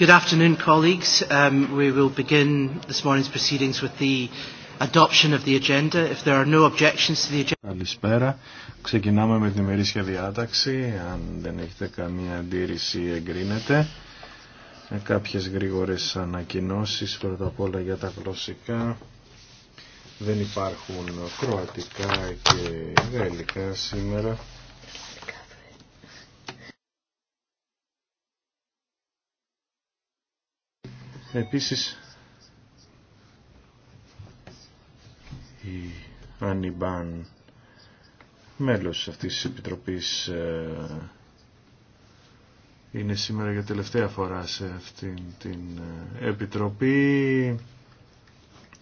Good afternoon, colleagues. Um, we will begin this morning's proceedings with the adoption of the agenda. If there are no objections to the agenda. Καλησπέρα. Ξεκινάμε με την μερίσια διάταξη. Αν δεν έχετε καμία αντίρρηση, εγκρίνετε. Με Κάποιες γρήγορες ανακοινώσεις, πρώτα απ' όλα για τα γλωσσικά. Δεν υπάρχουν κροατικά και γαλλικά σήμερα. Επίσης, η Ανιμπάν, μέλος αυτής της Επιτροπής, ε, είναι σήμερα για τελευταία φορά σε αυτήν την ε, Επιτροπή.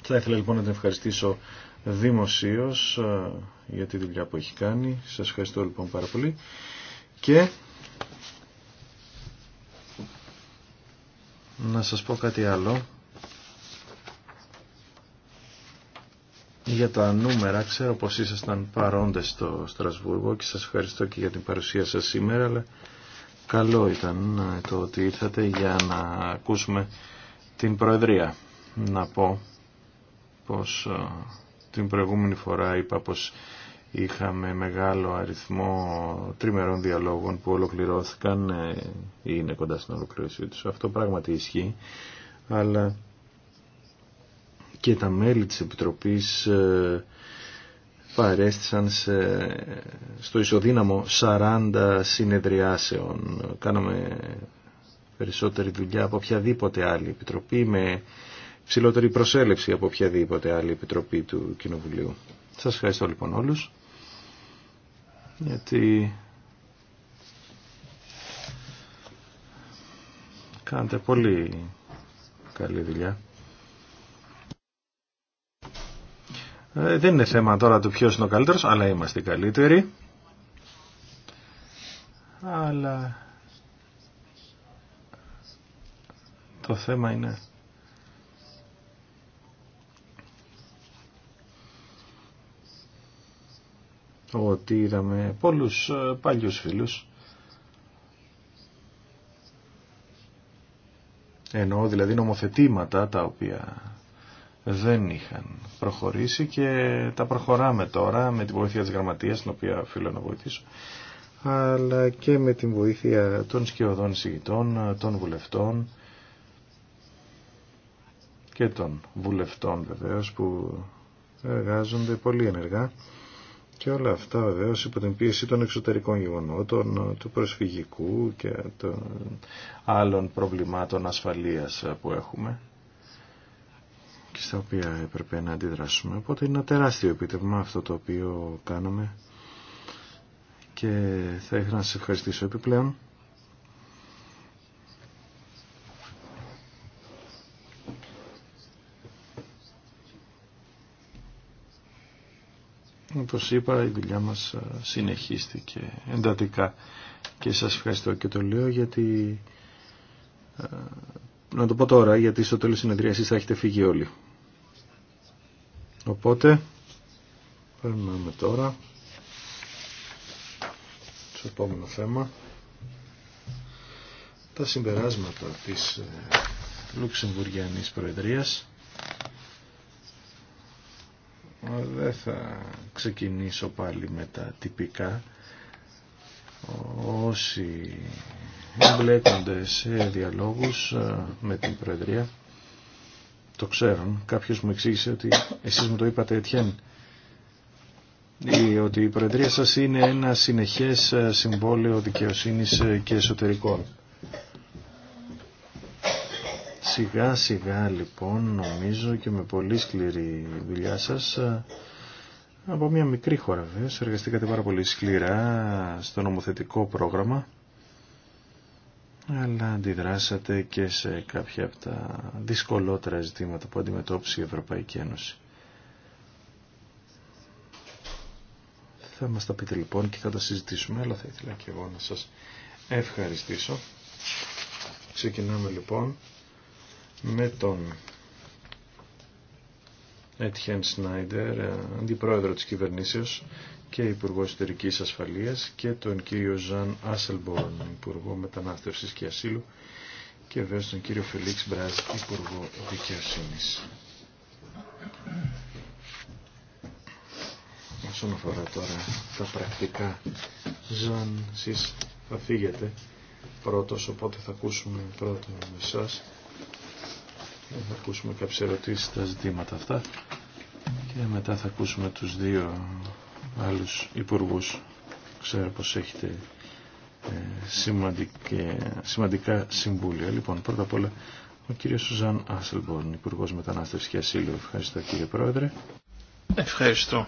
Θα ήθελα λοιπόν να την ευχαριστήσω δημοσίως ε, για τη δουλειά που έχει κάνει. Σας ευχαριστώ λοιπόν πάρα πολύ. Και να σας πω κάτι άλλο. Για τα νούμερα, ξέρω πως ήσασταν παρόντες στο Στρασβούργο και σας ευχαριστώ και για την παρουσία σας σήμερα, αλλά καλό ήταν το ότι ήρθατε για να ακούσουμε την Προεδρία. Να πω πως ε, την προηγούμενη φορά είπα πως είχαμε μεγάλο αριθμό τριμερών διαλόγων που ολοκληρώθηκαν ή ε, είναι κοντά στην ολοκλήρωσή τους. Αυτό πράγματι ισχύει, αλλά και τα μέλη της Επιτροπής ε, παρέστησαν σε, στο ισοδύναμο 40 συνεδριάσεων. Κάναμε περισσότερη δουλειά από οποιαδήποτε άλλη επιτροπή με ψηλότερη προσέλευση από οποιαδήποτε άλλη επιτροπή του Κοινοβουλίου. Σας ευχαριστώ λοιπόν όλους γιατί κάνετε πολύ καλή δουλειά. Ε, δεν είναι θέμα τώρα του ποιος είναι ο καλύτερος, αλλά είμαστε οι καλύτεροι. Αλλά το θέμα είναι ότι είδαμε πολλούς ε, παλιούς φίλους ενώ δηλαδή νομοθετήματα τα οποία δεν είχαν προχωρήσει και τα προχωράμε τώρα με τη βοήθεια της γραμματείας την οποία οφείλω να βοηθήσω αλλά και με την βοήθεια των σκιωδών συγητών, των βουλευτών και των βουλευτών βεβαίως που εργάζονται πολύ ενεργά και όλα αυτά βεβαίω υπό την πίεση των εξωτερικών γεγονότων, του προσφυγικού και των άλλων προβλημάτων ασφαλείας που έχουμε και στα οποία έπρεπε να αντιδράσουμε. Οπότε είναι ένα τεράστιο επίτευγμα αυτό το οποίο κάναμε και θα ήθελα να σας ευχαριστήσω επιπλέον όπως είπα η δουλειά μας ε, συνεχίστηκε εντατικά και σας ευχαριστώ και το λέω γιατί ε, να το πω τώρα γιατί στο τέλος συνεδρίασης θα έχετε φύγει όλοι οπότε περνάμε τώρα στο επόμενο θέμα τα συμπεράσματα της ε, Λουξεμβουργιανής Προεδρίας δεν θα ξεκινήσω πάλι με τα τυπικά. Όσοι εμπλέκονται σε διαλόγους ε, με την Προεδρία, το ξέρουν. Κάποιος μου εξήγησε ότι εσείς μου το είπατε Ετιέν, ότι η Προεδρία σας είναι ένα συνεχές ε, συμβόλαιο δικαιοσύνης ε, και εσωτερικών. Σιγά σιγά λοιπόν νομίζω και με πολύ σκληρή δουλειά σας από μια μικρή χώρα βέβαια εργαστήκατε πάρα πολύ σκληρά στο νομοθετικό πρόγραμμα αλλά αντιδράσατε και σε κάποια από τα δυσκολότερα ζητήματα που αντιμετώπισε η Ευρωπαϊκή Ένωση. Θα μας τα πείτε λοιπόν και θα τα συζητήσουμε, αλλά θα ήθελα και εγώ να σας ευχαριστήσω. Ξεκινάμε λοιπόν με τον Έτχεν Σνάιντερ, αντιπρόεδρο της κυβερνήσεως και Υπουργό Εσωτερικής Ασφαλείας και τον κύριο Ζαν Άσελμπορν, Υπουργό Μετανάστευσης και Ασύλου και βέβαια τον κύριο Φελίξ Μπράζ, Υπουργό Δικαιοσύνης. Όσον αφορά τώρα τα πρακτικά, Ζαν, εσείς θα φύγετε πρώτος, οπότε θα ακούσουμε πρώτον εσάς θα ακούσουμε κάποιες ερωτήσεις στα ζητήματα αυτά και μετά θα ακούσουμε τους δύο άλλους υπουργούς. Ξέρω πως έχετε ε, σημαντικά συμβούλια. Λοιπόν, πρώτα απ' όλα ο κύριος Σουζάν Άσελμπορν, Υπουργός Μετανάστευσης και Ασύλου. Ευχαριστώ κύριε Πρόεδρε. Ευχαριστώ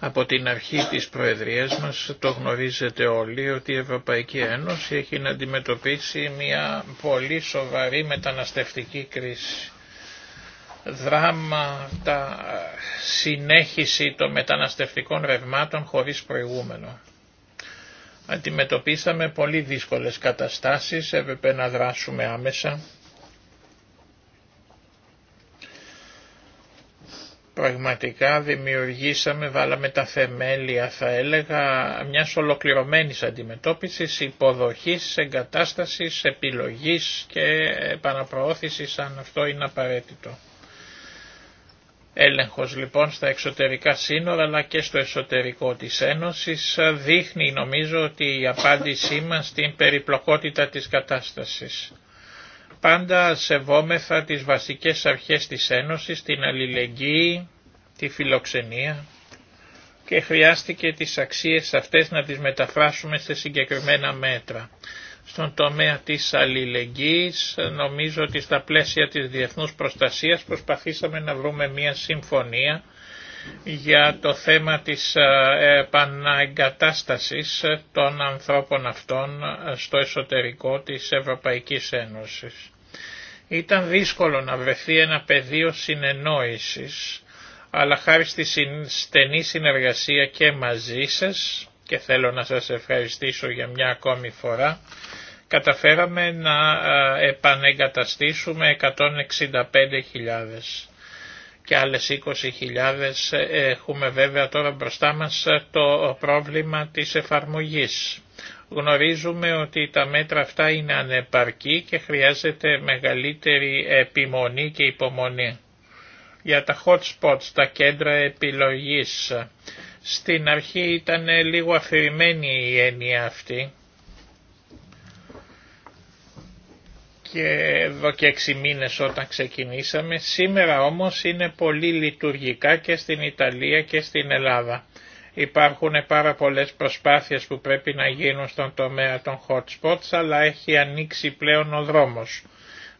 από την αρχή της Προεδρίας μας το γνωρίζετε όλοι ότι η Ευρωπαϊκή Ένωση έχει να αντιμετωπίσει μια πολύ σοβαρή μεταναστευτική κρίση. Δράμα, τα συνέχιση των μεταναστευτικών ρευμάτων χωρίς προηγούμενο. Αντιμετωπίσαμε πολύ δύσκολες καταστάσεις, έπρεπε να δράσουμε άμεσα Πραγματικά δημιουργήσαμε, βάλαμε τα θεμέλια θα έλεγα μια ολοκληρωμένη αντιμετώπιση, υποδοχή εγκατάσταση, επιλογής και επαναπροώθηση, αν αυτό είναι απαραίτητο. Έλεγχος λοιπόν στα εξωτερικά σύνορα αλλά και στο εσωτερικό της Ένωσης δείχνει νομίζω ότι η απάντησή μας στην περιπλοκότητα της κατάστασης πάντα σεβόμεθα τις βασικές αρχές της Ένωσης, την αλληλεγγύη, τη φιλοξενία και χρειάστηκε τις αξίες αυτές να τις μεταφράσουμε σε συγκεκριμένα μέτρα. Στον τομέα της αλληλεγγύης νομίζω ότι στα πλαίσια της διεθνούς προστασίας προσπαθήσαμε να βρούμε μια συμφωνία για το θέμα της ε, επαναγκατάστασης των ανθρώπων αυτών ε, στο εσωτερικό της Ευρωπαϊκής Ένωσης. Ήταν δύσκολο να βρεθεί ένα πεδίο συνεννόησης, αλλά χάρη στη στενή συνεργασία και μαζί σας, και θέλω να σας ευχαριστήσω για μια ακόμη φορά, καταφέραμε να ε, επανεγκαταστήσουμε 165.000 και άλλες 20.000 ε, έχουμε βέβαια τώρα μπροστά μας ε, το πρόβλημα της εφαρμογής. Γνωρίζουμε ότι τα μέτρα αυτά είναι ανεπαρκή και χρειάζεται μεγαλύτερη επιμονή και υπομονή. Για τα hot spots, τα κέντρα επιλογής. Στην αρχή ήταν λίγο αφηρημένη η έννοια αυτή και εδώ και έξι μήνες όταν ξεκινήσαμε, σήμερα όμως είναι πολύ λειτουργικά και στην Ιταλία και στην Ελλάδα. Υπάρχουν πάρα πολλές προσπάθειες που πρέπει να γίνουν στον τομέα των hot spots, αλλά έχει ανοίξει πλέον ο δρόμος.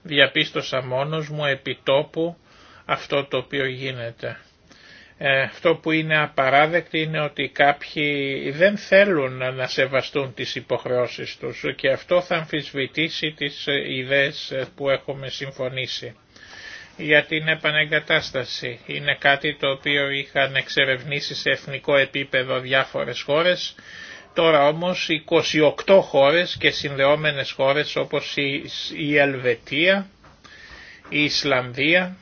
Διαπίστωσα μόνος μου επιτόπου αυτό το οποίο γίνεται. Ε, αυτό που είναι απαράδεκτο είναι ότι κάποιοι δεν θέλουν να σεβαστούν τις υποχρεώσεις τους και αυτό θα αμφισβητήσει τις ιδέες που έχουμε συμφωνήσει. Για την επανεγκατάσταση είναι κάτι το οποίο είχαν εξερευνήσει σε εθνικό επίπεδο διάφορες χώρες, τώρα όμως 28 χώρες και συνδεόμενες χώρες όπως η Ελβετία, η Ισλανδία,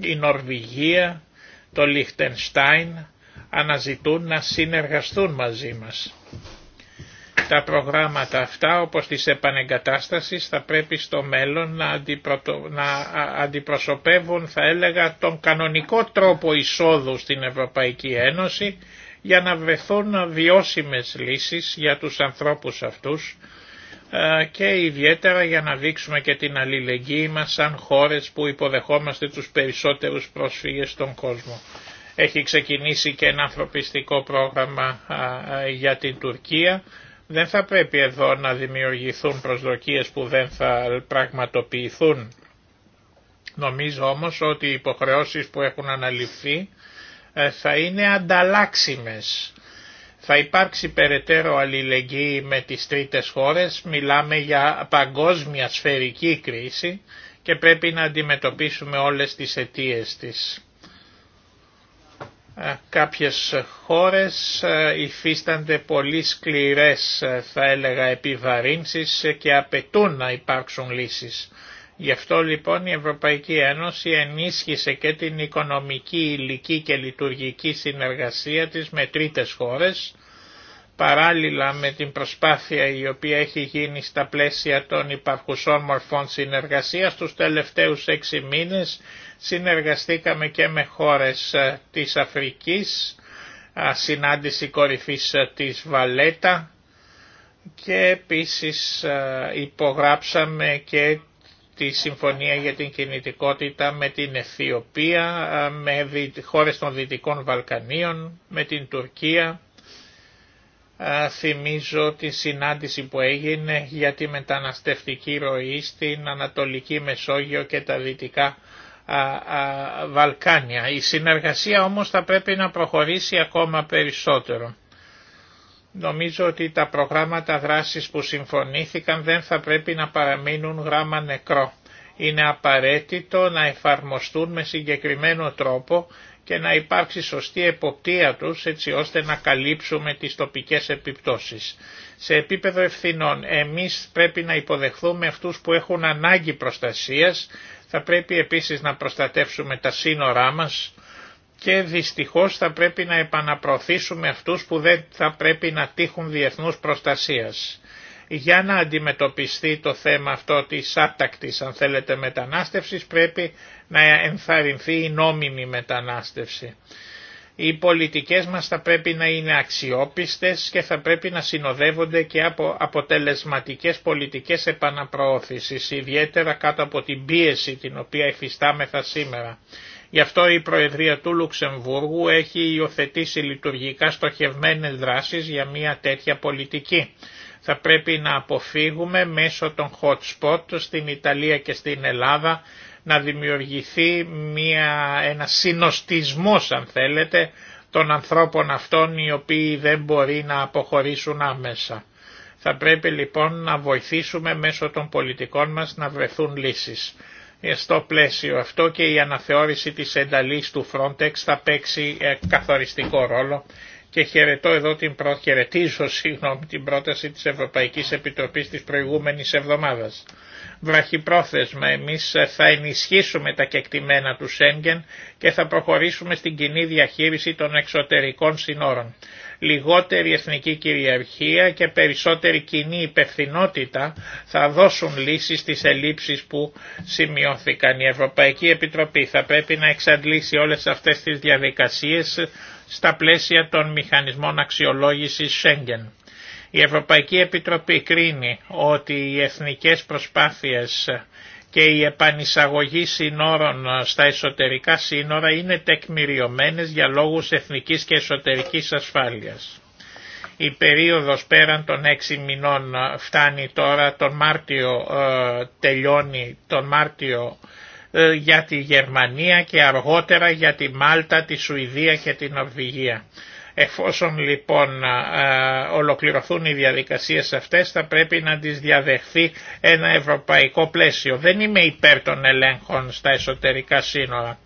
η Νορβηγία, το Λιχτενστάιν αναζητούν να συνεργαστούν μαζί μας. Τα προγράμματα αυτά όπως της επανεγκατάστασης θα πρέπει στο μέλλον να, να αντιπροσωπεύουν θα έλεγα τον κανονικό τρόπο εισόδου στην Ευρωπαϊκή Ένωση για να βρεθούν βιώσιμες λύσεις για τους ανθρώπους αυτούς ε, και ιδιαίτερα για να δείξουμε και την αλληλεγγύη μας σαν χώρες που υποδεχόμαστε τους περισσότερους πρόσφυγες στον κόσμο. Έχει ξεκινήσει και ένα ανθρωπιστικό πρόγραμμα για την Τουρκία. Δεν θα πρέπει εδώ να δημιουργηθούν προσδοκίες που δεν θα πραγματοποιηθούν. Νομίζω όμως ότι οι υποχρεώσεις που έχουν αναλυφθεί ε, θα είναι ανταλλάξιμες θα υπάρξει περαιτέρω αλληλεγγύη με τις τρίτες χώρες, μιλάμε για παγκόσμια σφαιρική κρίση και πρέπει να αντιμετωπίσουμε όλες τις αιτίες της. Ε, κάποιες χώρες ε, υφίστανται πολύ σκληρές ε, θα έλεγα επιβαρύνσεις και απαιτούν να υπάρξουν λύσεις. Γι' αυτό λοιπόν η Ευρωπαϊκή Ένωση ενίσχυσε και την οικονομική, υλική και λειτουργική συνεργασία της με τρίτες χώρες, παράλληλα με την προσπάθεια η οποία έχει γίνει στα πλαίσια των υπαρχουσών μορφών συνεργασίας τους τελευταίους έξι μήνες συνεργαστήκαμε και με χώρες ε, της Αφρικής, ε, συνάντηση κορυφής ε, της Βαλέτα και επίσης υπογράψαμε και τη συμφωνία για την κινητικότητα με την Αιθιοπία, με χώρες των Δυτικών Βαλκανίων, με την Τουρκία. Θυμίζω τη συνάντηση που έγινε για τη μεταναστευτική ροή στην Ανατολική Μεσόγειο και τα Δυτικά Βαλκάνια. Η συνεργασία όμως θα πρέπει να προχωρήσει ακόμα περισσότερο. Νομίζω ότι τα προγράμματα δράσης που συμφωνήθηκαν δεν θα πρέπει να παραμείνουν γράμμα νεκρό. Είναι απαραίτητο να εφαρμοστούν με συγκεκριμένο τρόπο και να υπάρξει σωστή εποπτεία τους έτσι ώστε να καλύψουμε τις τοπικές επιπτώσεις. Σε επίπεδο ευθυνών εμείς πρέπει να υποδεχθούμε αυτούς που έχουν ανάγκη προστασίας, θα πρέπει επίσης να προστατεύσουμε τα σύνορά μας και δυστυχώς θα πρέπει να επαναπροωθήσουμε αυτούς που δεν θα πρέπει να τύχουν διεθνούς προστασίας. Για να αντιμετωπιστεί το θέμα αυτό της άτακτης αν θέλετε μετανάστευσης πρέπει να ενθαρρυνθεί η νόμιμη μετανάστευση. Οι πολιτικές μας θα πρέπει να είναι αξιόπιστες και θα πρέπει να συνοδεύονται και από αποτελεσματικές πολιτικές επαναπροώθησης, ιδιαίτερα κάτω από την πίεση την οποία εφιστάμεθα σήμερα. Γι' αυτό η Προεδρία του Λουξεμβούργου έχει υιοθετήσει λειτουργικά στοχευμένες δράσεις για μια τέτοια πολιτική. Θα πρέπει να αποφύγουμε μέσω των hot spot στην Ιταλία και στην Ελλάδα να δημιουργηθεί μια, ένα συνοστισμός αν θέλετε των ανθρώπων αυτών οι οποίοι δεν μπορεί να αποχωρήσουν άμεσα. Θα πρέπει λοιπόν να βοηθήσουμε μέσω των πολιτικών μας να βρεθούν λύσεις. Ε, στο πλαίσιο αυτό και η αναθεώρηση της ενταλής του Frontex θα παίξει ε, καθοριστικό ρόλο και χαιρετώ εδώ την προ... χαιρετίζω συγγνώμη, την πρόταση της Ευρωπαϊκής Επιτροπής της προηγούμενης εβδομάδας. Βραχυπρόθεσμα εμείς ε, θα ενισχύσουμε τα κεκτημένα του Σέγγεν και θα προχωρήσουμε στην κοινή διαχείριση των εξωτερικών συνόρων λιγότερη εθνική κυριαρχία και περισσότερη κοινή υπευθυνότητα θα δώσουν λύσεις στις ελλείψεις που σημειώθηκαν. Η Ευρωπαϊκή Επιτροπή θα πρέπει να εξαντλήσει όλες αυτές τις διαδικασίες στα πλαίσια των μηχανισμών αξιολόγησης Schengen. Η Ευρωπαϊκή Επιτροπή κρίνει ότι οι εθνικές προσπάθειες και η επανεισαγωγή σύνορων ε, στα εσωτερικά σύνορα είναι τεκμηριωμένες για λόγους εθνικής και εσωτερικής ασφάλειας. Η περίοδος πέραν των έξι μηνών ε, φτάνει τώρα, τον Μάρτιο ε, τελειώνει, τον Μάρτιο για τη Γερμανία και αργότερα για τη Μάλτα, τη Σουηδία και την Νορβηγία. Εφόσον λοιπόν ολοκληρωθούν οι διαδικασίες αυτές θα πρέπει να τις διαδεχθεί ένα ευρωπαϊκό πλαίσιο. Δεν είμαι υπέρ των ελέγχων στα εσωτερικά σύνορα.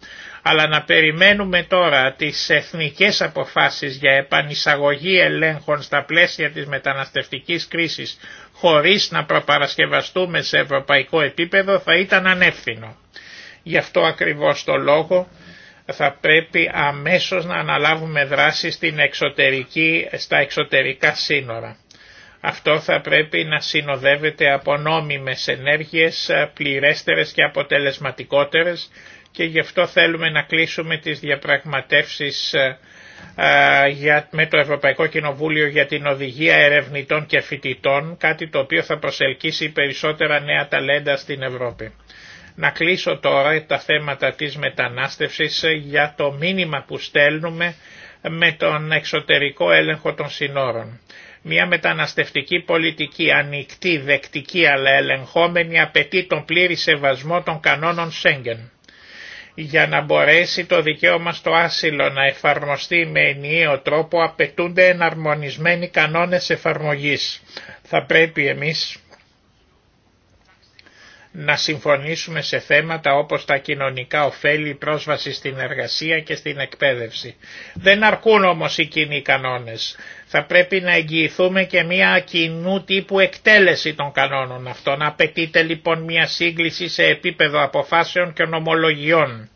Αλλά να περιμένουμε τώρα τις εθνικές αποφάσεις για επανεισαγωγή ελέγχων στα πλαίσια της μεταναστευτικής κρίσης χωρίς να προπαρασκευαστούμε σε ευρωπαϊκό επίπεδο θα ήταν ανεύθυνο. Γι' αυτό ακριβώς το λόγο θα πρέπει αμέσως να αναλάβουμε δράση στην εξωτερική, στα εξωτερικά σύνορα. Αυτό θα πρέπει να συνοδεύεται από νόμιμες ενέργειες πληρέστερες και αποτελεσματικότερες και γι' αυτό θέλουμε να κλείσουμε τις διαπραγματεύσεις ε, ε, με το Ευρωπαϊκό Κοινοβούλιο για την οδηγία ερευνητών και φοιτητών, κάτι το οποίο θα προσελκύσει περισσότερα νέα ταλέντα στην Ευρώπη. Να κλείσω τώρα τα θέματα της μετανάστευσης ε, για το μήνυμα που στέλνουμε ε, με τον εξωτερικό έλεγχο των συνόρων. Μια μεταναστευτική πολιτική ανοιχτή, δεκτική αλλά ελεγχόμενη απαιτεί τον πλήρη σεβασμό των κανόνων Σέγγεν. Για να μπορέσει το δικαίωμα στο άσυλο να εφαρμοστεί με ενιαίο τρόπο απαιτούνται εναρμονισμένοι κανόνες εφαρμογής. Θα πρέπει εμείς να συμφωνήσουμε σε θέματα όπως τα κοινωνικά ωφέλη, πρόσβαση στην εργασία και στην εκπαίδευση. Δεν αρκούν όμως οι κοινοί κανόνες. Θα πρέπει να εγγυηθούμε και μια κοινού τύπου εκτέλεση των κανόνων αυτών. Απαιτείται λοιπόν μια σύγκληση σε επίπεδο αποφάσεων και νομολογιών.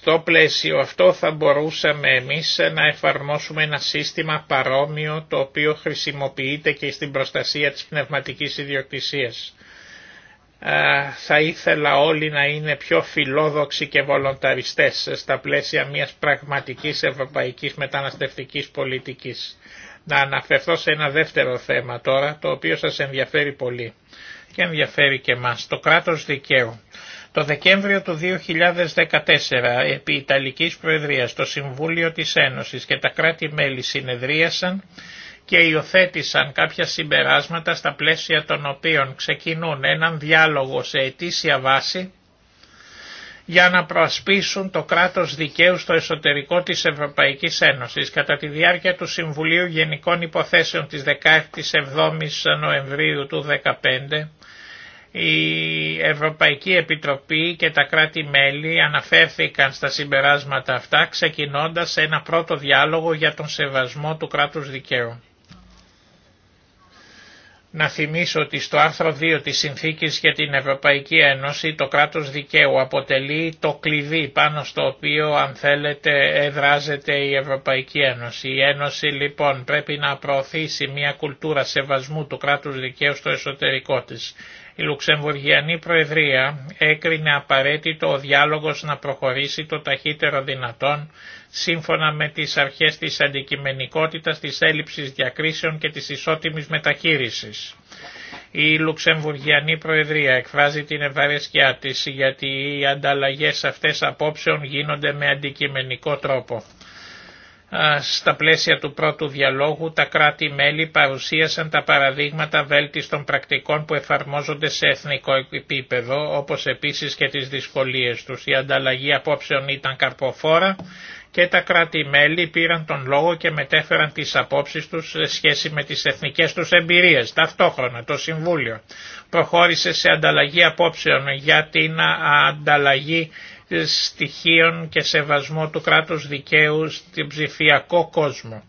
Στο πλαίσιο αυτό θα μπορούσαμε εμείς να εφαρμόσουμε ένα σύστημα παρόμοιο το οποίο χρησιμοποιείται και στην προστασία της πνευματικής ιδιοκτησίας θα ήθελα όλοι να είναι πιο φιλόδοξοι και βολονταριστές στα πλαίσια μιας πραγματικής ευρωπαϊκής μεταναστευτικής πολιτικής. Να αναφερθώ σε ένα δεύτερο θέμα τώρα, το οποίο σας ενδιαφέρει πολύ και ενδιαφέρει και μας, το κράτος δικαίου. Το Δεκέμβριο του 2014, επί Ιταλικής Προεδρίας, το Συμβούλιο της Ένωσης και τα κράτη-μέλη συνεδρίασαν και υιοθέτησαν κάποια συμπεράσματα στα πλαίσια των οποίων ξεκινούν έναν διάλογο σε αιτήσια βάση για να προασπίσουν το κράτος δικαίου στο εσωτερικό της Ευρωπαϊκής Ένωσης. Κατά τη διάρκεια του Συμβουλίου Γενικών Υποθέσεων της 17ης Νοεμβρίου του 2015, η Ευρωπαϊκή Επιτροπή και τα κράτη-μέλη αναφέρθηκαν στα συμπεράσματα αυτά ξεκινώντας ένα πρώτο διάλογο για τον σεβασμό του κράτους δικαίου. Να θυμίσω ότι στο άρθρο 2 της Συνθήκης για την Ευρωπαϊκή Ένωση το κράτος δικαίου αποτελεί το κλειδί πάνω στο οποίο αν θέλετε εδράζεται η Ευρωπαϊκή Ένωση. Η Ένωση λοιπόν πρέπει να προωθήσει μια κουλτούρα σεβασμού του κράτους δικαίου στο εσωτερικό της. Η Λουξεμβουργιανή Προεδρία έκρινε απαραίτητο ο διάλογος να προχωρήσει το ταχύτερο δυνατόν σύμφωνα με τις αρχές της αντικειμενικότητας, της έλλειψης διακρίσεων και της ισότιμης μεταχείρισης. Η Λουξεμβουργιανή Προεδρία εκφράζει την ευαρεσκιά της γιατί οι ανταλλαγές αυτές απόψεων γίνονται με αντικειμενικό τρόπο. Στα πλαίσια του πρώτου διαλόγου τα κράτη-μέλη παρουσίασαν τα παραδείγματα βέλτιστων πρακτικών που εφαρμόζονται σε εθνικό επίπεδο, όπως επίσης και τις δυσκολίες τους. Η ανταλλαγή απόψεων ήταν καρποφόρα και τα κράτη-μέλη πήραν τον λόγο και μετέφεραν τις απόψεις τους σε σχέση με τις εθνικές τους εμπειρίες. Ταυτόχρονα το Συμβούλιο προχώρησε σε ανταλλαγή απόψεων για την ανταλλαγή στοιχείων και σεβασμό του κράτους δικαίου στην ψηφιακό κόσμο.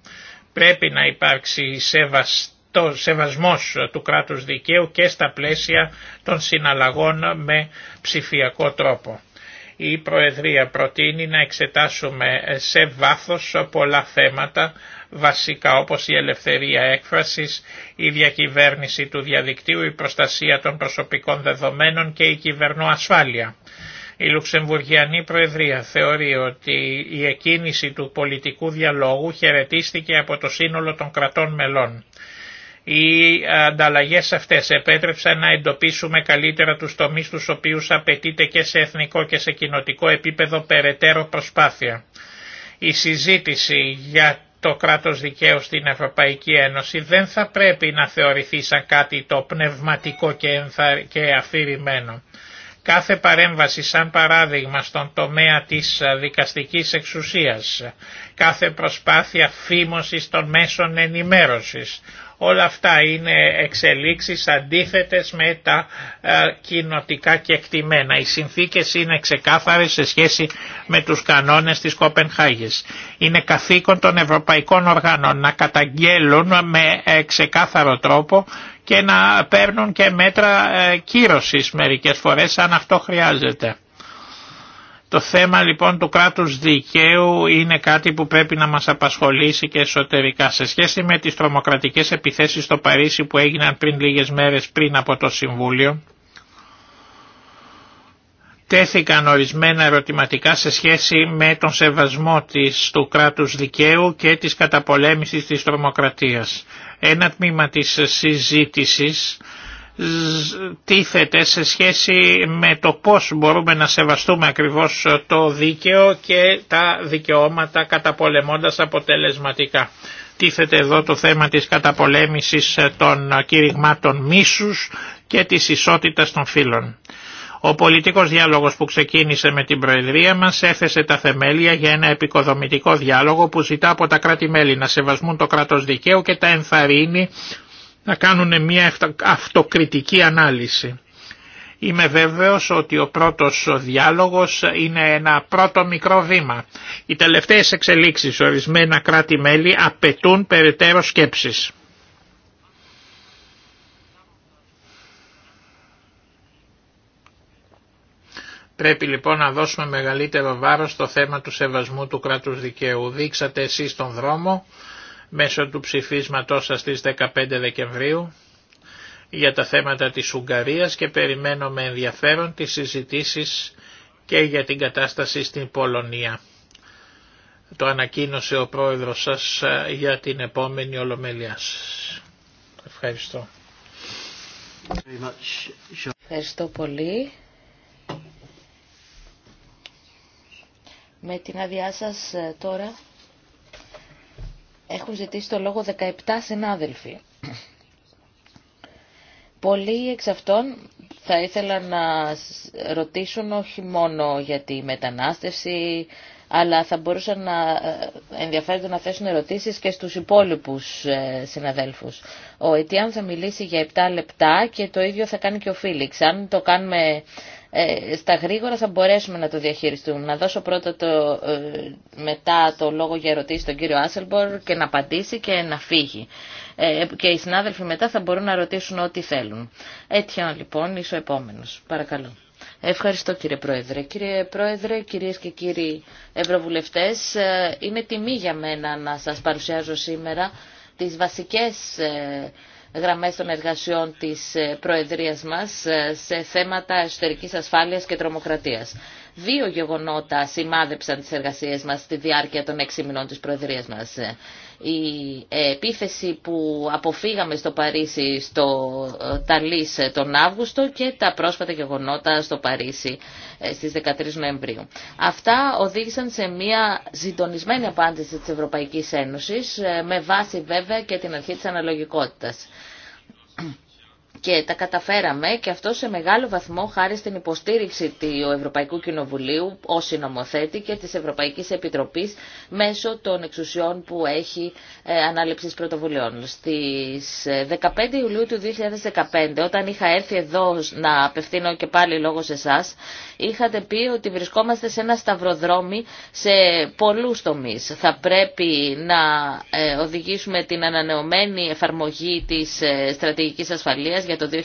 Πρέπει να υπάρξει σεβαστό, σεβασμός του κράτους δικαίου και στα πλαίσια των συναλλαγών με ψηφιακό τρόπο. Η Προεδρία προτείνει να εξετάσουμε σε βάθος πολλά θέματα βασικά όπως η ελευθερία έκφρασης, η διακυβέρνηση του διαδικτύου, η προστασία των προσωπικών δεδομένων και η κυβερνοασφάλεια. Η Λουξεμβουργιανή Προεδρία θεωρεί ότι η εκκίνηση του πολιτικού διαλόγου χαιρετίστηκε από το σύνολο των κρατών μελών. Οι ανταλλαγές αυτές επέτρεψαν να εντοπίσουμε καλύτερα τους τομείς τους οποίους απαιτείται και σε εθνικό και σε κοινοτικό επίπεδο περαιτέρω προσπάθεια. Η συζήτηση για το κράτος δικαίου στην Ευρωπαϊκή Ένωση δεν θα πρέπει να θεωρηθεί σαν κάτι το πνευματικό και αφηρημένο. Κάθε παρέμβαση σαν παράδειγμα στον τομέα της ε, δικαστικής εξουσίας, κάθε προσπάθεια φήμωσης των μέσων ενημέρωσης, όλα αυτά είναι εξελίξεις αντίθετες με τα ε, κοινοτικά κεκτημένα. Οι συνθήκες είναι ξεκάθαρες σε σχέση με τους κανόνες της Κοπενχάγης. Είναι καθήκον των ευρωπαϊκών οργάνων να καταγγέλουν με ε, ξεκάθαρο τρόπο και να παίρνουν και μέτρα ε, κύρωσης μερικές φορές αν αυτό χρειάζεται. Το θέμα λοιπόν του κράτους δικαίου είναι κάτι που πρέπει να μας απασχολήσει και εσωτερικά. Σε σχέση με τις τρομοκρατικές επιθέσεις στο Παρίσι που έγιναν πριν λίγες μέρες πριν από το Συμβούλιο, τέθηκαν ορισμένα ερωτηματικά σε σχέση με τον σεβασμό της, του κράτους δικαίου και της καταπολέμησης της τρομοκρατίας. Ένα τμήμα της συζήτησης τίθεται σε σχέση με το πώς μπορούμε να σεβαστούμε ακριβώς το δίκαιο και τα δικαιώματα καταπολεμώντας αποτελεσματικά. Τίθεται εδώ το θέμα της καταπολέμησης των κήρυγμάτων μίσους και της ισότητας των φύλων. Ο πολιτικός διάλογος που ξεκίνησε με την Προεδρία μας έθεσε τα θεμέλια για ένα επικοδομητικό διάλογο που ζητά από τα κράτη-μέλη να σεβασμούν το κράτος δικαίου και τα ενθαρρύνει να κάνουν μια αυτοκριτική ανάλυση. Είμαι βέβαιος ότι ο πρώτος διάλογος είναι ένα πρώτο μικρό βήμα. Οι τελευταίες εξελίξεις ορισμένα κράτη-μέλη απαιτούν περαιτέρω σκέψεις. Πρέπει λοιπόν να δώσουμε μεγαλύτερο βάρος στο θέμα του σεβασμού του κράτους δικαίου. Δείξατε εσείς τον δρόμο μέσω του ψηφίσματός σας στις 15 Δεκεμβρίου για τα θέματα της Ουγγαρίας και περιμένω με ενδιαφέρον τις συζητήσεις και για την κατάσταση στην Πολωνία. Το ανακοίνωσε ο πρόεδρος σας ε, για την επόμενη ολομέλεια σας. Ευχαριστώ. Ευχαριστώ πολύ. Με την άδειά σα ε, τώρα έχουν ζητήσει το λόγο 17 συνάδελφοι. Πολλοί εξ αυτών θα ήθελα να ρωτήσουν όχι μόνο για τη μετανάστευση, αλλά θα μπορούσαν να ε, ενδιαφέρονται να θέσουν ερωτήσεις και στους υπόλοιπους ε, συναδέλφους. Ο Ετιάν θα μιλήσει για 7 λεπτά και το ίδιο θα κάνει και ο Φίλιξ. Αν το κάνουμε ε, στα γρήγορα θα μπορέσουμε να το διαχειριστούμε. Να δώσω πρώτα το, ε, μετά το λόγο για ερωτήσει στον κύριο Άσελμπορ και να απαντήσει και να φύγει. Ε, και οι συνάδελφοι μετά θα μπορούν να ρωτήσουν ό,τι θέλουν. Έτσι λοιπόν είσαι ο επόμενο. Παρακαλώ. Ευχαριστώ κύριε Πρόεδρε. Κύριε Πρόεδρε, κυρίες και κύριοι Ευρωβουλευτές, είναι τιμή για μένα να σας παρουσιάζω σήμερα τις βασικές γραμμές των εργασιών της ε, Προεδρίας μας ε, σε θέματα εσωτερικής ασφάλειας και τρομοκρατίας. Δύο γεγονότα σημάδεψαν τις εργασίες μας στη διάρκεια των έξι μηνών της Προεδρίας μας. Ε, η ε, επίθεση που αποφύγαμε στο Παρίσι στο ε, Ταλής τον Αύγουστο και τα πρόσφατα γεγονότα στο Παρίσι ε, στις 13 Νοεμβρίου. Αυτά οδήγησαν σε μια ζητονισμένη απάντηση της Ευρωπαϊκής Ένωσης με βάση βέβαια και την αρχή της αναλογικότητας και τα καταφέραμε και αυτό σε μεγάλο βαθμό χάρη στην υποστήριξη του Ευρωπαϊκού Κοινοβουλίου ως συνομοθέτη και της Ευρωπαϊκής Επιτροπής μέσω των εξουσιών που έχει ε, ανάληψης πρωτοβουλειών. Στις 15 ε, Ιουλίου του 2015 όταν είχα έρθει εδώ να απευθύνω και πάλι λόγω σε εσάς, είχατε πει ότι βρισκόμαστε σε ένα σταυροδρόμι σε πολλούς τομείς. Θα πρέπει να ε, οδηγήσουμε την ανανεωμένη εφαρμογή της ε, στρατηγικής ασφαλείας για το 2015-2020.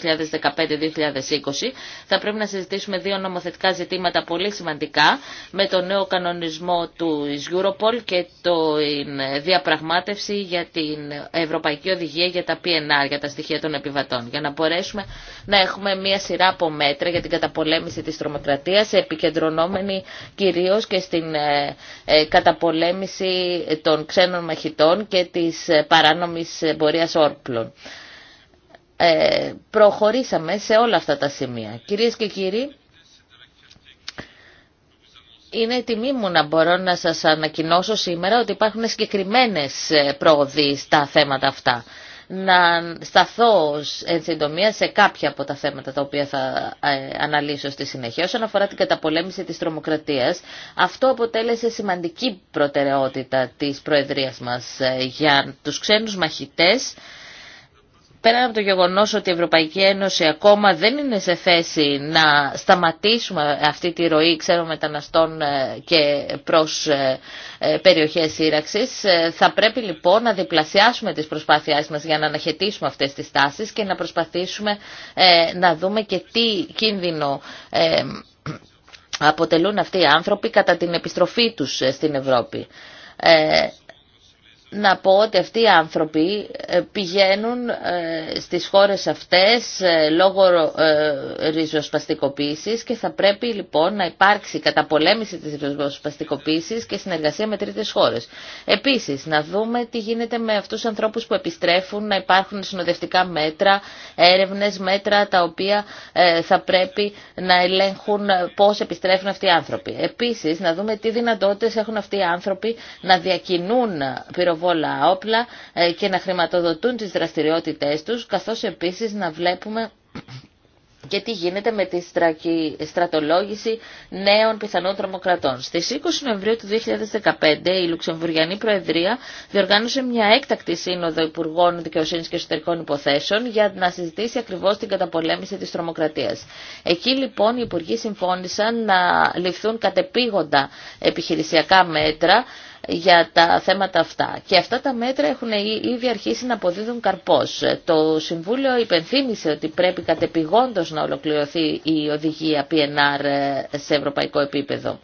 Θα πρέπει να συζητήσουμε δύο νομοθετικά ζητήματα πολύ σημαντικά με το νέο κανονισμό του Europol και την ε, διαπραγμάτευση για την Ευρωπαϊκή Οδηγία για τα PNR, για τα στοιχεία των επιβατών, για να μπορέσουμε να έχουμε μία σειρά από μέτρα για την καταπολέμηση της τρομοκρατίας Δημοκρατίας επικεντρωνόμενη κυρίως και στην ε, ε, καταπολέμηση των ξένων μαχητών και της ε, παράνομης εμπορίας όρπλων. προχωρήσαμε σε όλα αυτά τα σημεία. Κυρίες και κύριοι, είναι η τιμή μου να μπορώ να σας ανακοινώσω σήμερα ότι υπάρχουν συγκεκριμένες προοδοί στα θέματα αυτά να σταθώ εν συντομία σε κάποια από τα θέματα τα οποία θα ε, αναλύσω στη συνέχεια. Όσον αφορά την καταπολέμηση της τρομοκρατίας, αυτό αποτέλεσε σημαντική προτεραιότητα της Προεδρίας μας ε, για τους ξένους μαχητές πέραν από το γεγονός ότι η Ευρωπαϊκή Ένωση ακόμα δεν είναι σε θέση να σταματήσουμε αυτή τη ροή ξέρουμε μεταναστών ε, και προς ε, ε, περιοχές σύραξης, θα πρέπει λοιπόν να διπλασιάσουμε τις προσπάθειές μας για να αναχαιτήσουμε αυτές τις τάσεις και να προσπαθήσουμε να δούμε και τι κίνδυνο αποτελούν αυτοί οι άνθρωποι κατά την επιστροφή τους στην Ευρώπη να πω ότι αυτοί οι άνθρωποι ε, πηγαίνουν ε, στις χώρες αυτές ε, λόγω ριζοσπαστικοποίησης και θα πρέπει λοιπόν να υπάρξει καταπολέμηση της ριζοσπαστικοποίησης και συνεργασία με τρίτες χώρες. Επίσης, να δούμε τι γίνεται με αυτούς τους ανθρώπους που επιστρέφουν, να υπάρχουν συνοδευτικά μέτρα, έρευνες, μέτρα τα οποία θα πρέπει να ελέγχουν πώς επιστρέφουν αυτοί οι άνθρωποι. Επίσης, να δούμε τι δυνατότητες έχουν αυτοί οι άνθρωποι να διακινούν πυροβόλα όπλα ε, και να χρηματοδοτούν τις δραστηριότητές τους, καθώς επίσης να βλέπουμε και τι γίνεται με τη στρατολόγηση νέων πιθανών τρομοκρατών. Στις 20 Νοεμβρίου του 2015 η Λουξεμβουριανή Προεδρία διοργάνωσε μια έκτακτη σύνοδο Υπουργών Δικαιοσύνης και Εσωτερικών Υποθέσεων για να συζητήσει ακριβώς την καταπολέμηση της τρομοκρατίας. Εκεί λοιπόν οι Υπουργοί συμφώνησαν να ληφθούν κατεπήγοντα επιχειρησιακά μέτρα για τα θέματα αυτά. Και αυτά τα μέτρα έχουν ήδη αρχίσει να αποδίδουν καρπός. Το Συμβούλιο υπενθύμησε ότι πρέπει κατεπηγόντως να ολοκληρωθεί η οδηγία PNR ε, σε ευρωπαϊκό επίπεδο.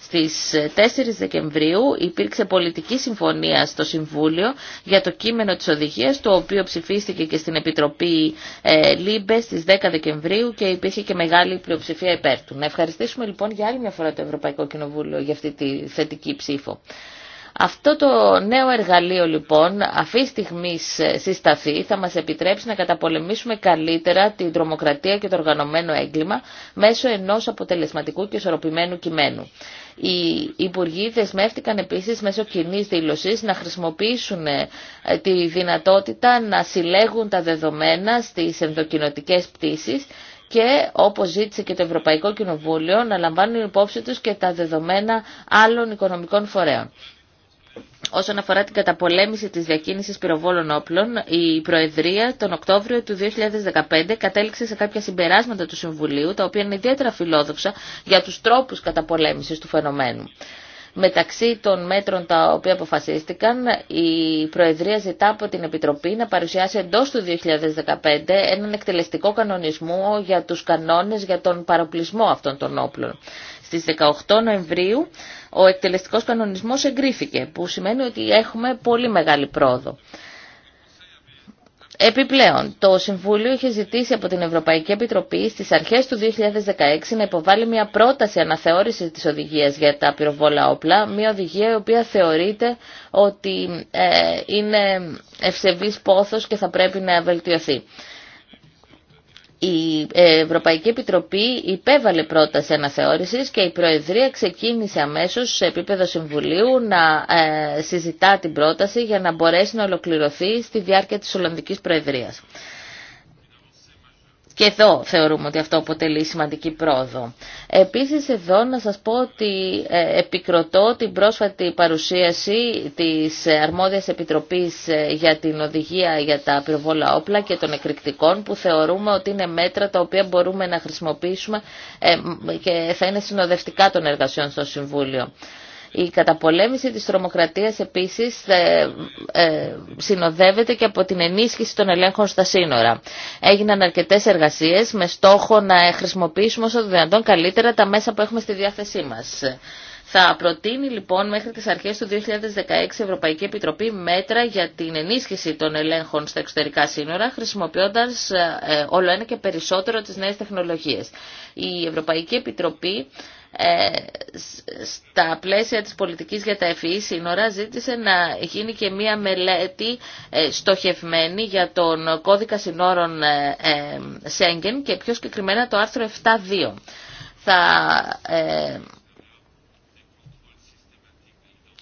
Στις 4 ε, Δεκεμβρίου υπήρξε πολιτική συμφωνία στο Συμβούλιο για το κείμενο της οδηγίας, το οποίο ψηφίστηκε και στην Επιτροπή ε, ΛΥΜΠΕ στις 10 Δεκεμβρίου και υπήρχε και μεγάλη πλειοψηφία υπέρ του. Να ευχαριστήσουμε λοιπόν για άλλη μια φορά το Ευρωπαϊκό Κοινοβούλιο για αυτή τη θετική ψήφο. Αυτό το νέο εργαλείο λοιπόν αυτή τη στιγμή συσταθεί θα μας επιτρέψει να καταπολεμήσουμε καλύτερα την τρομοκρατία και το οργανωμένο έγκλημα μέσω ενός αποτελεσματικού και ισορροπημένου κειμένου. Οι Υπουργοί δεσμεύτηκαν επίσης μέσω κοινή δήλωση να χρησιμοποιήσουν ε, τη δυνατότητα να συλλέγουν τα δεδομένα στις ενδοκινοτικές πτήσεις και όπως ζήτησε και το Ευρωπαϊκό Κοινοβούλιο να λαμβάνουν υπόψη τους και τα δεδομένα άλλων οικονομικών φορέων. Όσον αφορά την καταπολέμηση της διακίνησης πυροβόλων όπλων, η Προεδρία τον Οκτώβριο του 2015 κατέληξε σε κάποια συμπεράσματα του Συμβουλίου, τα οποία είναι ιδιαίτερα φιλόδοξα για τους τρόπους καταπολέμησης του φαινομένου. Μεταξύ των μέτρων τα οποία αποφασίστηκαν, η Προεδρία ζητά από την Επιτροπή να παρουσιάσει εντός του 2015 έναν εκτελεστικό κανονισμό για τους κανόνες για τον παροπλισμό αυτών των όπλων. Στις 18 Νοεμβρίου ο εκτελεστικός κανονισμός εγκρίθηκε, που σημαίνει ότι έχουμε πολύ μεγάλη πρόοδο. Επιπλέον, το Συμβούλιο είχε ζητήσει από την Ευρωπαϊκή Επιτροπή στις αρχές του 2016 να υποβάλει μια πρόταση αναθεώρησης της οδηγίας για τα πυροβόλα όπλα, μια οδηγία η οποία θεωρείται ότι ε, είναι ευσεβής πόθος και θα πρέπει να βελτιωθεί η ε, Ευρωπαϊκή Επιτροπή υπέβαλε πρόταση αναθεώρησης και η Προεδρία ξεκίνησε αμέσως σε επίπεδο Συμβουλίου να ε, συζητά την πρόταση για να μπορέσει να ολοκληρωθεί στη διάρκεια της Ολλανδικής Προεδρίας. Και εδώ θεωρούμε ότι αυτό αποτελεί σημαντική πρόοδο. Επίσης εδώ να σας πω ότι ε, επικροτώ την πρόσφατη παρουσίαση της Αρμόδιας Επιτροπής ε, για την Οδηγία για τα Πυροβόλα Όπλα και των Εκρηκτικών που θεωρούμε ότι είναι μέτρα τα οποία μπορούμε να χρησιμοποιήσουμε ε, και θα είναι συνοδευτικά των εργασιών στο Συμβούλιο. Η καταπολέμηση της τρομοκρατίας επίσης ε, ε, συνοδεύεται και από την ενίσχυση των ελέγχων στα σύνορα. Έγιναν αρκετές εργασίες με στόχο να χρησιμοποιήσουμε όσο δυνατόν καλύτερα τα μέσα που έχουμε στη διάθεσή μας. Θα προτείνει λοιπόν μέχρι τις αρχές του 2016 η Ευρωπαϊκή Επιτροπή μέτρα για την ενίσχυση των ελέγχων στα εξωτερικά σύνορα χρησιμοποιώντας ε, όλο ένα και περισσότερο τις νέες τεχνολογίες. Η Ευρωπαϊκή Επιτροπή ε, στα πλαίσια της πολιτικής για τα ευφυή e σύνορα ζήτησε να γίνει και μία μελέτη ε, στοχευμένη για τον κώδικα σύνορων ε, Σέγγεν και πιο συγκεκριμένα το άρθρο 7.2. Θα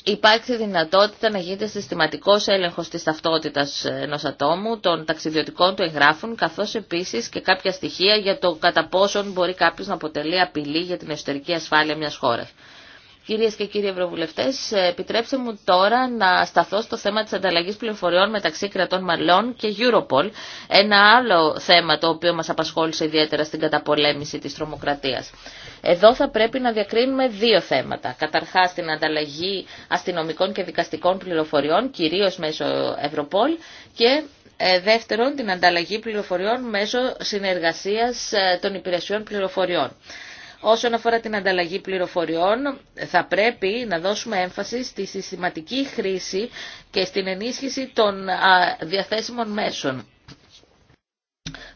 Υπάρχει δυνατότητα να γίνεται συστηματικό έλεγχο τη ταυτότητα ενό ατόμου, των ταξιδιωτικών του εγγράφων, καθώ επίση και κάποια στοιχεία για το κατά πόσον μπορεί κάποιο να αποτελεί απειλή για την εσωτερική ασφάλεια μια χώρα. Κυρίες και κύριοι Ευρωβουλευτές, επιτρέψτε μου τώρα να σταθώ στο θέμα της ανταλλαγής πληροφοριών μεταξύ κρατών μαλλών και Europol, ένα άλλο θέμα το οποίο μας απασχόλησε ιδιαίτερα στην καταπολέμηση της τρομοκρατίας. Εδώ θα πρέπει να διακρίνουμε δύο θέματα. Καταρχάς την ανταλλαγή αστυνομικών και δικαστικών πληροφοριών, κυρίως μέσω Ευρωπόλ, και ε, δεύτερον την ανταλλαγή πληροφοριών μέσω συνεργασίας ε, των υπηρεσιών πληροφοριών. Όσον αφορά την ανταλλαγή πληροφοριών, θα πρέπει να δώσουμε έμφαση στη συστηματική χρήση και στην ενίσχυση των διαθέσιμων μέσων.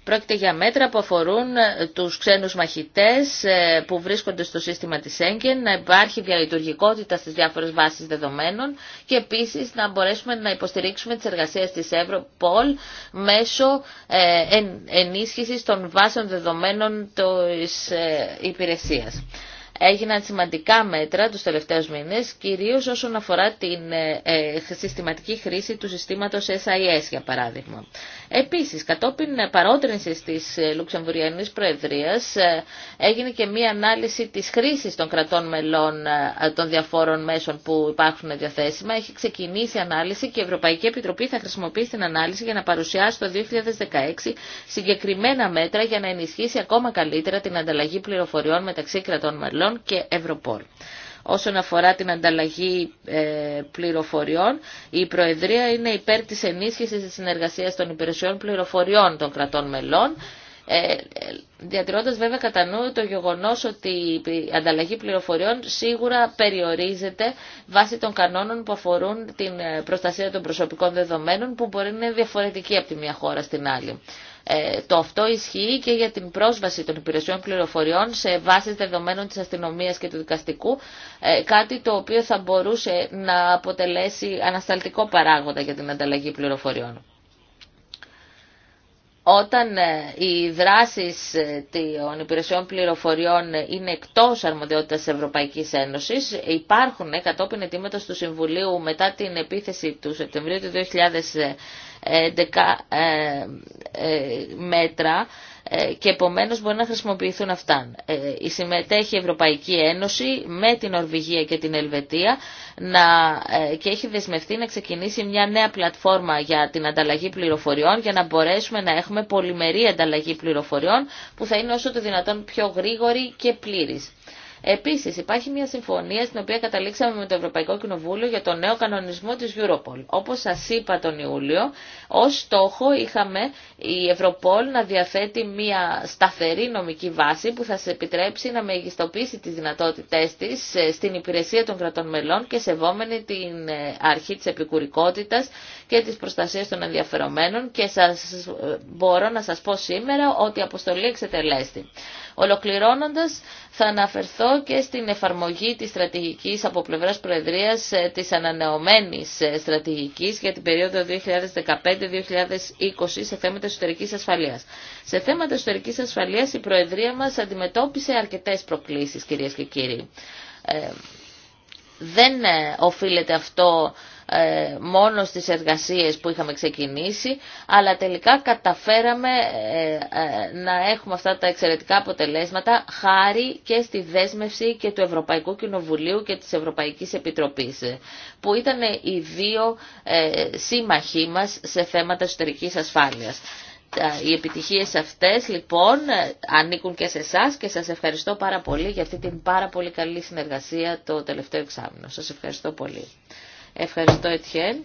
Πρόκειται για μέτρα που αφορούν ε, τους ξένους μαχητές ε, που βρίσκονται στο σύστημα της ΕΝΚΕΝ, να υπάρχει διαλειτουργικότητα στις διάφορες βάσεις δεδομένων και επίσης να μπορέσουμε να υποστηρίξουμε τις εργασίες της Ευρωπόλ μέσω ε, ενίσχυσης των βάσεων δεδομένων της υπηρεσίας έγιναν σημαντικά μέτρα τους τελευταίους μήνες, κυρίως όσον αφορά την ε, ε, συστηματική χρήση του συστήματος SIS, για παράδειγμα. Επίσης, κατόπιν παρότρινσης της Λουξεμβουριανής Προεδρίας, ε, έγινε και μία ανάλυση της χρήσης των κρατών μελών των διαφόρων μέσων που υπάρχουν διαθέσιμα. Έχει ξεκινήσει η ανάλυση και η Ευρωπαϊκή Επιτροπή θα χρησιμοποιήσει την ανάλυση για να παρουσιάσει το 2016 συγκεκριμένα μέτρα για να ενισχύσει ακόμα καλύτερα την ανταλλαγή πληροφοριών μεταξύ κρατών μελών και Ευρωπόλ. Όσον αφορά την ανταλλαγή ε, πληροφοριών, η Προεδρία είναι υπέρ της ενίσχυσης της συνεργασίας των υπηρεσιών πληροφοριών των κρατών μελών, ε, ε, διατηρώντας βέβαια κατά νου το γεγονός ότι η ανταλλαγή πληροφοριών σίγουρα περιορίζεται βάσει των κανόνων που αφορούν την προστασία των προσωπικών δεδομένων που μπορεί να είναι διαφορετική από τη μια χώρα στην άλλη. Ε, το αυτό ισχύει και για την πρόσβαση των υπηρεσιών πληροφοριών σε βάσεις δεδομένων της αστυνομίας και του δικαστικού, ε, κάτι το οποίο θα μπορούσε να αποτελέσει ανασταλτικό παράγοντα για την ανταλλαγή πληροφοριών όταν ε, οι δράσεις ε, των υπηρεσιών πληροφοριών είναι εκτός αρμοδιότητας της Ευρωπαϊκής Ένωσης, υπάρχουν ε, κατόπιν αιτήματος του Συμβουλίου μετά την επίθεση του Σεπτεμβρίου του 2011 μέτρα ε, και επομένω μπορεί να χρησιμοποιηθούν αυτά. Ε, η συμμετέχει η Ευρωπαϊκή Ένωση με την Ορβηγία και την Ελβετία να, ε, και έχει δεσμευτεί να ξεκινήσει μια νέα πλατφόρμα για την ανταλλαγή πληροφοριών για να μπορέσουμε να έχουμε πολυμερή ανταλλαγή πληροφοριών που θα είναι όσο το δυνατόν πιο γρήγορη και πλήρης. Επίσης υπάρχει μια συμφωνία στην οποία καταλήξαμε με το Ευρωπαϊκό Κοινοβούλιο για τον νέο κανονισμό της Europol. Όπως σα είπα τον Ιούλιο, ως στόχο είχαμε η Ευρωπόλ να διαθέτει μια σταθερή νομική βάση που θα σε επιτρέψει να μεγιστοποιήσει τι δυνατότητε τη ε, στην υπηρεσία των κρατών μελών και σεβόμενη την ε, αρχή τη επικουρικότητα και της προστασίας των ενδιαφερομένων και σας, μπορώ να σας πω σήμερα ότι η αποστολή εξετελέστη. Ολοκληρώνοντας, θα αναφερθώ και στην εφαρμογή της στρατηγικής από πλευράς Προεδρίας ε, της ανανεωμένης ε, στρατηγικής για την περίοδο 2015-2020 σε θέματα εσωτερικής ασφαλείας. Σε θέματα εσωτερικής ασφαλείας η Προεδρία μας αντιμετώπισε αρκετές προκλήσεις, κυρίες και κύριοι. Ε, δεν οφείλεται αυτό ε, μόνο στις εργασίες που είχαμε ξεκινήσει, αλλά τελικά καταφέραμε ε, ε, να έχουμε αυτά τα εξαιρετικά αποτελέσματα χάρη και στη δέσμευση και του Ευρωπαϊκού Κοινοβουλίου και της Ευρωπαϊκής Επιτροπής, που ήταν οι δύο σύμμαχοί μας σε θέματα εσωτερικής ασφάλειας. Οι επιτυχίες αυτές λοιπόν ανήκουν και σε εσά και σας ευχαριστώ πάρα πολύ για αυτή την πάρα πολύ καλή συνεργασία το τελευταίο εξάμεινο. Σας ευχαριστώ πολύ. Ευχαριστώ, Ετιέν.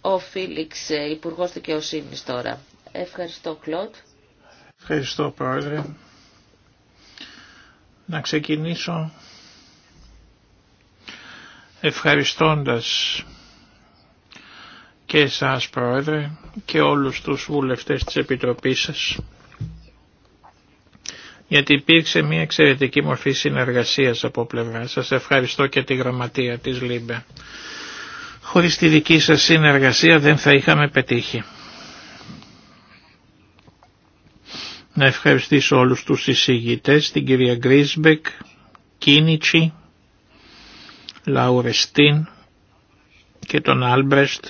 Ο Φίλιξ, ε, Υπουργός Δικαιοσύνη τώρα. Ευχαριστώ, Κλοντ. Ευχαριστώ, Πρόεδρε. Να ξεκινήσω ευχαριστώντας και εσάς Πρόεδρε και όλους τους βουλευτές της Επιτροπής σας γιατί υπήρξε μια εξαιρετική μορφή συνεργασίας από πλευρά σας. Ευχαριστώ και τη γραμματεία της ΛΥΜΠΕ. Χωρίς τη δική σας συνεργασία δεν θα είχαμε πετύχει. Να ευχαριστήσω όλους τους συζηγητές, την κυρία Γκρίσμπεκ, Κίνιτσι, Λαουρεστίν και τον Άλμπρεστ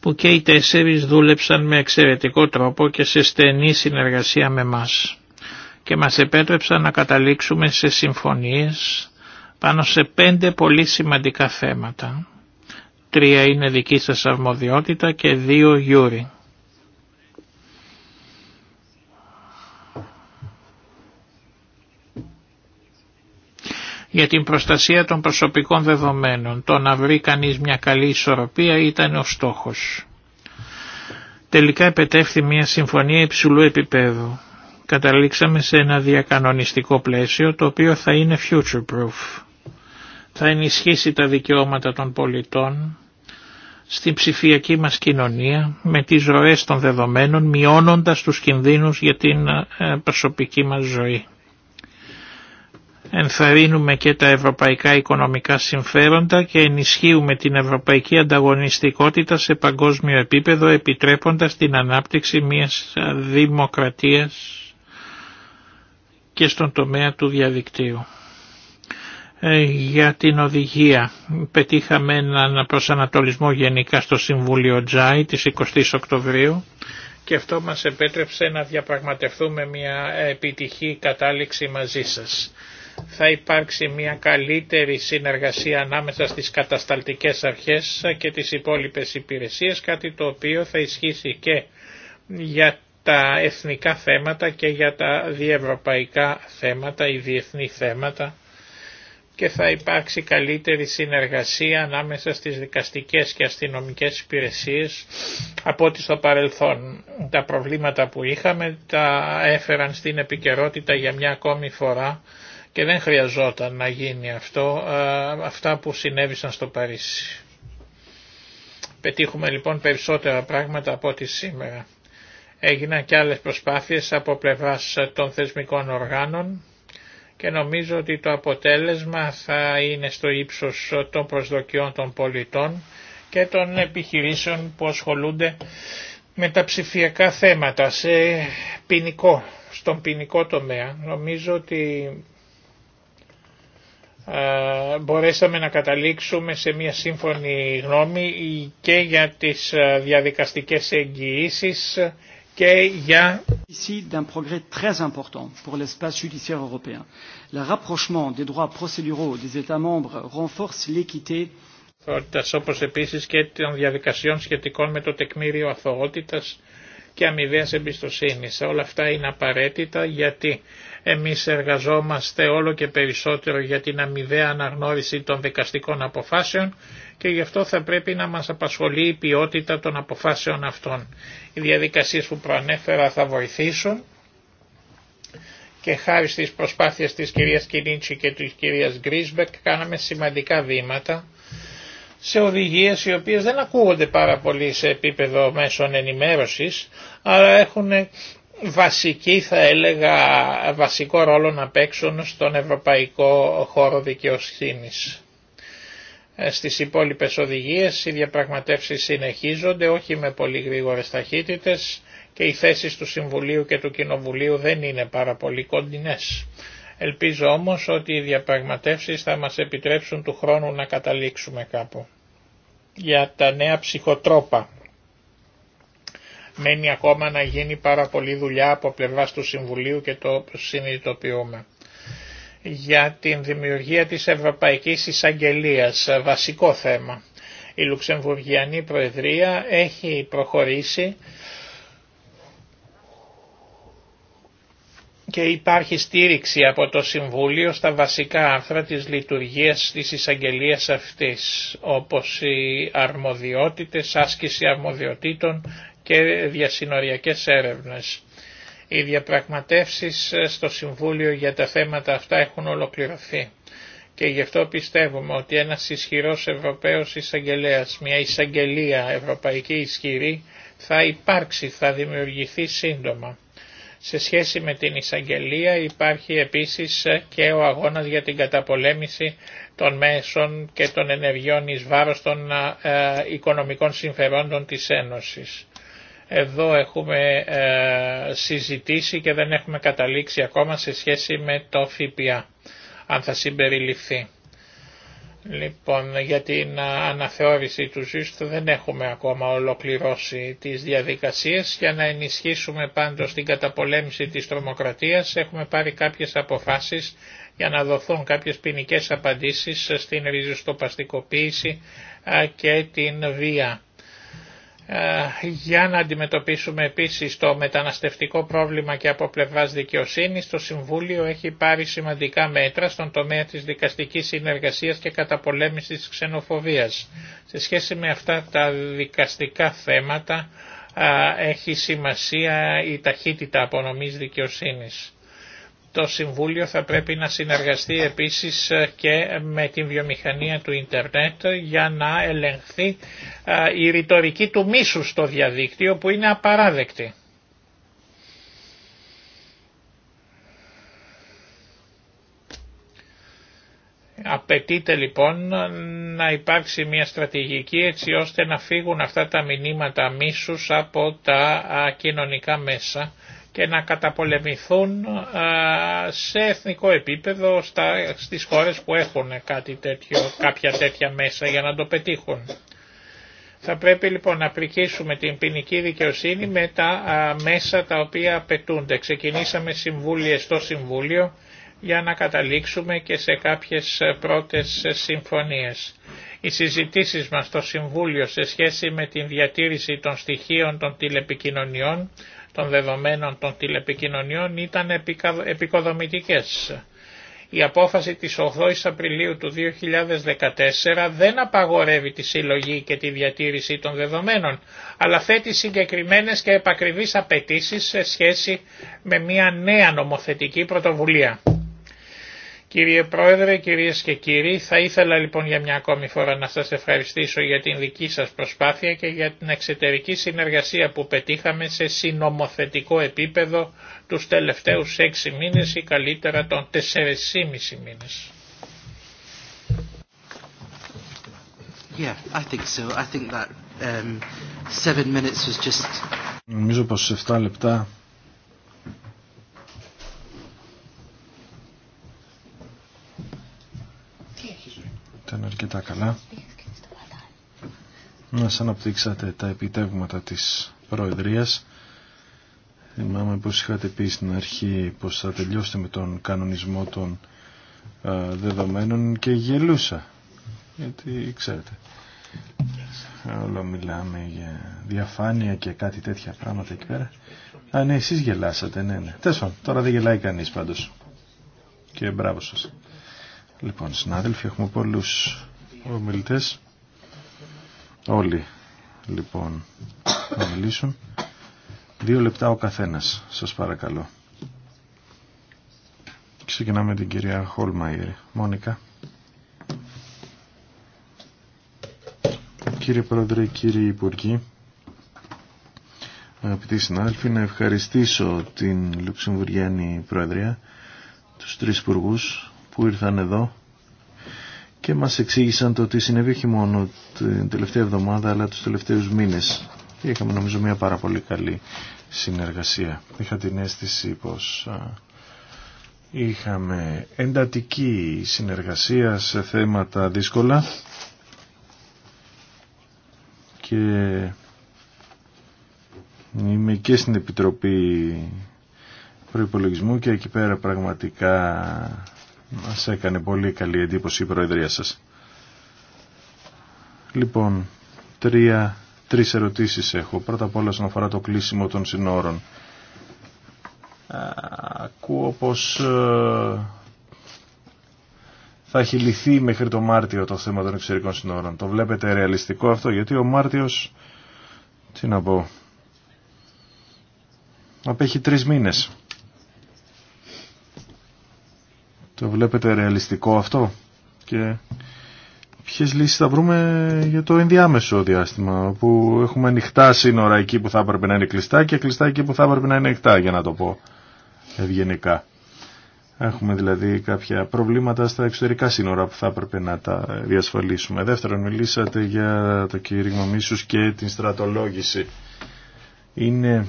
που και οι τέσσερις δούλεψαν με εξαιρετικό τρόπο και σε στενή συνεργασία με μας και μας επέτρεψαν να καταλήξουμε σε συμφωνίες πάνω σε πέντε πολύ σημαντικά θέματα. Τρία είναι δική σας αρμοδιότητα και δύο γιούρι. Για την προστασία των προσωπικών δεδομένων, το να βρει κανείς μια καλή ισορροπία ήταν ο στόχος. Τελικά επετεύχθη μια συμφωνία υψηλού επίπεδου. Καταλήξαμε σε ένα διακανονιστικό πλαίσιο το οποίο θα είναι future-proof θα ενισχύσει τα δικαιώματα των πολιτών στην ψηφιακή μας κοινωνία με τις ροές των δεδομένων μειώνοντας τους κινδύνους για την ε, προσωπική μας ζωή. Ενθαρρύνουμε και τα ευρωπαϊκά οικονομικά συμφέροντα και ενισχύουμε την ευρωπαϊκή ανταγωνιστικότητα σε παγκόσμιο επίπεδο επιτρέποντας την ανάπτυξη μιας ε, δημοκρατίας και στον τομέα του διαδικτύου. Ε, για την οδηγία. Πετύχαμε έναν προσανατολισμό γενικά στο Συμβούλιο Τζάι της 20 Οκτωβρίου και αυτό μας επέτρεψε να διαπραγματευτούμε μια επιτυχή κατάληξη μαζί σας. Θα υπάρξει μια καλύτερη συνεργασία ανάμεσα στις κατασταλτικές αρχές και τις υπόλοιπες υπηρεσίες, κάτι το οποίο θα ισχύσει και για τα εθνικά θέματα και για τα διευρωπαϊκά θέματα ή διεθνή θέματα και θα υπάρξει καλύτερη συνεργασία ανάμεσα στις δικαστικές και αστυνομικές υπηρεσίες από ό,τι στο παρελθόν. Τα προβλήματα που είχαμε τα έφεραν στην επικαιρότητα για μια ακόμη φορά και δεν χρειαζόταν να γίνει αυτό, αυτά που συνέβησαν στο Παρίσι. Πετύχουμε λοιπόν περισσότερα πράγματα από ό,τι σήμερα. Έγιναν και άλλες προσπάθειες από πλευράς των θεσμικών οργάνων και νομίζω ότι το αποτέλεσμα θα είναι στο ύψος των προσδοκιών των πολιτών και των επιχειρήσεων που ασχολούνται με τα ψηφιακά θέματα σε ποινικό, στον ποινικό τομέα. Νομίζω ότι μπορέσαμε να καταλήξουμε σε μια σύμφωνη γνώμη και για τις διαδικαστικές εγγυήσεις και για ici d'un progrès très important pour l'espace judiciaire européen. Le rapprochement des droits procéduraux des États membres renforce l'équité όπως επίσης και των διαδικασιών σχετικών με το τεκμήριο αθωότητας και αμοιβαίας εμπιστοσύνης. Όλα αυτά είναι απαραίτητα γιατί εμείς εργαζόμαστε όλο και περισσότερο για την αμοιβαία αναγνώριση των δικαστικών αποφάσεων και γι' αυτό θα πρέπει να μας απασχολεί η ποιότητα των αποφάσεων αυτών. Οι διαδικασίες που προανέφερα θα βοηθήσουν και χάρη στις προσπάθειες της κυρίας Κινίτσι και της κυρίας Γκρίσμπεκ κάναμε σημαντικά βήματα σε οδηγίες οι οποίες δεν ακούγονται πάρα πολύ σε επίπεδο μέσων ενημέρωσης αλλά έχουν βασική θα έλεγα βασικό ρόλο να παίξουν στον ευρωπαϊκό χώρο δικαιοσύνης. Ε, στις υπόλοιπες οδηγίες οι διαπραγματεύσεις συνεχίζονται όχι με πολύ γρήγορες ταχύτητες και οι θέσεις του Συμβουλίου και του Κοινοβουλίου δεν είναι πάρα πολύ κοντινές. Ελπίζω όμως ότι οι διαπραγματεύσεις θα μας επιτρέψουν του χρόνου να καταλήξουμε κάπου. Για τα νέα ψυχοτρόπα. Μένει ακόμα να γίνει πάρα πολλή δουλειά από πλευράς του Συμβουλίου και το συνειδητοποιούμε για την δημιουργία της Ευρωπαϊκής Εισαγγελίας, ε, βασικό θέμα. Η Λουξεμβουργιανή Προεδρία έχει προχωρήσει και υπάρχει στήριξη από το Συμβούλιο στα βασικά άρθρα της λειτουργίας της εισαγγελία αυτής, όπως οι αρμοδιότητες, άσκηση αρμοδιοτήτων και διασυνοριακές έρευνες. Οι διαπραγματεύσεις ε, στο Συμβούλιο για τα θέματα αυτά έχουν ολοκληρωθεί και γι' αυτό πιστεύουμε ότι ένας ισχυρός Ευρωπαίος εισαγγελέα, μια εισαγγελία ευρωπαϊκή ισχυρή θα υπάρξει, θα δημιουργηθεί σύντομα. Σε σχέση με την εισαγγελία υπάρχει επίσης ε, και ο αγώνας για την καταπολέμηση των μέσων και των ενεργειών εις βάρος των ε, οικονομικών συμφερόντων της Ένωσης. Εδώ έχουμε ε, συζητήσει και δεν έχουμε καταλήξει ακόμα σε σχέση με το ΦΠΑ, αν θα συμπεριληφθεί. Λοιπόν, για την ε, αναθεώρηση του ΖΙΣΤ δεν έχουμε ακόμα ολοκληρώσει τις διαδικασίες. Για να ενισχύσουμε πάντως την καταπολέμηση της τρομοκρατίας έχουμε πάρει κάποιες αποφάσεις για να δοθούν κάποιες ποινικέ απαντήσεις στην ριζοστοπαστικοποίηση ε, και την βία. Ε, για να αντιμετωπίσουμε επίσης το μεταναστευτικό πρόβλημα και από πλευράς δικαιοσύνης, το Συμβούλιο έχει πάρει σημαντικά μέτρα στον τομέα της δικαστικής συνεργασίας και καταπολέμησης της ξενοφοβίας. Σε σχέση με αυτά τα δικαστικά θέματα έχει σημασία η ταχύτητα απονομής δικαιοσύνης. Το Συμβούλιο θα πρέπει να συνεργαστεί επίσης ε, και με την βιομηχανία του ίντερνετ για να ελεγχθεί ε, η ρητορική του μίσου στο διαδίκτυο που είναι απαράδεκτη. Απαιτείται λοιπόν να υπάρξει μια στρατηγική έτσι ώστε να φύγουν αυτά τα μηνύματα μίσους από τα κοινωνικά μέσα και να καταπολεμηθούν σε εθνικό επίπεδο στα, στις χώρες που έχουν κάτι τέτοιο, κάποια τέτοια μέσα για να το πετύχουν. Θα πρέπει λοιπόν να πρικίσουμε την ποινική δικαιοσύνη με τα μέσα τα οποία απαιτούνται. Ξεκινήσαμε συμβούλια στο Συμβούλιο για να καταλήξουμε και σε κάποιες πρώτες συμφωνίες. Οι συζητήσεις μας στο Συμβούλιο σε σχέση με την διατήρηση των στοιχείων των τηλεπικοινωνιών των δεδομένων των τηλεπικοινωνιών ήταν επικοδομητικές. Η απόφαση της 8ης Απριλίου του 2014 δεν απαγορεύει τη συλλογή και τη διατήρηση των δεδομένων, αλλά θέτει συγκεκριμένες και επακριβείς απαιτήσεις σε σχέση με μια νέα νομοθετική πρωτοβουλία. Κύριε Πρόεδρε, κυρίες και κύριοι, θα ήθελα λοιπόν για μια ακόμη φορά να σας ευχαριστήσω για την δική σας προσπάθεια και για την εξωτερική συνεργασία που πετύχαμε σε συνομοθετικό επίπεδο τους τελευταίους έξι μήνες ή καλύτερα των 4,5 μήνες. Νομίζω πως 7 λεπτά ήταν αρκετά καλά. σα αναπτύξατε τα επιτεύγματα της Προεδρίας. Θυμάμαι πως είχατε πει στην αρχή πως θα τελειώσετε με τον κανονισμό των δεδομένων και γελούσα. Γιατί ξέρετε, όλο μιλάμε για διαφάνεια και κάτι τέτοια πράγματα εκεί πέρα. Α, ναι, εσείς γελάσατε, ναι, ναι. τώρα δεν γελάει κανείς πάντως. Και μπράβο σας. Λοιπόν, συνάδελφοι, έχουμε πολλούς ομιλητές. Όλοι, λοιπόν, θα μιλήσουν. Δύο λεπτά ο καθένας, σας παρακαλώ. Ξεκινάμε την κυρία Χόλμαϊρ. Μόνικα. Κύριε Πρόεδρε, κύριοι Υπουργοί, αγαπητοί συνάδελφοι, να ευχαριστήσω την Λουξεμβουργιάνη Πρόεδρια, τους τρεις υπουργού που ήρθαν εδώ και μας εξήγησαν το ότι συνέβη όχι μόνο την τελευταία εβδομάδα αλλά τους τελευταίους μήνες. είχαμε νομίζω μια πάρα πολύ καλή συνεργασία. Είχα την αίσθηση πως είχαμε εντατική συνεργασία σε θέματα δύσκολα και είμαι και στην Επιτροπή Προϋπολογισμού και εκεί πέρα πραγματικά μας έκανε πολύ καλή εντύπωση η Προεδρία σας. Λοιπόν, τρία, τρεις ερωτήσεις έχω. Πρώτα απ' όλα σχετικά αφορά το κλείσιμο των συνόρων. Ακούω πως ε, θα έχει λυθεί μέχρι το Μάρτιο το θέμα των εξωτερικών συνόρων. Το βλέπετε ρεαλιστικό αυτό, γιατί ο Μάρτιος, τι να πω, απέχει τρεις μήνες. Το βλέπετε ρεαλιστικό αυτό και ποιες λύσεις θα βρούμε για το ενδιάμεσο διάστημα όπου έχουμε ανοιχτά σύνορα εκεί που θα έπρεπε να είναι κλειστά και κλειστά εκεί που θα έπρεπε να είναι ανοιχτά για να το πω ευγενικά. Έχουμε δηλαδή κάποια προβλήματα στα εξωτερικά σύνορα που θα έπρεπε να τα διασφαλίσουμε. Δεύτερον, μιλήσατε για το κήρυγμα μίσους και την στρατολόγηση. Είναι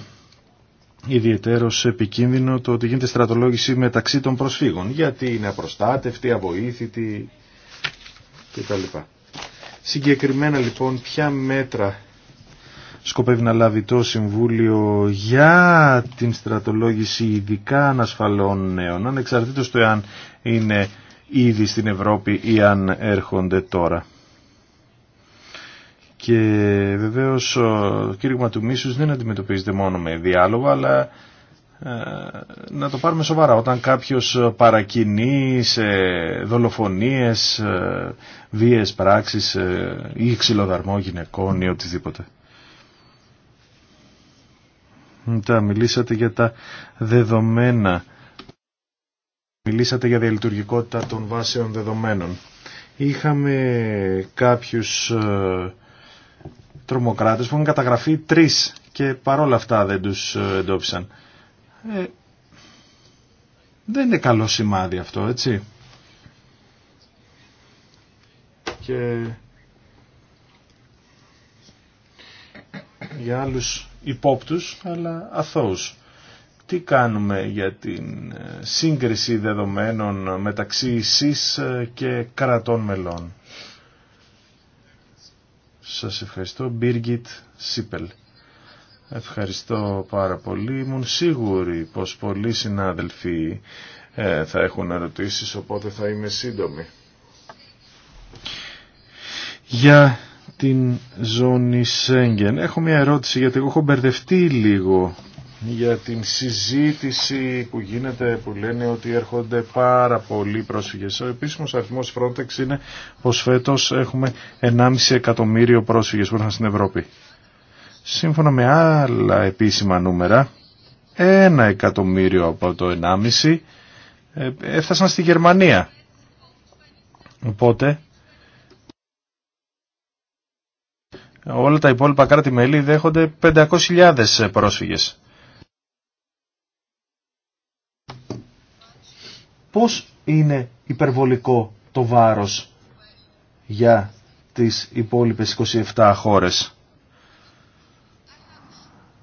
ιδιαιτέρως επικίνδυνο το ότι γίνεται στρατολόγηση μεταξύ των προσφύγων, γιατί είναι απροστάτευτη, αβοήθητη κτλ. Συγκεκριμένα λοιπόν ποια μέτρα σκοπεύει να λάβει το Συμβούλιο για την στρατολόγηση ειδικά ανασφαλών νέων, ανεξαρτήτως το εάν είναι ήδη στην Ευρώπη ή αν έρχονται τώρα. Και βεβαίως το κήρυγμα του μίσους δεν αντιμετωπίζεται μόνο με διάλογο, αλλά ε, να το πάρουμε σοβαρά. Όταν κάποιος παρακινεί σε δολοφονίες, ε, βίες πράξεις ε, ή ξυλοδαρμό γυναικών ή οτιδήποτε. μιλήσατε για τα δεδομένα. Μιλήσατε για διαλειτουργικότητα των βάσεων δεδομένων. Είχαμε κάποιους ε, τρομοκράτες που έχουν καταγραφεί τρεις και παρόλα αυτά δεν τους ε, εντόπισαν. Ε, δεν είναι καλό σημάδι αυτό, έτσι. Και για άλλους υπόπτους, αλλά αθώους. Τι κάνουμε για την ε, σύγκριση δεδομένων μεταξύ ΣΥΣ και κρατών μελών σας ευχαριστώ, Birgit Σίπελ. Ευχαριστώ πάρα πολύ. Ήμουν σίγουρη πως πολλοί συνάδελφοι ε, θα έχουν ερωτήσεις, οπότε θα είμαι σύντομη. Για την ζώνη Σέγγεν. Έχω μια ερώτηση γιατί εγώ έχω μπερδευτεί λίγο για την συζήτηση που γίνεται που λένε ότι έρχονται πάρα πολλοί πρόσφυγες. Ο επίσημος αριθμός Frontex είναι πως φέτος έχουμε 1,5 εκατομμύριο πρόσφυγες που έρχονται στην Ευρώπη. Σύμφωνα με άλλα επίσημα νούμερα, ένα εκατομμύριο από το 1,5 ε, έφτασαν στη Γερμανία. Οπότε, όλα τα υπόλοιπα κράτη-μέλη δέχονται 500.000 πρόσφυγες. πώς είναι υπερβολικό το βάρος για τις υπόλοιπες 27 χώρες.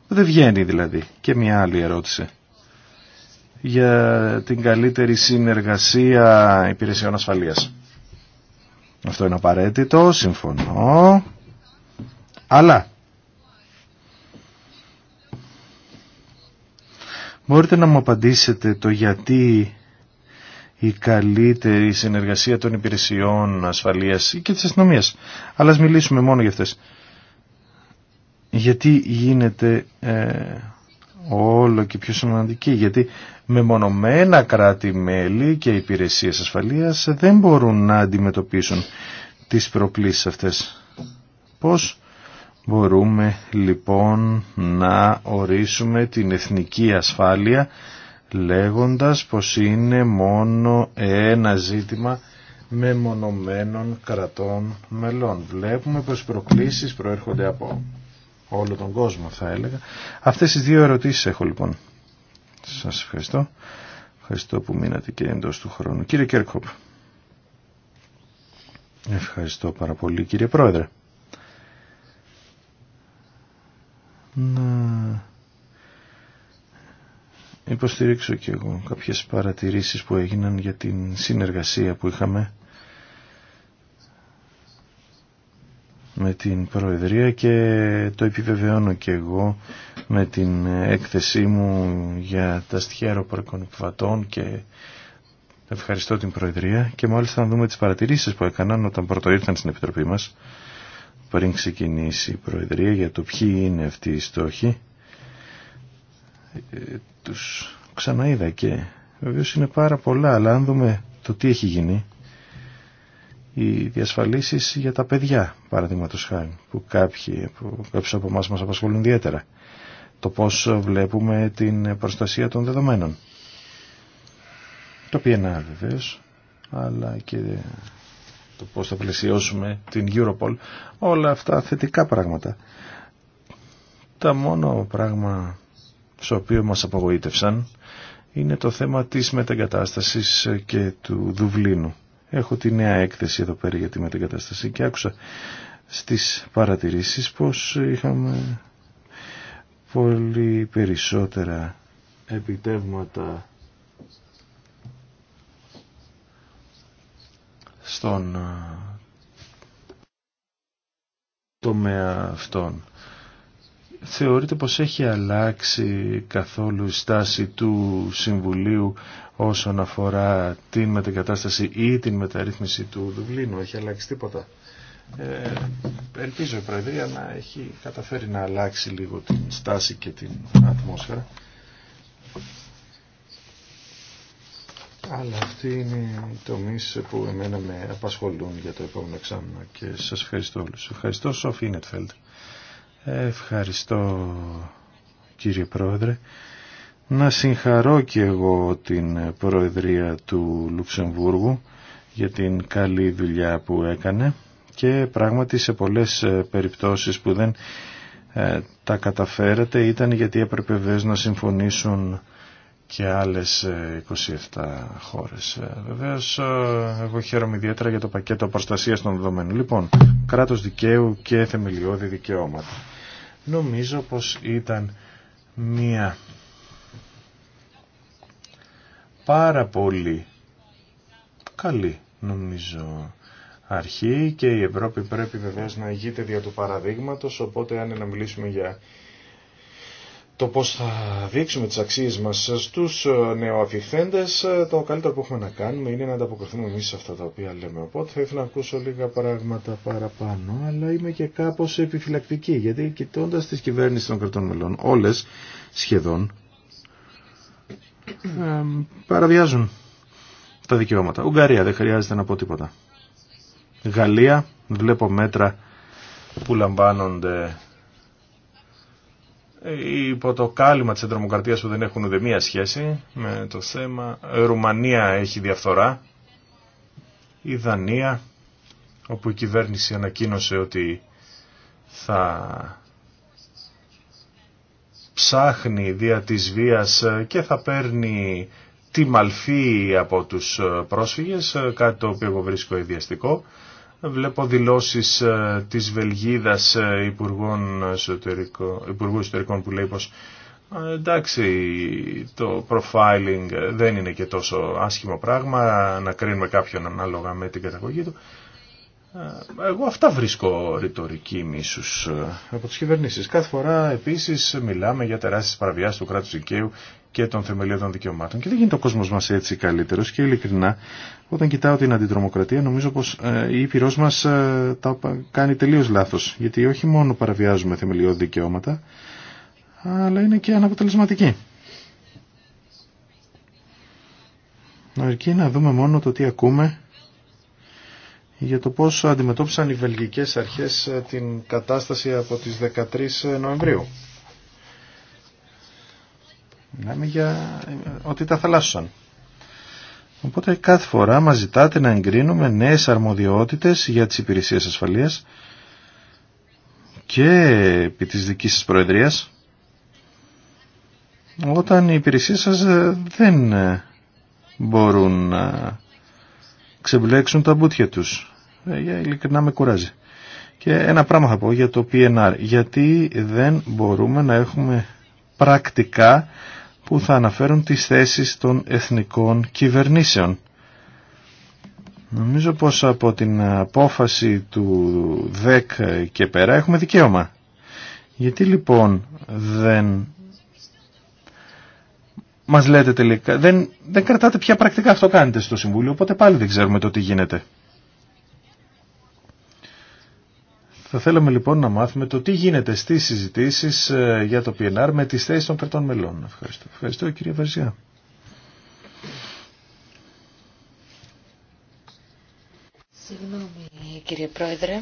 Δεν βγαίνει δηλαδή. Και μια άλλη ερώτηση. Για την καλύτερη συνεργασία υπηρεσιών ασφαλείας. Αυτό είναι απαραίτητο, συμφωνώ. Αλλά μπορείτε να μου απαντήσετε το γιατί η καλύτερη συνεργασία των υπηρεσιών ασφαλείας και της αστυνομίας. Αλλά ας μιλήσουμε μόνο για αυτές. Γιατί γίνεται ε, όλο και πιο σημαντική. Γιατί με μονομένα κράτη-μέλη και υπηρεσίες ασφαλείας δεν μπορούν να αντιμετωπίσουν τις προκλήσεις αυτές. Πώς μπορούμε λοιπόν να ορίσουμε την εθνική ασφάλεια λέγοντας πως είναι μόνο ένα ζήτημα μεμονωμένων κρατών μελών. Βλέπουμε πως οι προκλήσεις προέρχονται από όλο τον κόσμο θα έλεγα. Αυτές οι δύο ερωτήσεις έχω λοιπόν. Σας ευχαριστώ. Ευχαριστώ που μείνατε και εντός του χρόνου. Κύριε Κέρκοπ. Ευχαριστώ πάρα πολύ κύριε Πρόεδρε. Να υποστηρίξω και εγώ κάποιες παρατηρήσεις που έγιναν για την συνεργασία που είχαμε με την Προεδρία και το επιβεβαιώνω και εγώ με την έκθεσή μου για τα στοιχεία αεροπορικών και ευχαριστώ την Προεδρία και μάλιστα να δούμε τις παρατηρήσεις που έκαναν όταν πρώτο ήρθαν στην Επιτροπή μας πριν ξεκινήσει η Προεδρία για το ποιοι είναι αυτοί οι στόχοι ε, τους ξαναείδα και βεβαίως είναι πάρα πολλά, αλλά αν δούμε το τι έχει γίνει, οι διασφαλίσεις για τα παιδιά, παραδείγματο χάρη, που κάποιοι, που κάποιους από εμάς μας απασχολούν ιδιαίτερα. Το πώς βλέπουμε την προστασία των δεδομένων. Το είναι βεβαίω, αλλά και το πώς θα πλαισιώσουμε την Europol. Όλα αυτά θετικά πράγματα. Τα μόνο πράγμα στο οποίο μας απογοήτευσαν είναι το θέμα της μεταγκατάστασης και του Δουβλίνου. Έχω τη νέα έκθεση εδώ πέρα για τη μεταγκατάσταση και άκουσα στις παρατηρήσεις πως είχαμε πολύ περισσότερα επιτεύγματα στον ε, τομέα αυτών θεωρείτε πως έχει αλλάξει καθόλου η στάση του Συμβουλίου όσον αφορά την μετεγκατάσταση ή την μεταρρύθμιση του Δουβλίνου. Έχει αλλάξει τίποτα. Ε, ελπίζω η Προεδρία να έχει καταφέρει να αλλάξει λίγο την μεταρρυθμιση του δουβλινου εχει αλλαξει τιποτα ελπιζω η προεδρια να εχει καταφερει να αλλαξει λιγο την σταση και την ατμόσφαιρα. Αλλά αυτοί είναι οι τομείς που εμένα με απασχολούν για το επόμενο εξάμεινο και σας ευχαριστώ όλους. Ευχαριστώ Σόφι Ευχαριστώ κύριε Πρόεδρε. Να συγχαρώ και εγώ την Προεδρία του Λουξεμβούργου για την καλή δουλειά που έκανε και πράγματι σε πολλές ε, περιπτώσεις που δεν ε, τα καταφέρατε ήταν γιατί έπρεπε βέβαια να συμφωνήσουν και άλλες 27 ε, χώρες. Βεβαίως εγώ χαίρομαι ιδιαίτερα για το πακέτο προστασίας των δεδομένων. Λοιπόν, κράτος δικαίου και θεμελιώδη δικαιώματα. Νομίζω πως ήταν μία πάρα πολύ καλή νομίζω αρχή και η Ευρώπη πρέπει βεβαίως να ηγείται δια του παραδείγματος οπότε αν να μιλήσουμε για το πώς θα δείξουμε τις αξίες μας στους ε, νεοαφιχθέντες, ε, το καλύτερο που έχουμε να κάνουμε είναι να ανταποκριθούμε εμείς σε αυτά τα οποία λέμε. Οπότε θα ήθελα να ακούσω λίγα πράγματα παραπάνω, αλλά είμαι και κάπως επιφυλακτική, γιατί κοιτώντα τις κυβέρνηση των κρατών μελών, όλες σχεδόν παραβιάζουν τα δικαιώματα. Ουγγαρία, δεν χρειάζεται να πω τίποτα. Γαλλία, βλέπω μέτρα που λαμβάνονται υπό το κάλυμα της εντρομοκρατίας που δεν έχουν ούτε μία σχέση με το θέμα. Ε, Ρουμανία έχει διαφθορά. Η Δανία, όπου η κυβέρνηση ανακοίνωσε ότι θα ψάχνει δια της βίας και θα παίρνει τη μαλφή από τους πρόσφυγες, ε, κάτι το οποίο εγώ βρίσκω ιδιαστικό. Βλέπω δηλώσεις ε, της Βελγίδας ε, Υπουργών Υπουργού Ιστορικών που λέει πως ε, εντάξει το profiling δεν είναι και τόσο άσχημο πράγμα να κρίνουμε κάποιον ανάλογα με την καταγωγή του. Ε, εγώ αυτά βρίσκω ρητορική μίσους ε, από τις κυβερνήσει. Κάθε φορά επίσης μιλάμε για τεράστιες παραβιάσεις του κράτους δικαίου και των θεμελιώδων δικαιωμάτων. Και δεν γίνεται ο κόσμος μας έτσι καλύτερος και ειλικρινά όταν κοιτάω την αντιτρομοκρατία νομίζω πως ε, η ήπειρό μας τα κάνει τελείως λάθος. Γιατί όχι μόνο παραβιάζουμε θεμελιώδη δικαιώματα αλλά είναι και αναποτελεσματική. Αρκεί να δούμε μόνο το τι ακούμε για το πώς αντιμετώπισαν οι βελγικές αρχές ε, την κατάσταση από τις 13 ε, Νοεμβρίου. Μιλάμε για ε, ότι τα θαλάσσουσαν. Οπότε κάθε φορά μας ζητάτε να εγκρίνουμε νέες αρμοδιότητες για τις υπηρεσίες ασφαλείας και επί της δικής σας προεδρίας όταν οι υπηρεσίες σας δεν μπορούν να ξεμπλέξουν τα μπουτια τους. Ε, για ειλικρινά με κουράζει. Και ένα πράγμα θα πω για το PNR. Γιατί δεν μπορούμε να έχουμε πρακτικά που θα αναφέρουν τις θέσεις των εθνικών κυβερνήσεων. Νομίζω πως από την απόφαση του ΔΕΚ και πέρα έχουμε δικαίωμα. Γιατί λοιπόν δεν μας λέτε τελικά, δεν, δεν κρατάτε ποια πρακτικά αυτό κάνετε στο Συμβούλιο, οπότε πάλι δεν ξέρουμε το τι γίνεται. Θα θέλαμε λοιπόν να μάθουμε το τι γίνεται στις συζητήσεις ε, για το PNR με τις θέσεις των κρατών μελών. Ευχαριστώ. Ευχαριστώ κύριε Βαρζιά. Συγγνώμη κύριε Πρόεδρε.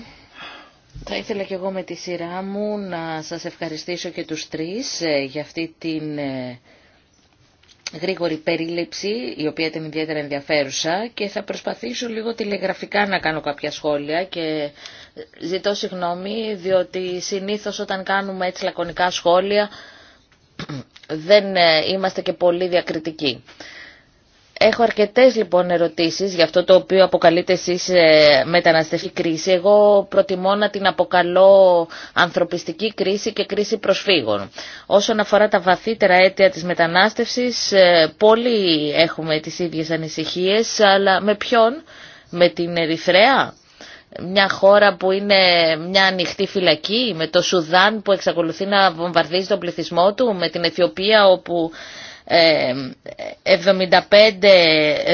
Θα ήθελα και εγώ με τη σειρά μου να σας ευχαριστήσω και τους τρεις ε, για αυτή την ε, γρήγορη περίληψη, η οποία ήταν ιδιαίτερα ενδιαφέρουσα και θα προσπαθήσω λίγο τηλεγραφικά να κάνω κάποια σχόλια και ζητώ συγγνώμη διότι συνήθως όταν κάνουμε έτσι λακωνικά σχόλια δεν ε, είμαστε και πολύ διακριτικοί. Έχω αρκετές λοιπόν ερωτήσεις για αυτό το οποίο αποκαλείτε εσείς ε, μεταναστευτική κρίση. Εγώ προτιμώ να την αποκαλώ ανθρωπιστική κρίση και κρίση προσφύγων. Όσον αφορά τα βαθύτερα αίτια της μετανάστευσης, ε, πολλοί έχουμε τις ίδιες ανησυχίες, αλλά με ποιον, με την Ερυθρέα, μια χώρα που είναι μια ανοιχτή φυλακή, με το Σουδάν που εξακολουθεί να βομβαρδίζει τον πληθυσμό του, με την Αιθιοπία όπου 75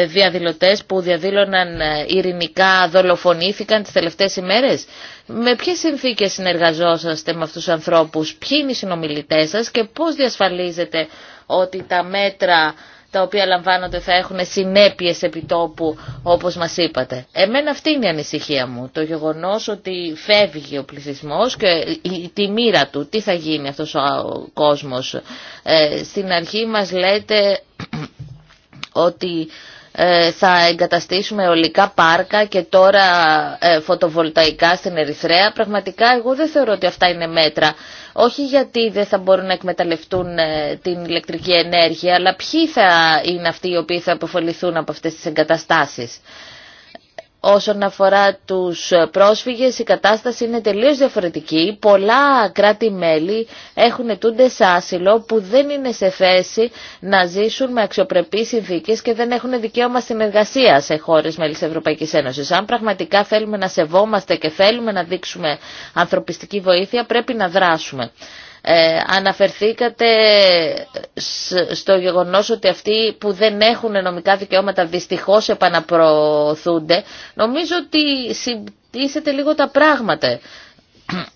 διαδηλωτές που διαδήλωναν ε, ειρηνικά δολοφονήθηκαν τις τελευταίες ημέρες. Με ποιες συνθήκες συνεργαζόσαστε με αυτούς τους ανθρώπους, ποιοι είναι οι συνομιλητές σας και πώς διασφαλίζετε ότι τα μέτρα τα οποία λαμβάνονται θα έχουν συνέπειες επιτόπου όπως μας είπατε. Εμένα αυτή είναι η ανησυχία μου. Το γεγονός ότι φεύγει ο πληθυσμός και τη μοίρα του. Τι θα γίνει αυτός ο κόσμος. Ε, στην αρχή μας λέτε ότι ε, θα εγκαταστήσουμε ολικά πάρκα και τώρα ε, φωτοβολταϊκά στην Ερυθρέα. Πραγματικά εγώ δεν θεωρώ ότι αυτά είναι μέτρα. Όχι γιατί δεν θα μπορούν να εκμεταλλευτούν ε, την ηλεκτρική ενέργεια, αλλά ποιοι θα είναι αυτοί οι οποίοι θα αποφοληθούν από αυτές τις εγκαταστάσεις. Όσον αφορά τους πρόσφυγες, η κατάσταση είναι τελείως διαφορετική. Πολλά κράτη-μέλη έχουν ετούντες άσυλο που δεν είναι σε θέση να ζήσουν με αξιοπρεπείς συνθήκες και δεν έχουν δικαίωμα στην εργασία σε χώρες μέλη της Ευρωπαϊκής Ένωσης. Αν πραγματικά θέλουμε να σεβόμαστε και θέλουμε να δείξουμε ανθρωπιστική βοήθεια, πρέπει να δράσουμε. Ε, αναφερθήκατε στο γεγονός ότι αυτοί που δεν έχουν νομικά δικαιώματα δυστυχώς επαναπροωθούνται. Νομίζω ότι συμπτήσετε λίγο τα πράγματα.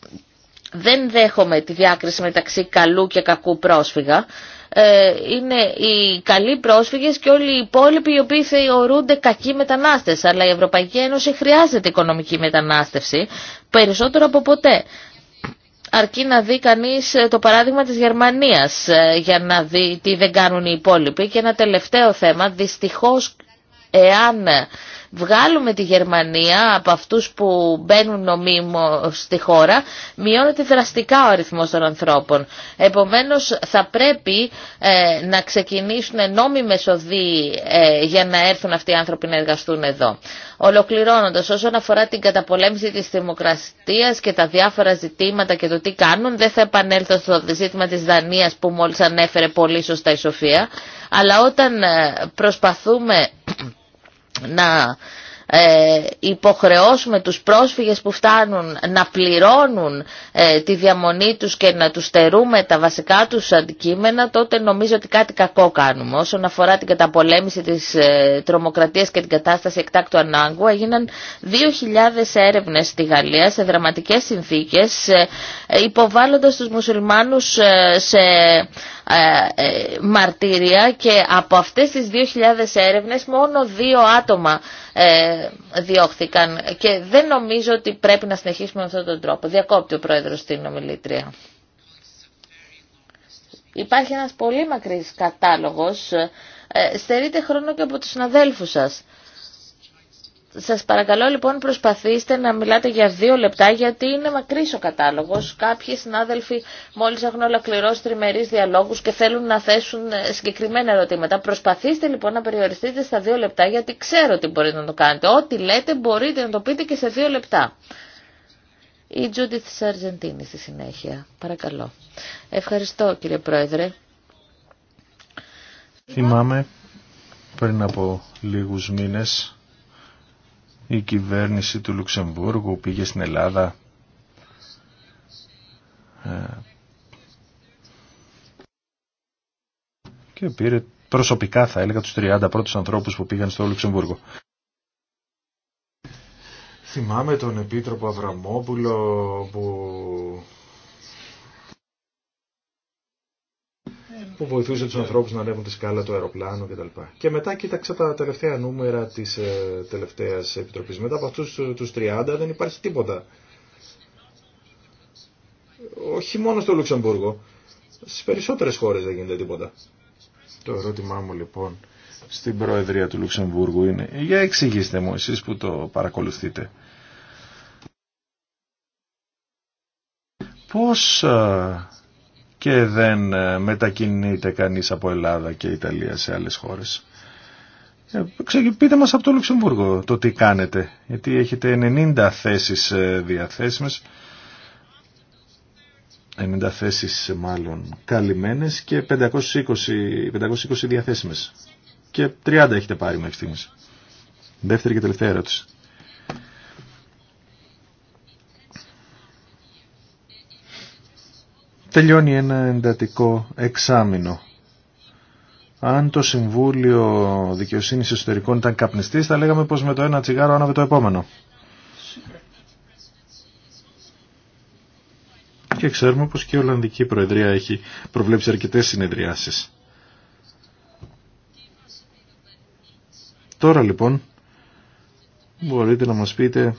Δεν δέχομαι τη διάκριση μεταξύ καλού και κακού πρόσφυγα. Ε, είναι οι καλοί πρόσφυγες και όλοι οι υπόλοιποι οι οποίοι θεωρούνται κακοί μετανάστες. Αλλά η Ευρωπαϊκή Ένωση χρειάζεται οικονομική μετανάστευση περισσότερο από ποτέ αρκεί να δει κανείς ε, το παράδειγμα της Γερμανίας ε, για να δει τι δεν κάνουν οι υπόλοιποι. Και ένα τελευταίο θέμα, δυστυχώς εάν βγάλουμε τη Γερμανία από αυτούς που μπαίνουν νομίμως στη χώρα, μειώνεται δραστικά ο αριθμός των ανθρώπων. Επομένως θα πρέπει ε, να ξεκινήσουν νόμιμες οδοί ε, για να έρθουν αυτοί οι άνθρωποι να εργαστούν εδώ. Ολοκληρώνοντας, όσον αφορά την καταπολέμηση της δημοκρατίας και τα διάφορα ζητήματα και το τι κάνουν, δεν θα επανέλθω στο ζήτημα της Δανίας που μόλις ανέφερε πολύ σωστά η Σοφία, αλλά όταν ε, προσπαθούμε να ε, υποχρεώσουμε τους πρόσφυγες που φτάνουν να πληρώνουν ε, τη διαμονή τους και να τους στερούμε τα βασικά τους αντικείμενα, τότε νομίζω ότι κάτι κακό κάνουμε. Όσον αφορά την καταπολέμηση της ε, τρομοκρατίας και την κατάσταση εκτάκτου ανάγκου, έγιναν 2.000 έρευνες στη Γαλλία σε δραματικές συνθήκες, ε, ε, υποβάλλοντας τους μουσουλμάνους σε ε, ε, μαρτύρια και από αυτές τις 2.000 έρευνες μόνο δύο άτομα ε, διώχθηκαν και δεν νομίζω ότι πρέπει να συνεχίσουμε με αυτόν τον τρόπο. Διακόπτει ο Πρόεδρος στην ομιλήτρια. Υπάρχει ένας πολύ μακρύς κατάλογος. Στερείτε χρόνο και από τους συναδέλφους σας. Σας παρακαλώ λοιπόν προσπαθήστε να μιλάτε για δύο λεπτά γιατί είναι μακρύς ο κατάλογος. Κάποιοι συνάδελφοι μόλις έχουν ολοκληρώσει τριμερείς διαλόγους και θέλουν να θέσουν ε, συγκεκριμένα ερωτήματα. Προσπαθήστε λοιπόν να περιοριστείτε στα δύο λεπτά γιατί ξέρω ότι μπορείτε να το κάνετε. Ό,τι λέτε μπορείτε να το πείτε και σε δύο λεπτά. Η Τζούντιθ Σαρζεντίνη στη συνέχεια. Παρακαλώ. Ευχαριστώ κύριε Πρόεδρε. Θυμάμαι πριν από λίγους μήνες η κυβέρνηση του Λουξεμβούργου πήγε στην Ελλάδα ε, και πήρε προσωπικά θα έλεγα τους 30 πρώτους ανθρώπους που πήγαν στο Λουξεμβούργο. Θυμάμαι τον Επίτροπο Αβραμόπουλο που που βοηθούσε τους ανθρώπους να ανέβουν τη σκάλα, του αεροπλάνο κτλ. Και μετά κοίταξα τα τελευταία νούμερα της ε, τελευταίας επιτροπής. Μετά από αυτού ε, τους 30 δεν υπάρχει τίποτα. Όχι μόνο στο Λουξεμβούργο. Στι περισσότερες χώρες δεν γίνεται τίποτα. Το ερώτημά μου λοιπόν στην Προεδρία του Λουξεμβούργου είναι για εξηγήστε μου εσείς που το παρακολουθείτε. Πώς ε, και δεν ε, μετακινείται κανείς από Ελλάδα και Ιταλία σε άλλες χώρες. Ε, πείτε μας από το Λουξεμβούργο το τι κάνετε, γιατί έχετε 90 θέσεις ε, διαθέσιμες, 90 θέσεις μάλλον καλυμμένες και 520, 520 διαθέσιμες. Και 30 έχετε πάρει μέχρι στιγμής. Δεύτερη και τελευταία ερώτηση. τελειώνει ένα εντατικό εξάμεινο. Αν το Συμβούλιο Δικαιοσύνης Εσωτερικών ήταν καπνιστής, θα λέγαμε πως με το ένα τσιγάρο άναβε το επόμενο. Και ξέρουμε πως και η Ολλανδική Προεδρία έχει προβλέψει αρκετές συνεδριάσεις. Τώρα λοιπόν μπορείτε να μας πείτε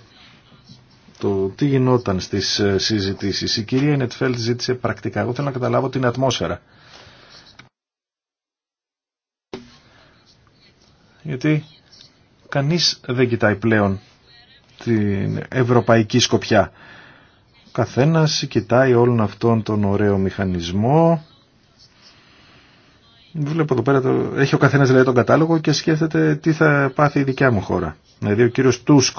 το τι γινόταν στις ε, συζητήσεις. Η κυρία Νετφέλτ ζήτησε πρακτικά. Εγώ θέλω να καταλάβω την ατμόσφαιρα. Γιατί κανείς δεν κοιτάει πλέον την ευρωπαϊκή σκοπιά. Ο καθένας κοιτάει όλον αυτόν τον ωραίο μηχανισμό. Βλέπω εδώ πέρα, έχει ο καθένας λέει τον κατάλογο και σκέφτεται τι θα πάθει η δικιά μου χώρα. Δηλαδή ο κύριος Τούσκ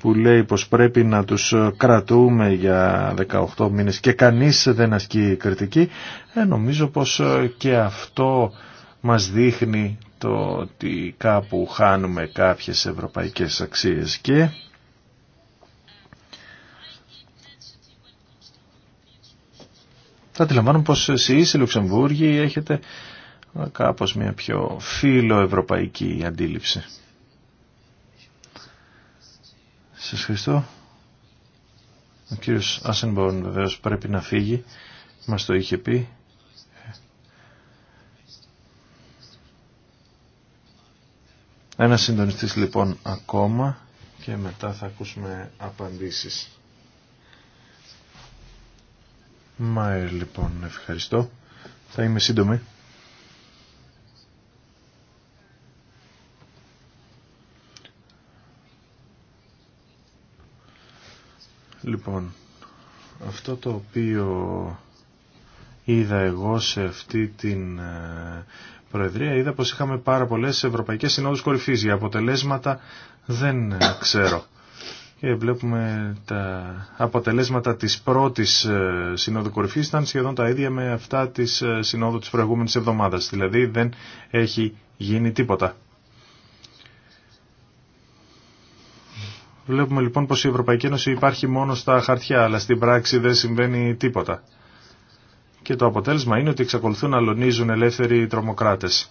που λέει πως πρέπει να τους κρατούμε για 18 μήνες και κανείς δεν ασκεί κριτική, ε, νομίζω πως ε, και αυτό μας δείχνει το ότι κάπου χάνουμε κάποιες ευρωπαϊκές αξίες και θα αντιλαμβάνομαι πως εσείς οι Λουξεμβούργοι έχετε κάπως μια πιο φιλοευρωπαϊκή αντίληψη. Σα ευχαριστώ. Ο κύριος Άσενμπορν βεβαίως πρέπει να φύγει. Μας το είχε πει. Ένα συντονιστής λοιπόν ακόμα και μετά θα ακούσουμε απαντήσεις. Μάιρ λοιπόν ευχαριστώ. Θα είμαι σύντομη. Λοιπόν, αυτό το οποίο είδα εγώ σε αυτή την ε, Προεδρία, είδα πως είχαμε πάρα πολλές ευρωπαϊκές συνόδους κορυφής. Για αποτελέσματα δεν ε, ξέρω. Και βλέπουμε τα αποτελέσματα της πρώτης ε, συνόδου κορυφής ήταν σχεδόν τα ίδια με αυτά της συνόδου της προηγούμενης εβδομάδας. Δηλαδή δεν έχει γίνει τίποτα. Βλέπουμε λοιπόν πως η Ευρωπαϊκή Ένωση υπάρχει μόνο στα χαρτιά, αλλά στην πράξη δεν συμβαίνει τίποτα. Και το αποτέλεσμα είναι ότι εξακολουθούν να λονίζουν ελεύθεροι τρομοκράτες.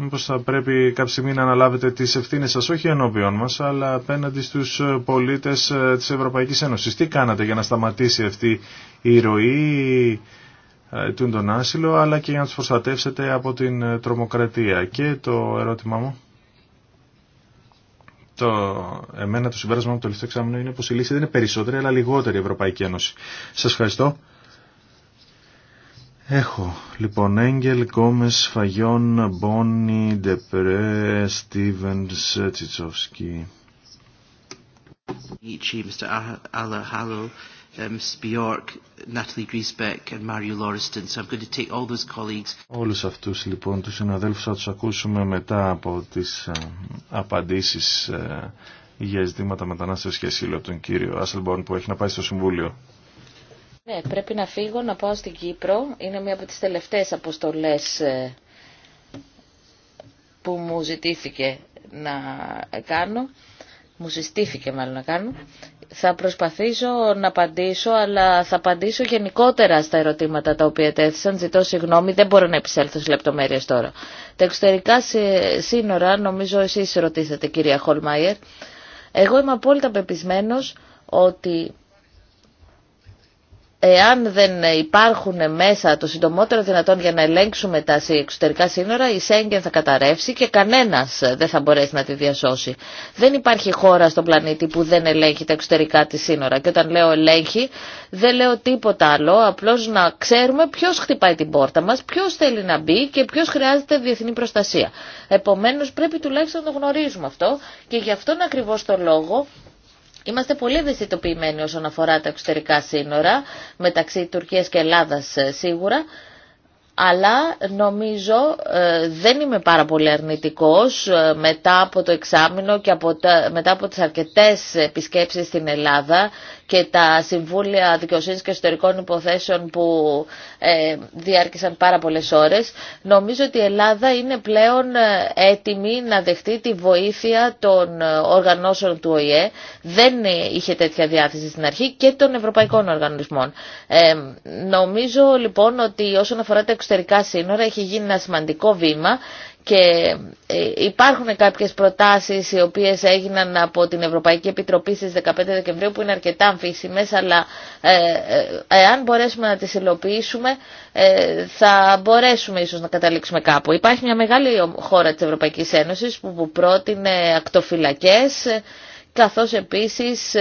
Μήπω θα πρέπει κάποια στιγμή να αναλάβετε τις ευθύνες σας όχι ενώπιον μας, αλλά απέναντι στους πολίτες ε, της Ευρωπαϊκής Ένωσης. Τι κάνατε για να σταματήσει αυτή η ροή, ετούν τον άσυλο, αλλά και για να τους προστατεύσετε από την ε, τρομοκρατία. Και το ερώτημά μου, το, εμένα το συμπέρασμα μου το τελευταίο εξάμεινο είναι πως η λύση δεν είναι περισσότερη, αλλά λιγότερη η Ευρωπαϊκή Ένωση. Σας ευχαριστώ. Έχω λοιπόν Έγγελ, Κόμες, Φαγιόν, Μπόνι, Ντεπρέ, Στίβενς, Τσιτσόφσκι. Bjork, um, Natalie Griesbeck and Mario I'm going to take all those colleagues. Όλους αυτούς λοιπόν τους συναδέλφους θα τους ακούσουμε μετά από τις ε, απαντήσεις ε, για ζητήματα μετανάστευσης και ασύλου τον κύριο Άσελμπορν που έχει να πάει στο Συμβούλιο. Ναι, πρέπει να φύγω, να πάω στην Κύπρο. Είναι μία από τις τελευταίες αποστολές ε, που μου ζητήθηκε να κάνω. Μου συστήθηκε μάλλον να κάνω. Θα προσπαθήσω να απαντήσω, αλλά θα απαντήσω γενικότερα στα ερωτήματα τα οποία τέθησαν. Ζητώ συγγνώμη, δεν μπορώ να επισέλθω σε λεπτομέρειες τώρα. Τα εξωτερικά σύνορα, νομίζω εσείς ρωτήσατε κυρία Χολμάιερ, εγώ είμαι απόλυτα πεπισμένος ότι εάν δεν υπάρχουν μέσα το συντομότερο δυνατόν για να ελέγξουμε τα εξωτερικά σύνορα, η Σέγγεν θα καταρρεύσει και κανένας δεν θα μπορέσει να τη διασώσει. Δεν υπάρχει χώρα στον πλανήτη που δεν ελέγχει τα εξωτερικά της σύνορα. Και όταν λέω ελέγχει, δεν λέω τίποτα άλλο, απλώς να ξέρουμε ποιος χτυπάει την πόρτα μας, ποιος θέλει να μπει και ποιος χρειάζεται διεθνή προστασία. Επομένως πρέπει τουλάχιστον να το γνωρίζουμε αυτό και γι' αυτόν ακριβώς το λόγο Είμαστε πολύ ευαισθητοποιημένοι όσον αφορά τα εξωτερικά σύνορα, μεταξύ Τουρκίας και Ελλάδας ε, σίγουρα, αλλά νομίζω ε, δεν είμαι πάρα πολύ αρνητικός ε, μετά από το εξάμεινο και από τα, μετά από τις αρκετές επισκέψεις στην Ελλάδα και τα Συμβούλια Δικαιοσύνης και εσωτερικών Υποθέσεων που ε, διάρκησαν πάρα πολλές ώρες, νομίζω ότι η Ελλάδα είναι πλέον ε, έτοιμη να δεχτεί τη βοήθεια των ε, οργανώσεων του ΟΗΕ. Δεν είχε τέτοια διάθεση στην αρχή και των ευρωπαϊκών οργανισμών. νομίζω λοιπόν ότι όσον αφορά τα εξωτερικά σύνορα έχει γίνει ένα σημαντικό βήμα και ε, υπάρχουν κάποιες προτάσεις οι οποίες έγιναν από την Ευρωπαϊκή Επιτροπή στις 15 Δεκεμβρίου που είναι αρκετά αμφίσιμες αλλά αν ε, ε, μπορέσουμε να τις υλοποιήσουμε θα μπορέσουμε ίσως να καταλήξουμε κάπου. Υπάρχει μια μεγάλη χώρα της Ευρωπαϊκής Ένωσης που πρότεινε ακτοφυλακές καθώς επίσης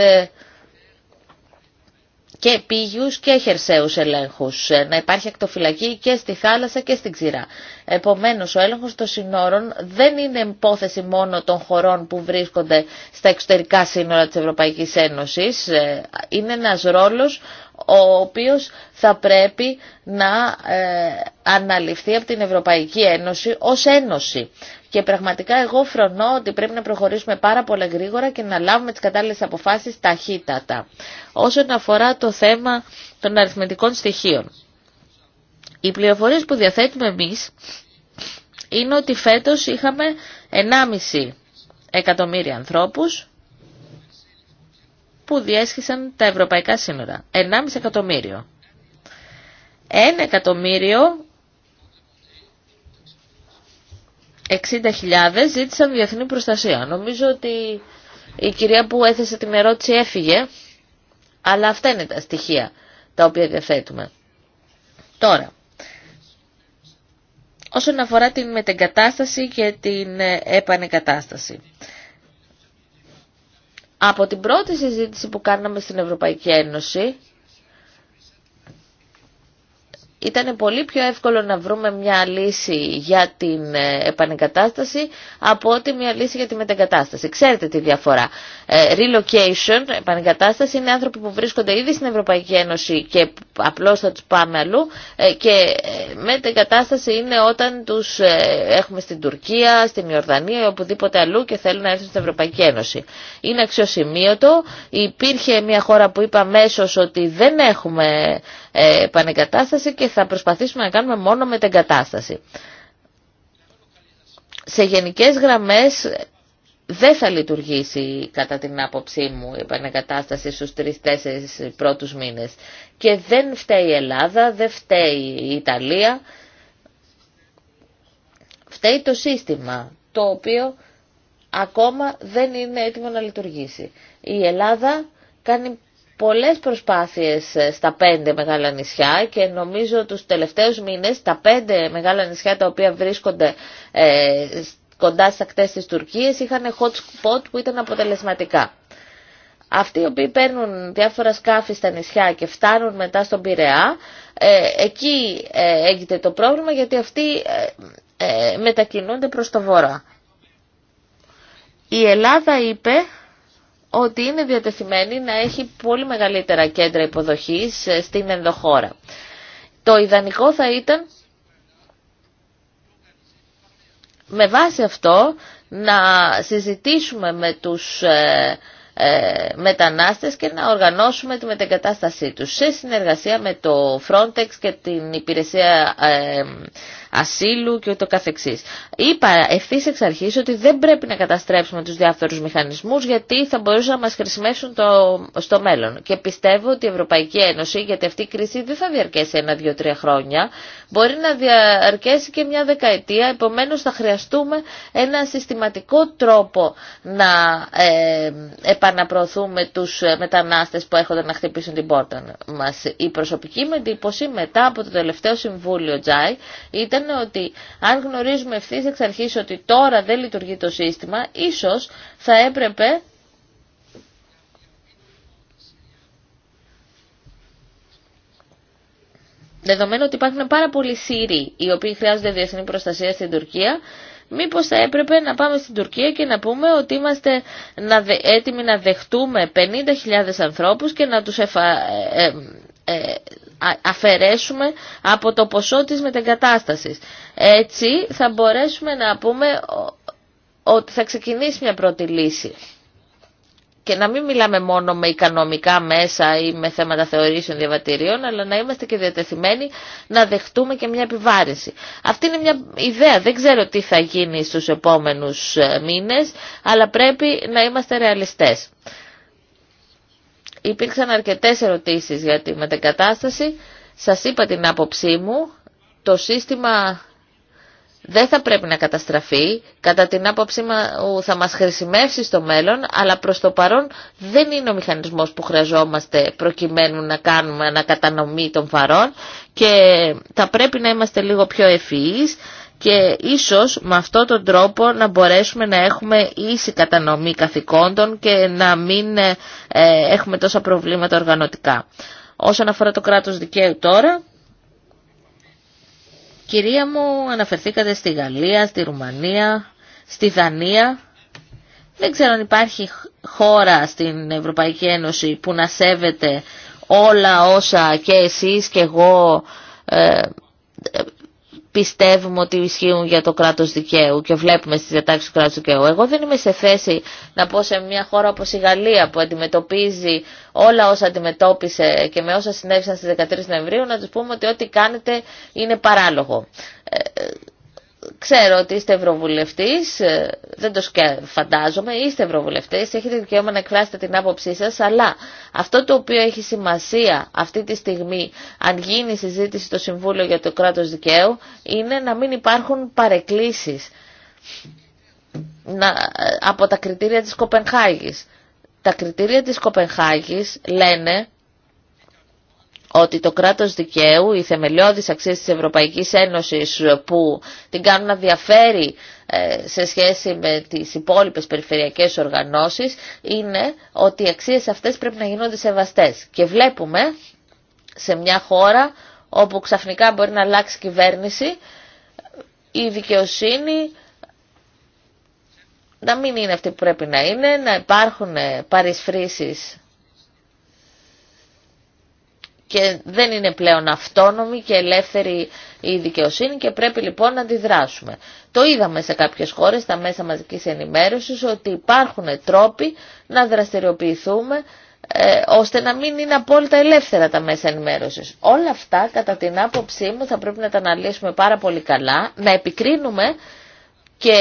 και πήγιους και χερσαίους ελέγχους, ε, να υπάρχει ακτοφυλακή και στη θάλασσα και στην ξηρά. Επομένως, ο έλεγχος των συνόρων δεν είναι υπόθεση μόνο των χωρών που βρίσκονται στα εξωτερικά σύνορα της Ευρωπαϊκής Ένωσης, ε, είναι ένας ρόλος ο οποίος θα πρέπει να ε, αναλυφθεί από την Ευρωπαϊκή Ένωση ως ένωση. Και πραγματικά εγώ φρονώ ότι πρέπει να προχωρήσουμε πάρα πολύ γρήγορα και να λάβουμε τις κατάλληλες αποφάσεις ταχύτατα. Όσον αφορά το θέμα των αριθμητικών στοιχείων. Οι πληροφορίες που διαθέτουμε εμείς είναι ότι φέτος είχαμε 1,5 εκατομμύρια ανθρώπους που διέσχισαν τα ευρωπαϊκά σύνορα. 1,5 εκατομμύριο. 1 εκατομμύριο 60.000 ζήτησαν διεθνή προστασία. Νομίζω ότι η κυρία που έθεσε την ερώτηση έφυγε, αλλά αυτά είναι τα στοιχεία τα οποία διαθέτουμε. Τώρα, όσον αφορά την μετεγκατάσταση και την ε, επανεκατάσταση. Από την πρώτη συζήτηση που κάναμε στην Ευρωπαϊκή Ένωση, ήταν πολύ πιο εύκολο να βρούμε μια λύση για την ε, επανεγκατάσταση από ότι μια λύση για τη μετεγκατάσταση. Ξέρετε τη διαφορά. Ε, relocation, επανεγκατάσταση, είναι άνθρωποι που βρίσκονται ήδη στην Ευρωπαϊκή Ένωση και απλώς θα τους πάμε αλλού ε, και μετεγκατάσταση είναι όταν τους έχουμε στην Τουρκία, στην Ιορδανία ή οπουδήποτε αλλού και θέλουν να έρθουν στην Ευρωπαϊκή Ένωση. Είναι αξιοσημείωτο. Υπήρχε μια χώρα που είπα αμέσω ότι δεν έχουμε ε, επανεγκατάσταση και θα προσπαθήσουμε να κάνουμε μόνο μετεγκατάσταση. Σε γενικές γραμμές δεν θα λειτουργήσει κατά την άποψή μου η επανεγκατάσταση στους τρεις-τέσσερις πρώτους μήνες. Και δεν φταίει η Ελλάδα, δεν φταίει η Ιταλία, φταίει το σύστημα το οποίο ακόμα δεν είναι έτοιμο να λειτουργήσει. Η Ελλάδα κάνει πολλές προσπάθειες ε, στα πέντε μεγάλα νησιά και νομίζω τους τελευταίους μήνες τα πέντε μεγάλα νησιά τα οποία βρίσκονται ε, κοντά στις ακτές της Τουρκίας είχαν hot spot που ήταν αποτελεσματικά. Αυτοί οι οποίοι παίρνουν διάφορα σκάφη στα νησιά και φτάνουν μετά στον Πειραιά, ε, εκεί έγινε το πρόβλημα γιατί αυτοί μετακινούνται προς το βορρά. Η Ελλάδα είπε ότι είναι διατεθειμένη να έχει πολύ μεγαλύτερα κέντρα υποδοχής ε, στην ενδοχώρα. Το ιδανικό θα ήταν με βάση αυτό να συζητήσουμε με τους ε, ε, μετανάστες και να οργανώσουμε τη μετεγκατάστασή τους σε συνεργασία με το Frontex και την Υπηρεσία ασύλου και ούτω καθεξής. Είπα ευθύ εξ αρχής ότι δεν πρέπει να καταστρέψουμε τους διάφορους μηχανισμούς γιατί θα μπορούσαν να μας χρησιμεύσουν το, στο μέλλον. Και πιστεύω ότι η Ευρωπαϊκή Ένωση, γιατί αυτή η κρίση δεν θα διαρκέσει ένα, δύο, τρία χρόνια, μπορεί να διαρκέσει και μια δεκαετία, επομένως θα χρειαστούμε ένα συστηματικό τρόπο να ε, επαναπροωθούμε τους ε, μετανάστες που έρχονται να χτυπήσουν την πόρτα μας. Η προσωπική μου εντύπωση μετά από το τελευταίο συμβούλιο Τζάι ήταν ότι αν γνωρίζουμε ευθύ εξ αρχής ότι τώρα δεν λειτουργεί το σύστημα, ίσως θα έπρεπε Δεδομένου ότι υπάρχουν πάρα πολλοί Σύριοι οι οποίοι χρειάζονται διεθνή προστασία στην Τουρκία, μήπως θα έπρεπε να πάμε στην Τουρκία και να πούμε ότι είμαστε έτοιμοι να δεχτούμε 50.000 ανθρώπους και να τους εφα... Ε, ε, ε, αφαιρέσουμε από το ποσό της μετεγκατάστασης. Έτσι θα μπορέσουμε να πούμε ότι θα ξεκινήσει μια πρώτη λύση. Και να μην μιλάμε μόνο με οικονομικά μέσα ή με θέματα θεωρήσεων διαβατηρίων, αλλά να είμαστε και διατεθειμένοι να δεχτούμε και μια επιβάρηση. Αυτή είναι μια ιδέα. Δεν ξέρω τι θα γίνει στους επόμενους ε, μήνες, αλλά πρέπει να είμαστε ρεαλιστές. Υπήρξαν αρκετές ερωτήσεις για τη μετεγκατάσταση. Σας είπα την άποψή μου. Το σύστημα δεν θα πρέπει να καταστραφεί. Κατά την άποψή μου θα μας χρησιμεύσει στο μέλλον, αλλά προς το παρόν δεν είναι ο μηχανισμός που χρειαζόμαστε προκειμένου να κάνουμε ανακατανομή των φαρών και θα πρέπει να είμαστε λίγο πιο ευφυείς, και ίσως με αυτόν τον τρόπο να μπορέσουμε να έχουμε ίση κατανομή καθηκόντων και να μην ε, ε, έχουμε τόσα προβλήματα οργανωτικά. Όσον αφορά το κράτος δικαίου τώρα, κυρία μου αναφερθήκατε στη Γαλλία, στη Ρουμανία, στη Δανία. Δεν ξέρω αν υπάρχει χώρα στην Ευρωπαϊκή Ένωση που να σέβεται όλα όσα και εσείς και εγώ ε, πιστεύουμε ότι ισχύουν για το κράτος δικαίου και βλέπουμε στι διατάξει του κράτους δικαίου. Εγώ δεν είμαι σε θέση να πω σε μια χώρα όπω η Γαλλία που αντιμετωπίζει όλα όσα αντιμετώπισε και με όσα συνέβησαν στις 13 Νοεμβρίου να του πούμε ότι ό,τι κάνετε είναι παράλογο. Ε, Ξέρω ότι είστε ευρωβουλευτή, ε, δεν το φαντάζομαι, είστε ευρωβουλευτέ, έχετε δικαίωμα να εκφράσετε την άποψή σα, αλλά αυτό το οποίο έχει σημασία αυτή τη στιγμή, αν γίνει η συζήτηση στο Συμβούλιο για το κράτος δικαίου, είναι να μην υπάρχουν παρεκκλήσεις ε, από τα κριτήρια της Κοπενχάγης. Τα κριτήρια της Κοπενχάγης λένε ότι το κράτος δικαίου, οι θεμελιώδεις αξίες της Ευρωπαϊκής Ένωσης που την κάνουν να διαφέρει ε, σε σχέση με τις υπόλοιπες περιφερειακές οργανώσεις είναι ότι οι αξίες αυτές πρέπει να γίνονται σεβαστές. Και βλέπουμε σε μια χώρα όπου ξαφνικά μπορεί να αλλάξει κυβέρνηση η δικαιοσύνη να μην είναι αυτή που πρέπει να είναι, να υπάρχουν παρισφρήσεις και δεν είναι πλέον αυτόνομη και ελεύθερη η δικαιοσύνη και πρέπει λοιπόν να αντιδράσουμε. Το είδαμε σε κάποιες χώρες, στα μέσα μαζικής ενημέρωσης, ότι υπάρχουν τρόποι να δραστηριοποιηθούμε ε, ώστε να μην είναι απόλυτα ελεύθερα τα μέσα ενημέρωσης. Όλα αυτά, κατά την άποψή μου, θα πρέπει να τα αναλύσουμε πάρα πολύ καλά, να επικρίνουμε και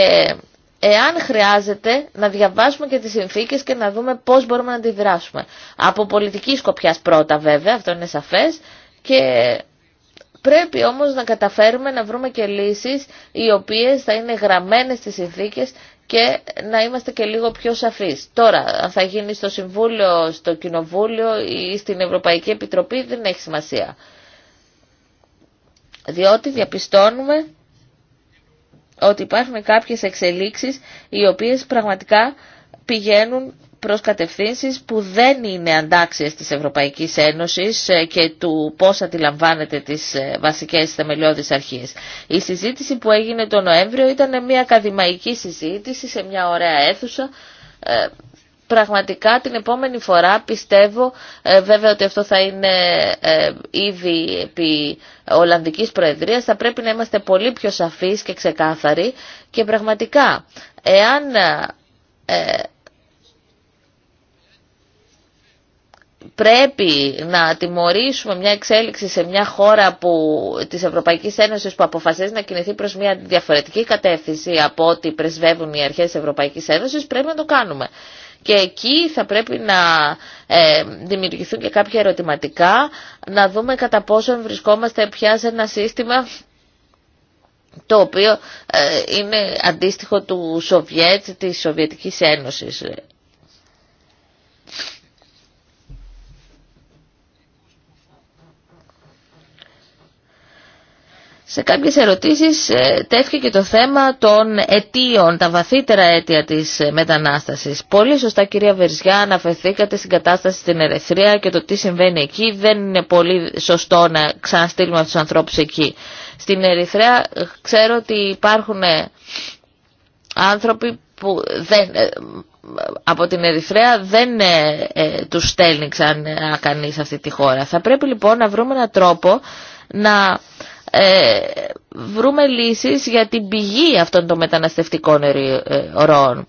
εάν χρειάζεται να διαβάσουμε και τις συνθήκες και να δούμε πώς μπορούμε να αντιδράσουμε. Από πολιτική σκοπιά πρώτα βέβαια, αυτό είναι σαφές, και πρέπει όμως να καταφέρουμε να βρούμε και λύσεις οι οποίες θα είναι γραμμένες στις συνθήκες και να είμαστε και λίγο πιο σαφείς. Τώρα, αν θα γίνει στο Συμβούλιο, στο Κοινοβούλιο ή στην Ευρωπαϊκή Επιτροπή δεν έχει σημασία. Διότι διαπιστώνουμε ότι υπάρχουν κάποιες εξελίξεις οι οποίες πραγματικά πηγαίνουν προς κατευθύνσεις που δεν είναι αντάξιες της Ευρωπαϊκής Ένωσης ε, και του πώς αντιλαμβάνεται τις ε, βασικές θεμελιώδεις αρχές. Η συζήτηση που έγινε τον Νοέμβριο ήταν μια ακαδημαϊκή συζήτηση σε μια ωραία αίθουσα ε, πραγματικά την επόμενη φορά πιστεύω ε, βέβαια ότι αυτό θα είναι ε, ήδη επί Ολλανδικής Προεδρίας θα πρέπει να είμαστε πολύ πιο σαφείς και ξεκάθαροι και πραγματικά εάν ε, πρέπει να τιμωρήσουμε μια εξέλιξη σε μια χώρα που, της Ευρωπαϊκής Ένωσης που αποφασίζει να κινηθεί προς μια διαφορετική κατεύθυνση από ό,τι πρεσβεύουν οι αρχές της Ευρωπαϊκής Ένωσης, πρέπει να το κάνουμε και εκεί θα πρέπει να ε, δημιουργηθούν και κάποια ερωτηματικά, να δούμε κατά πόσο βρισκόμαστε πια σε ένα σύστημα το οποίο ε, είναι αντίστοιχο του Σοβιέτ, της Σοβιετικής Ένωσης. Σε κάποιες ερωτήσεις ε, τέθηκε και το θέμα των αιτίων, τα βαθύτερα αίτια της ε, μετανάστασης. Πολύ σωστά κυρία Βερζιά αναφερθήκατε στην κατάσταση στην Ερυθρία και το τι συμβαίνει εκεί. Δεν είναι πολύ σωστό να ξαναστείλουμε τους ανθρώπους εκεί. Στην Ερυθρέα ε, ξέρω ότι υπάρχουν άνθρωποι που δεν, από την Ερυθρέα δεν ε, τους στέλνει ξανά κανείς αυτή τη χώρα. Θα πρέπει λοιπόν να βρούμε έναν τρόπο να ε, βρούμε λύσεις για την πηγή αυτών των μεταναστευτικών ε, ροών.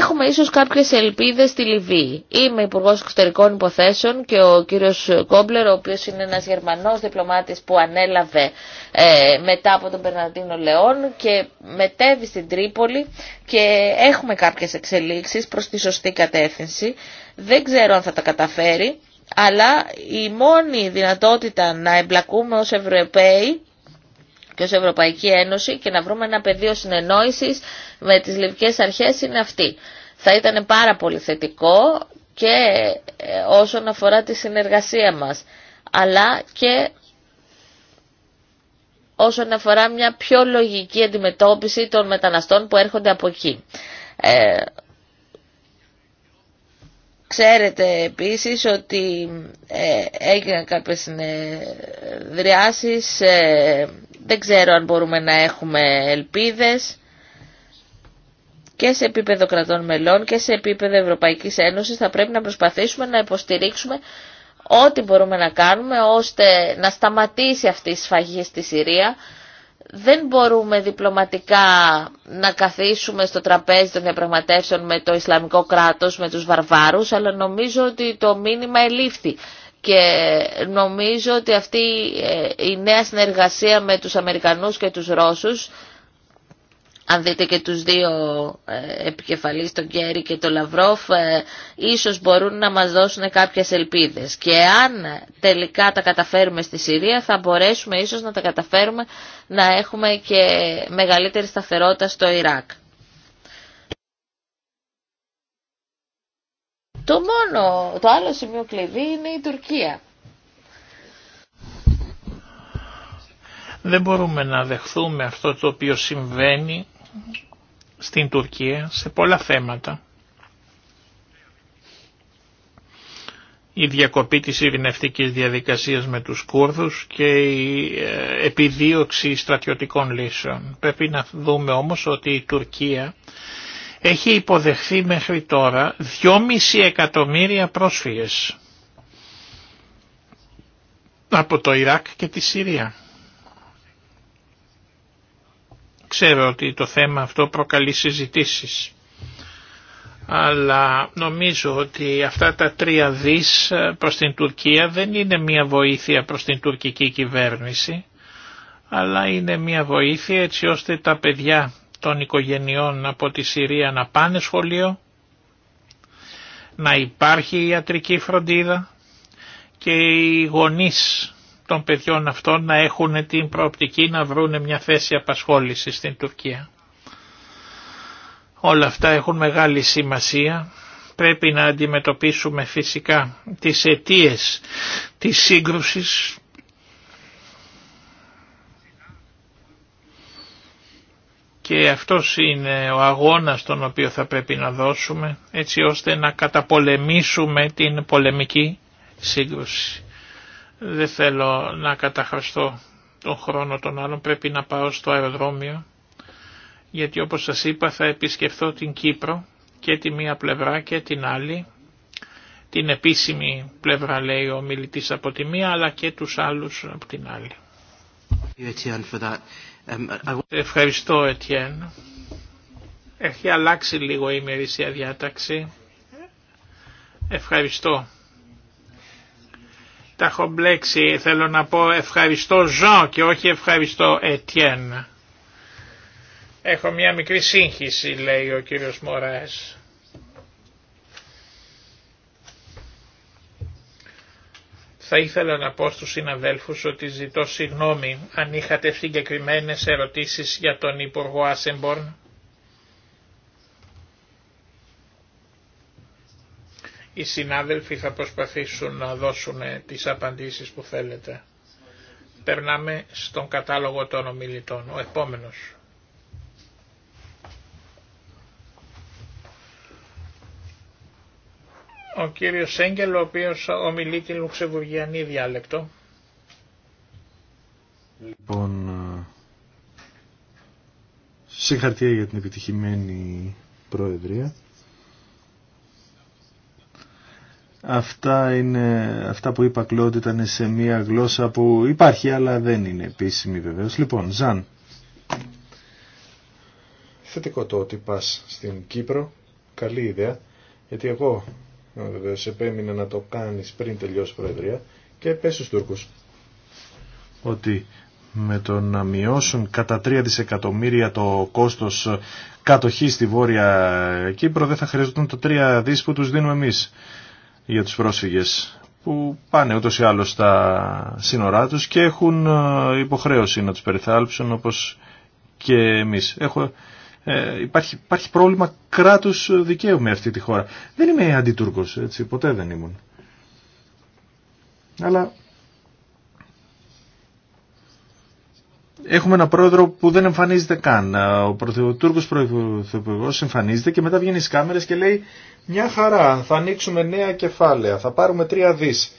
Έχουμε ίσως κάποιες ελπίδες στη Λιβύη. Είμαι υπουργό Εξωτερικών Υποθέσεων και ο κύριος Κόμπλερ, ο οποίος είναι ένας Γερμανός διπλωμάτης που ανέλαβε ε, μετά από τον Περναντίνο Λεόν και μετέβη στην Τρίπολη και έχουμε κάποιες εξελίξεις προς τη σωστή κατεύθυνση. Δεν ξέρω αν θα τα καταφέρει, αλλά η μόνη δυνατότητα να εμπλακούμε ως Ευρωπαίοι και ως Ευρωπαϊκή Ένωση και να βρούμε ένα πεδίο συνεννόησης με τις λιβικές αρχές είναι αυτή. Θα ήταν πάρα πολύ θετικό και ε, όσον αφορά τη συνεργασία μας, αλλά και όσον αφορά μια πιο λογική αντιμετώπιση των μεταναστών που έρχονται από εκεί. Ε, ξέρετε επίσης ότι ε, έγιναν κάποιες συνεδριάσεις ε, δεν ξέρω αν μπορούμε να έχουμε ελπίδες και σε επίπεδο κρατών μελών και σε επίπεδο Ευρωπαϊκής Ένωσης θα πρέπει να προσπαθήσουμε να υποστηρίξουμε ό,τι μπορούμε να κάνουμε ώστε να σταματήσει αυτή η σφαγή στη Συρία. Δεν μπορούμε διπλωματικά να καθίσουμε στο τραπέζι των διαπραγματεύσεων με το Ισλαμικό κράτος, με τους βαρβάρους, αλλά νομίζω ότι το μήνυμα ελήφθη και νομίζω ότι αυτή ε, η νέα συνεργασία με τους Αμερικανούς και τους Ρώσους αν δείτε και τους δύο ε, επικεφαλείς, τον Κέρι και τον Λαυρόφ, ε, ίσως μπορούν να μας δώσουν κάποιες ελπίδες. Και αν τελικά τα καταφέρουμε στη Συρία, θα μπορέσουμε ίσως να τα καταφέρουμε να έχουμε και μεγαλύτερη σταθερότητα στο Ιράκ. Το μόνο, το άλλο σημείο κλειδί είναι η Τουρκία. Δεν μπορούμε να δεχθούμε αυτό το οποίο συμβαίνει στην Τουρκία σε πολλά θέματα. η διακοπή της ειρηνευτικής διαδικασίας με τους Κούρδους και η ε, επιδίωξη στρατιωτικών λύσεων. Πρέπει να δούμε όμως ότι η Τουρκία έχει υποδεχθεί μέχρι τώρα 2,5 εκατομμύρια πρόσφυγες από το Ιράκ και τη Συρία. Ξέρω ότι το θέμα αυτό προκαλεί συζητήσεις αλλά νομίζω ότι αυτά τα τρία δις προς την Τουρκία δεν είναι μια βοήθεια προς την τουρκική κυβέρνηση, αλλά είναι μια βοήθεια έτσι ώστε τα παιδιά των οικογενειών από τη Συρία να πάνε σχολείο, να υπάρχει ιατρική φροντίδα και οι γονείς των παιδιών αυτών να έχουν την προοπτική να βρουν μια θέση απασχόληση στην Τουρκία. Όλα αυτά έχουν μεγάλη σημασία. Πρέπει να αντιμετωπίσουμε φυσικά τις αιτίες της σύγκρουσης και αυτός είναι ο αγώνας τον οποίο θα πρέπει να δώσουμε έτσι ώστε να καταπολεμήσουμε την πολεμική σύγκρουση. Δεν θέλω να καταχραστώ τον χρόνο των άλλων, πρέπει να πάω στο αεροδρόμιο γιατί όπως σας είπα θα επισκεφθώ την Κύπρο και τη μία πλευρά και την άλλη, την επίσημη πλευρά λέει ο μιλητής από τη μία αλλά και τους άλλους από την άλλη. Um, ευχαριστώ, Ετιέν. Έχει αλλάξει λίγο η ημερήσια διάταξη. Ευχαριστώ. Τα έχω μπλέξει. Θέλω να πω ευχαριστώ Ζαν και όχι ευχαριστώ Ετιέν. Έχω μια μικρή σύγχυση λέει ο κύριος Μωράς. Θα ήθελα να πω στους συναδέλφους ότι ζητώ συγγνώμη αν είχατε συγκεκριμένε ερωτήσεις για τον Υπουργό Άσεμπορν. Οι συνάδελφοι θα προσπαθήσουν να δώσουν τις απαντήσεις που θέλετε. Περνάμε στον κατάλογο των ομιλητών. Ο επόμενος. Ο κύριος Σέγγελ, ο οποίος ομιλεί την Λουξεβουργιανή διάλεκτο. Λοιπόν, ε, συγχαρτία για την επιτυχημένη Προεδρία. Αυτά, είναι, αυτά που είπα Κλώδη ήταν σε μια γλώσσα που υπάρχει αλλά δεν είναι επίσημη βεβαίως. Λοιπόν, Ζαν, θετικό το ότι πας στην Κύπρο, καλή ιδέα, γιατί εγώ ε, Βεβαίω επέμεινε να το κάνεις πριν τελειώσει η Προεδρία και πες στους Τούρκους ότι με το να μειώσουν κατά 3 δισεκατομμύρια το κόστος κατοχής στη Βόρεια Κύπρο δεν θα χρειαζόταν το 3 δις που τους δίνουμε εμείς για τους πρόσφυγες που πάνε ούτως ή άλλως στα σύνορά τους και έχουν ε, υποχρέωση να τους περιθάλψουν όπως και εμείς. Έχω ε, υπάρχει, πρόβλημα κράτους δικαίου με αυτή τη χώρα. Δεν είμαι αντιτούρκος, έτσι, ποτέ δεν ήμουν. Αλλά έχουμε ένα πρόεδρο που δεν εμφανίζεται καν. Ο Τούρκος Πρωθυπουργός εμφανίζεται και μετά βγαίνει στις κάμερες και λέει «Μια χαρά, θα ανοίξουμε νέα κεφάλαια, θα πάρουμε τρία δις».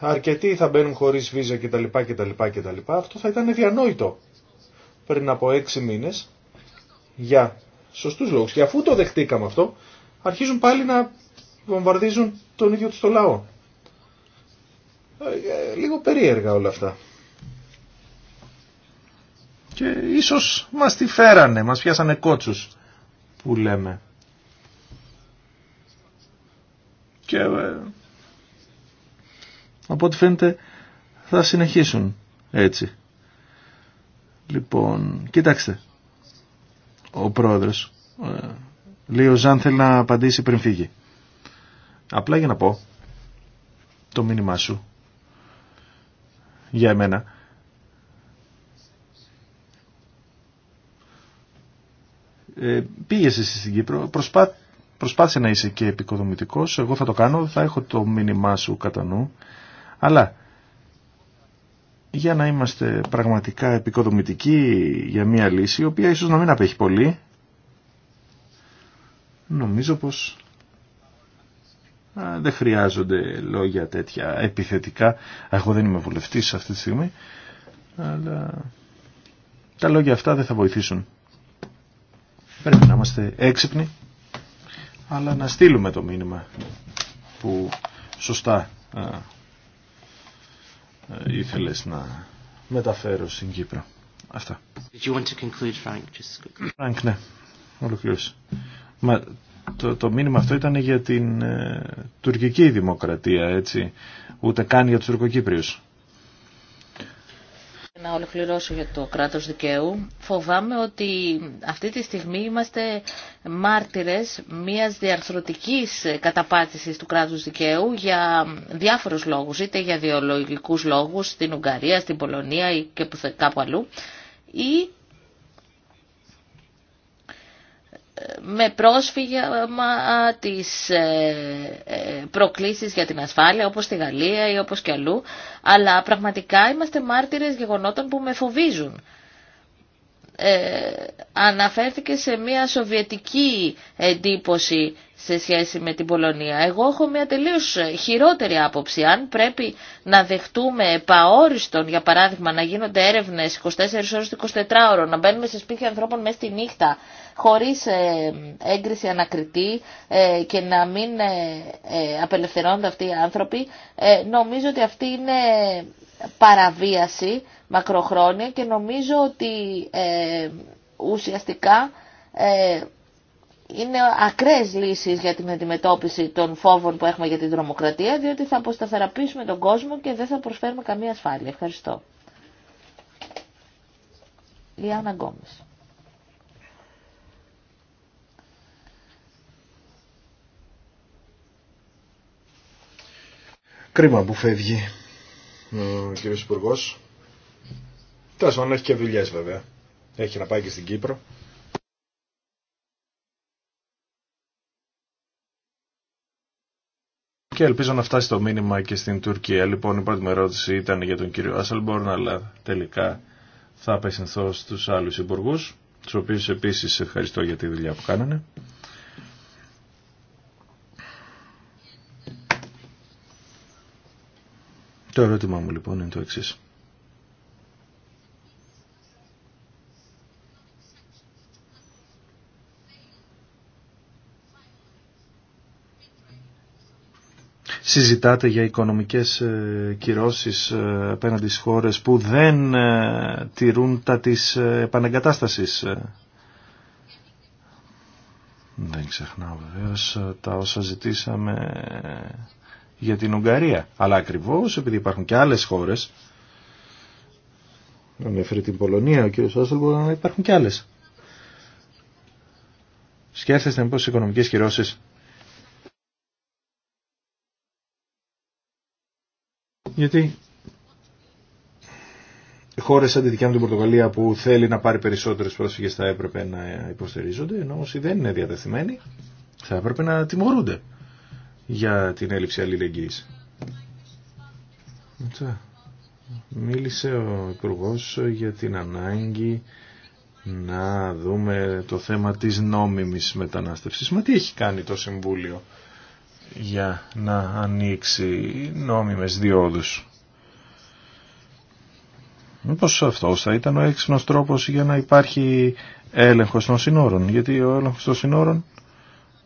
Αρκετοί θα μπαίνουν χωρίς βίζα κτλ. Αυτό θα ήταν διανόητο πριν από έξι μήνες για σωστούς λόγους. Και αφού το δεχτήκαμε αυτό, αρχίζουν πάλι να βομβαρδίζουν τον ίδιο τους το λαό. Ε, ε, λίγο περίεργα όλα αυτά. Και ίσως μας τη φέρανε, μας πιάσανε κότσους που λέμε. Και ε, από ό,τι φαίνεται θα συνεχίσουν έτσι. Λοιπόν, κοιτάξτε, ο πρόεδρος. Ε, λέει ο Ζαν θέλει να απαντήσει πριν φύγει. Απλά για να πω το μήνυμά σου για εμένα. Ε, πήγες εσύ στην Κύπρο, προσπάθησε να είσαι και επικοδομητικός, εγώ θα το κάνω, θα έχω το μήνυμά σου κατά νου, αλλά για να είμαστε πραγματικά επικοδομητικοί για μια λύση η οποία ίσως να μην απέχει πολύ νομίζω πως δεν χρειάζονται λόγια τέτοια επιθετικά εγώ δεν είμαι βουλευτής αυτή τη στιγμή αλλά τα λόγια αυτά δεν θα βοηθήσουν πρέπει να είμαστε έξυπνοι αλλά να στείλουμε το μήνυμα που σωστά ε, ήθελες να μεταφέρω στην Κύπρο. Αυτά. Did you want to conclude, Frank? Just... Frank, ναι. Ολοκλήρωσε. Μα το, το μήνυμα αυτό ήταν για την ε, τουρκική δημοκρατία, έτσι. Ούτε καν για τους τουρκοκύπριους να ολοκληρώσω για το κράτος δικαίου. Φοβάμαι ότι αυτή τη στιγμή είμαστε μάρτυρες μιας διαρθρωτικής καταπάτησης του κράτους δικαίου για διάφορους λόγους, είτε για διολογικούς λόγους στην Ουγγαρία, στην Πολωνία ή και κάπου αλλού, με πρόσφυγμα τις ε, ε, προκλήσεις για την ασφάλεια όπως στη Γαλλία ή όπως και αλλού, αλλά πραγματικά είμαστε μάρτυρες γεγονότων που με φοβίζουν. Ε, αναφέρθηκε σε μια σοβιετική εντύπωση σε σχέση με την Πολωνία. Εγώ έχω μια τελείως χειρότερη άποψη. Αν πρέπει να δεχτούμε επαόριστον, για παράδειγμα, να γίνονται έρευνες 24 ώρες 24 ώρο, να μπαίνουμε σε σπίτια ανθρώπων μέσα στη νύχτα, χωρίς ε, έγκριση ανακριτή ε, και να μην ε, απελευθερώνονται αυτοί οι άνθρωποι, νομίζω ότι αυτή είναι παραβίαση μακροχρόνια και νομίζω ότι ουσιαστικά είναι ακραίες λύσεις για την αντιμετώπιση των φόβων που έχουμε για την τρομοκρατία, διότι θα αποσταθεραπήσουμε τον κόσμο και δεν θα προσφέρουμε καμία ασφάλεια. Ευχαριστώ. Λιάννα Γκόμες. Κρίμα που φεύγει ο κύριος Υπουργός. Τέλος πάντων έχει και δουλειές βέβαια. Έχει να πάει και στην Κύπρο. Και ελπίζω να φτάσει το μήνυμα και στην Τουρκία. Λοιπόν, η πρώτη μου ερώτηση ήταν για τον κύριο Άσελμπορν, αλλά τελικά θα απευθυνθώ στους άλλους υπουργούς, τους οποίους επίσης ευχαριστώ για τη δουλειά που κάνανε. Το ερώτημά μου λοιπόν είναι το εξή. συζητάτε για οικονομικές ε, κυρώσεις ε, απέναντι στις χώρες που δεν ε, τηρούν τα της επαναγκατάστασης. Δεν ξεχνάω βεβαίως τα όσα ζητήσαμε για την Ουγγαρία. Αλλά ακριβώ επειδή υπάρχουν και άλλες χώρες, ανέφερε την Πολωνία ο κ. μπορεί να υπάρχουν και άλλες. Σκέφτεστε μήπως οι οικονομικέ κυρώσει. γιατί χώρες σαν τη δικιά μου την Πορτογαλία που θέλει να πάρει περισσότερες πρόσφυγες θα έπρεπε να υποστηρίζονται, ενώ όσοι δεν είναι διατεθειμένοι θα έπρεπε να τιμωρούνται για την έλλειψη αλληλεγγύης. Μίλησε ο υπουργό για την ανάγκη να δούμε το θέμα της νόμιμης μετανάστευσης. Μα τι έχει κάνει το Συμβούλιο για να ανοίξει νόμιμες διόδους. Μήπως αυτό θα ήταν ο έξυπνος τρόπος για να υπάρχει έλεγχος των συνόρων. Γιατί ο έλεγχος των συνόρων,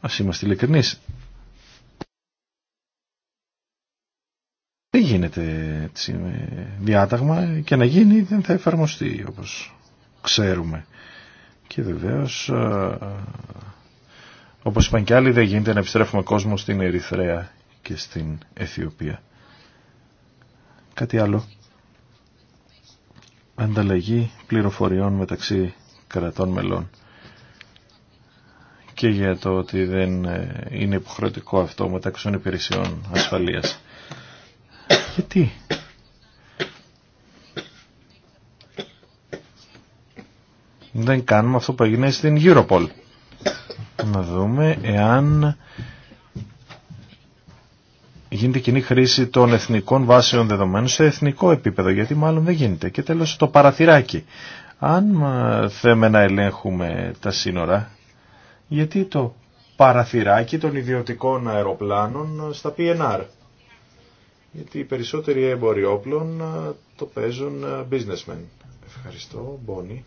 ας είμαστε ειλικρινείς, Δεν γίνεται έτσι διάταγμα και να γίνει δεν θα εφαρμοστεί όπως ξέρουμε. Και βεβαίως όπως είπαν και άλλοι δεν γίνεται να επιστρέφουμε κόσμο στην Ερυθρέα και στην Αιθιοπία. Κάτι άλλο. Ανταλλαγή πληροφοριών μεταξύ κρατών μελών. Και για το ότι δεν ε, είναι υποχρεωτικό αυτό μεταξύ των υπηρεσιών ασφαλείας. Γιατί. Δεν κάνουμε αυτό που έγινε στην Europol. Να δούμε εάν γίνεται κοινή χρήση των εθνικών βάσεων δεδομένων σε εθνικό επίπεδο, γιατί μάλλον δεν γίνεται. Και τέλος το παραθυράκι. Αν θέμε να ελέγχουμε τα σύνορα, γιατί το παραθυράκι των ιδιωτικών αεροπλάνων στα PNR γιατί οι περισσότεροι έμποροι όπλων το παίζουν businessmen. Ευχαριστώ, Μπόνι.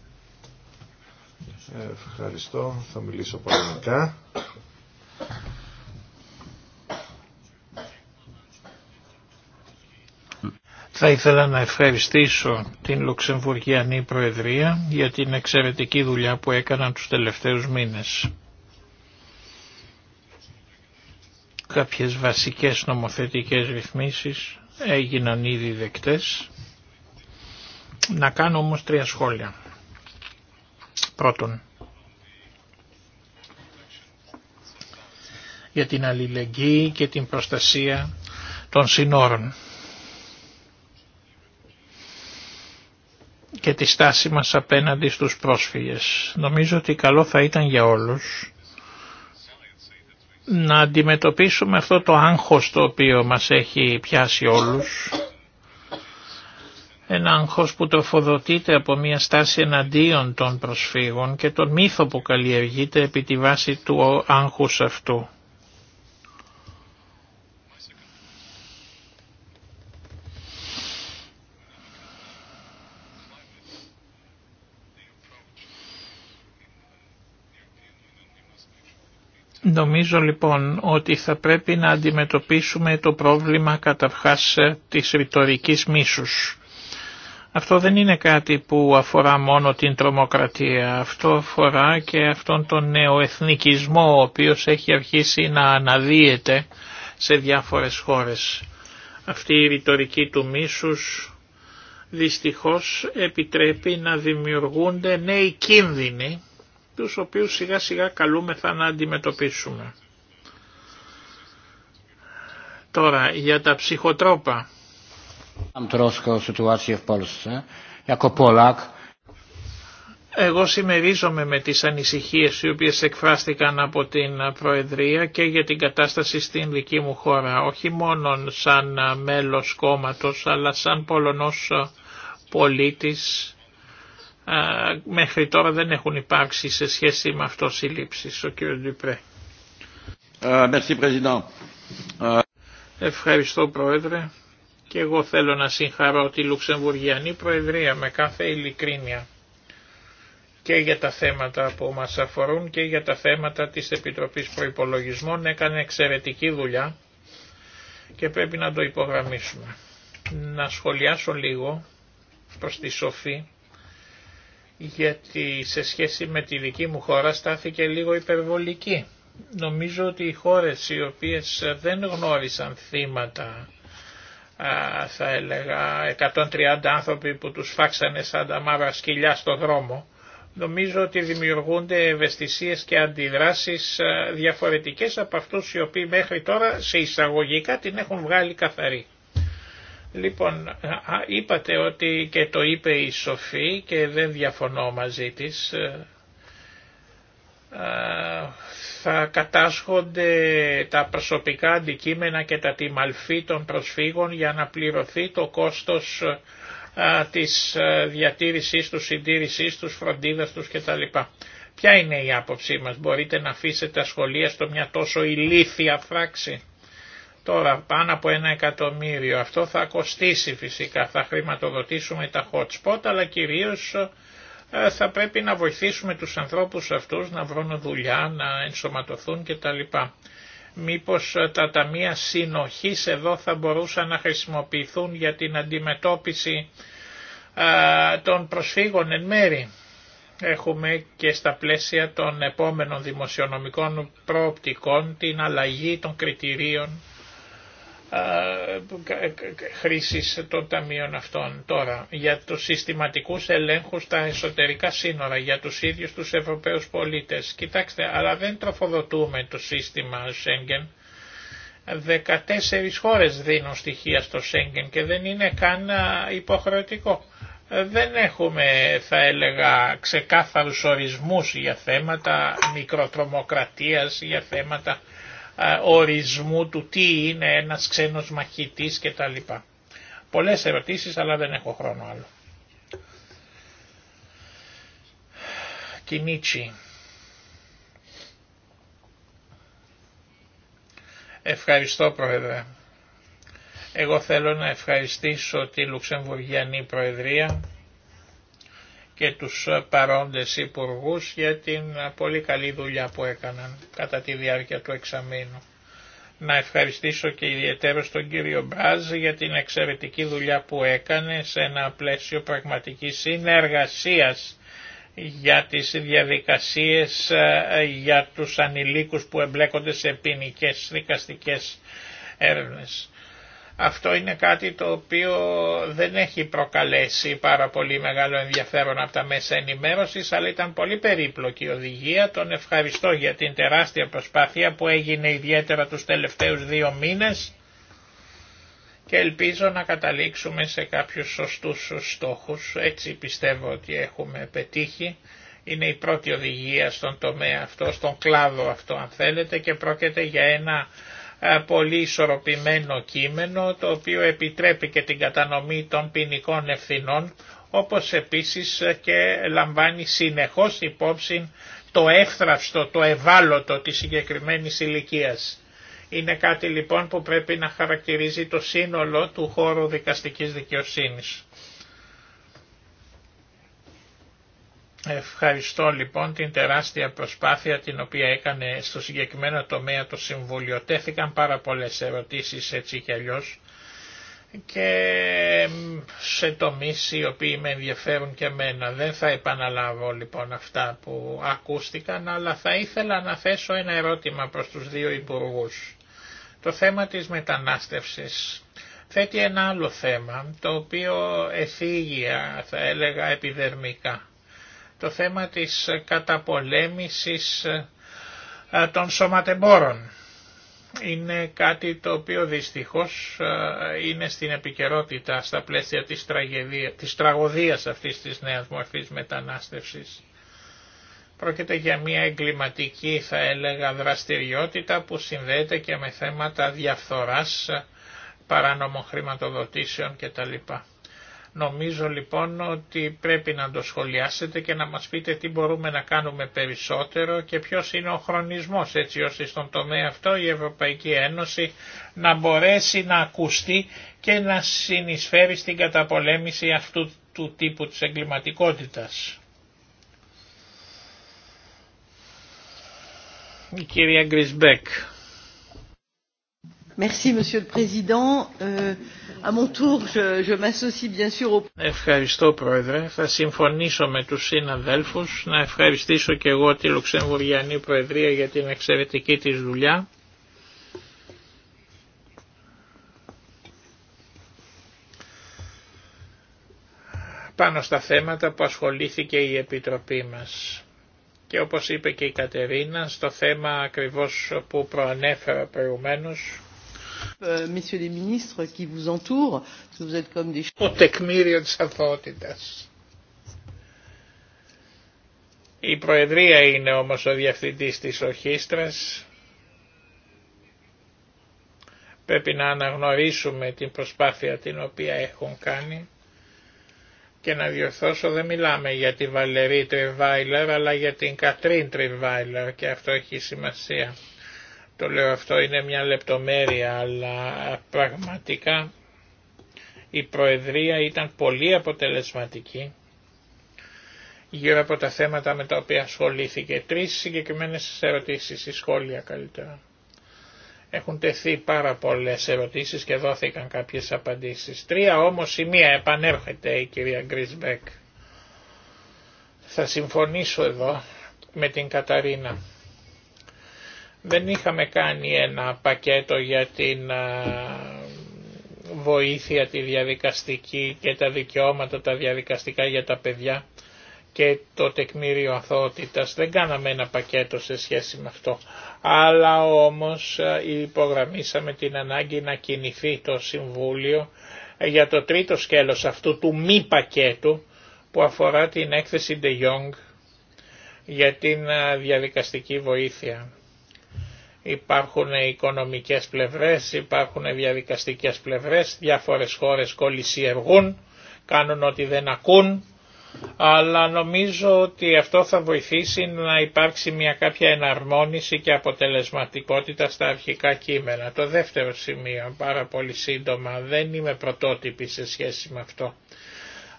Ευχαριστώ, θα μιλήσω πανικά. Θα ήθελα να ευχαριστήσω την Λουξεμβουργιανή Προεδρία για την εξαιρετική δουλειά που έκαναν τους τελευταίους μήνες. Κάποιες βασικές νομοθετικές ρυθμίσεις έγιναν ήδη δεκτές. Να κάνω όμως τρία σχόλια. Πρώτον, για την αλληλεγγύη και την προστασία των συνόρων. και τη στάση μας απέναντι στους πρόσφυγες. Νομίζω ότι καλό θα ήταν για όλους να αντιμετωπίσουμε αυτό το άγχος το οποίο μας έχει πιάσει όλους. Ένα άγχος που τροφοδοτείται από μια στάση εναντίον των προσφύγων και τον μύθο που καλλιεργείται επί τη βάση του άγχους αυτού. Νομίζω λοιπόν ότι θα πρέπει να αντιμετωπίσουμε το πρόβλημα καταρχάς ε, της ρητορική μίσους. Αυτό δεν είναι κάτι που αφορά μόνο την τρομοκρατία, αυτό αφορά και αυτόν τον νεοεθνικισμό ο οποίος έχει αρχίσει να αναδύεται σε διάφορες χώρες. Αυτή η ρητορική του μίσους δυστυχώς επιτρέπει να δημιουργούνται νέοι κίνδυνοι τους οποίους σιγά σιγά καλούμεθα να αντιμετωπίσουμε. Τώρα για τα ψυχοτρόπα. Εγώ συμμερίζομαι με τις ανησυχίες οι οποίες εκφράστηκαν από την Προεδρία και για την κατάσταση στην δική μου χώρα, όχι μόνο σαν μέλος κόμματος αλλά σαν Πολωνός πολίτης μέχρι τώρα δεν έχουν υπάρξει σε σχέση με αυτό συλλήψεις. Ο κ. Ντυπρέ. Ε, ε, Ευχαριστώ Πρόεδρε και εγώ θέλω να συγχαρώ τη Λουξεμβουργιανή Προεδρία με κάθε ειλικρίνεια και για τα θέματα που μας αφορούν και για τα θέματα της Επιτροπής Προϋπολογισμών έκανε εξαιρετική δουλειά και πρέπει να το υπογραμμίσουμε. Να σχολιάσω λίγο προς τη Σοφή γιατί σε σχέση με τη δική μου χώρα στάθηκε λίγο υπερβολική. Νομίζω ότι οι χώρες οι οποίες δεν γνώρισαν θύματα, θα έλεγα 130 άνθρωποι που τους φάξανε σαν τα μαύρα σκυλιά στο δρόμο, νομίζω ότι δημιουργούνται ευαισθησίες και αντιδράσεις διαφορετικές από αυτούς οι οποίοι μέχρι τώρα σε εισαγωγικά την έχουν βγάλει καθαρή. Λοιπόν, είπατε ότι και το είπε η Σοφή και δεν διαφωνώ μαζί της, ε, θα κατάσχονται τα προσωπικά αντικείμενα και τα τιμαλφή των προσφύγων για να πληρωθεί το κόστος της ε, διατήρησής τους, συντήρησής τους, φροντίδας τους κτλ. Ποια είναι η άποψή μας, μπορείτε να αφήσετε ασχολία στο μια τόσο ηλίθια φράξη. Τώρα πάνω από ένα εκατομμύριο αυτό θα κοστίσει φυσικά, θα χρηματοδοτήσουμε τα hot spot αλλά κυρίως ε, θα πρέπει να βοηθήσουμε τους ανθρώπους αυτούς να βρουν δουλειά, να ενσωματωθούν κτλ. Μήπως ε, τα ταμεία συνοχής εδώ θα μπορούσαν να χρησιμοποιηθούν για την αντιμετώπιση ε, των προσφύγων εν μέρη. Έχουμε και στα πλαίσια των επόμενων δημοσιονομικών προοπτικών την αλλαγή των κριτηρίων χρήσης των ταμείων αυτών. Τώρα, για του συστηματικούς ελέγχους στα εσωτερικά σύνορα, για τους ίδιους τους Ευρωπαίους πολίτες. Κοιτάξτε, αλλά δεν τροφοδοτούμε το σύστημα Σέγγεν. 14 χώρες δίνουν στοιχεία στο Σέγγεν και δεν είναι καν υποχρεωτικό. Δεν έχουμε, θα έλεγα, ξεκάθαρους ορισμούς για θέματα μικροτρομοκρατίας, για θέματα ε, ορισμού του τι είναι ένας ξένος μαχητής λοιπά. Πολλές ερωτήσεις αλλά δεν έχω χρόνο άλλο. Κινίτσι. Ευχαριστώ Πρόεδρε. Εγώ θέλω να ευχαριστήσω τη Λουξεμβουργιανή Προεδρία και τους παρόντες υπουργούς για την πολύ καλή δουλειά που έκαναν κατά τη διάρκεια του εξαμήνου. Να ευχαριστήσω και ιδιαίτερα τον κύριο Μπράζ για την εξαιρετική δουλειά που έκανε σε ένα πλαίσιο πραγματικής συνεργασίας για τις διαδικασίες ε, για τους ανηλίκους που εμπλέκονται σε ποινικέ δικαστικές έρευνες. Αυτό είναι κάτι το οποίο δεν έχει προκαλέσει πάρα πολύ μεγάλο ενδιαφέρον από τα μέσα ενημέρωσης, αλλά ήταν πολύ περίπλοκη η οδηγία. Τον ευχαριστώ για την τεράστια προσπάθεια που έγινε ιδιαίτερα τους τελευταίους δύο μήνες και ελπίζω να καταλήξουμε σε κάποιους σωστούς στόχους. Έτσι πιστεύω ότι έχουμε πετύχει. Είναι η πρώτη οδηγία στον τομέα αυτό, στον κλάδο αυτό αν θέλετε και πρόκειται για ένα πολύ ισορροπημένο κείμενο το οποίο επιτρέπει και την κατανομή των ποινικών ευθυνών όπως επίσης και λαμβάνει συνεχώς υπόψη το εύθραυστο, το ευάλωτο της συγκεκριμένης ηλικία. Είναι κάτι λοιπόν που πρέπει να χαρακτηρίζει το σύνολο του χώρου δικαστικής δικαιοσύνης. Ευχαριστώ λοιπόν την τεράστια προσπάθεια την οποία έκανε στο συγκεκριμένο τομέα το Συμβούλιο. Τέθηκαν πάρα πολλές ερωτήσεις έτσι κι αλλιώς και σε τομείς οι οποίοι με ενδιαφέρουν και εμένα. Δεν θα επαναλάβω λοιπόν αυτά που ακούστηκαν αλλά θα ήθελα να θέσω ένα ερώτημα προς τους δύο υπουργούς. Το θέμα της μετανάστευσης θέτει ένα άλλο θέμα το οποίο εφήγεια θα έλεγα επιδερμικά το θέμα της καταπολέμησης ε, των σωματεμπόρων. Είναι κάτι το οποίο δυστυχώς ε, είναι στην επικαιρότητα στα πλαίσια της, της τραγωδίας αυτής της νέας μορφής μετανάστευσης. Πρόκειται για μια εγκληματική θα έλεγα δραστηριότητα που συνδέεται και με θέματα διαφθοράς, παρανομοχρηματοδοτήσεων χρηματοδοτήσεων κτλ. Νομίζω λοιπόν ότι πρέπει να το σχολιάσετε και να μας πείτε τι μπορούμε να κάνουμε περισσότερο και ποιος είναι ο χρονισμός έτσι ώστε στον τομέα αυτό η Ευρωπαϊκή Ένωση να μπορέσει να ακουστεί και να συνεισφέρει στην καταπολέμηση αυτού του τύπου της εγκληματικότητας. Η κυρία Γκρισμπέκ. Ευχαριστώ Πρόεδρε. Θα συμφωνήσω με τους συναδέλφους να ευχαριστήσω και εγώ τη Λουξεμβουριανή Προεδρία για την εξαιρετική της δουλειά. πάνω στα θέματα που ασχολήθηκε η Επιτροπή μας. Και όπως είπε και η Κατερίνα, στο θέμα ακριβώς που προανέφερα προηγουμένως, το euh, τεκμήριο της αθωότητας. Η Προεδρία είναι όμως ο διευθυντής της ορχήστρας. Πρέπει να αναγνωρίσουμε την προσπάθεια την οποία έχουν κάνει και να διορθώσω δεν μιλάμε για τη Βαλερή Τριβάιλερ αλλά για την Κατρίν Τριβάιλερ και αυτό έχει σημασία. Το λέω αυτό είναι μια λεπτομέρεια, αλλά πραγματικά η Προεδρία ήταν πολύ αποτελεσματική γύρω από τα θέματα με τα οποία ασχολήθηκε. Τρεις συγκεκριμένες ερωτήσεις ή σχόλια καλύτερα. Έχουν τεθεί πάρα πολλές ερωτήσεις και δόθηκαν κάποιες απαντήσεις. Τρία όμως η μία επανέρχεται η κυρία Γκρισμπέκ. Θα συμφωνήσω εδώ με την Καταρίνα. Δεν είχαμε κάνει ένα πακέτο για την βοήθεια τη διαδικαστική και τα δικαιώματα τα διαδικαστικά για τα παιδιά και το τεκμήριο αθότητας. Δεν κάναμε ένα πακέτο σε σχέση με αυτό. Αλλά όμως υπογραμμίσαμε την ανάγκη να κινηθεί το Συμβούλιο για το τρίτο σκέλος αυτού του μη πακέτου που αφορά την έκθεση De Jong για την διαδικαστική βοήθεια. Υπάρχουν οικονομικές πλευρές, υπάρχουν διαδικαστικές πλευρές, διάφορες χώρες κολλησιεργούν, κάνουν ότι δεν ακούν, αλλά νομίζω ότι αυτό θα βοηθήσει να υπάρξει μια κάποια εναρμόνιση και αποτελεσματικότητα στα αρχικά κείμενα. Το δεύτερο σημείο, πάρα πολύ σύντομα, δεν είμαι πρωτότυπη σε σχέση με αυτό.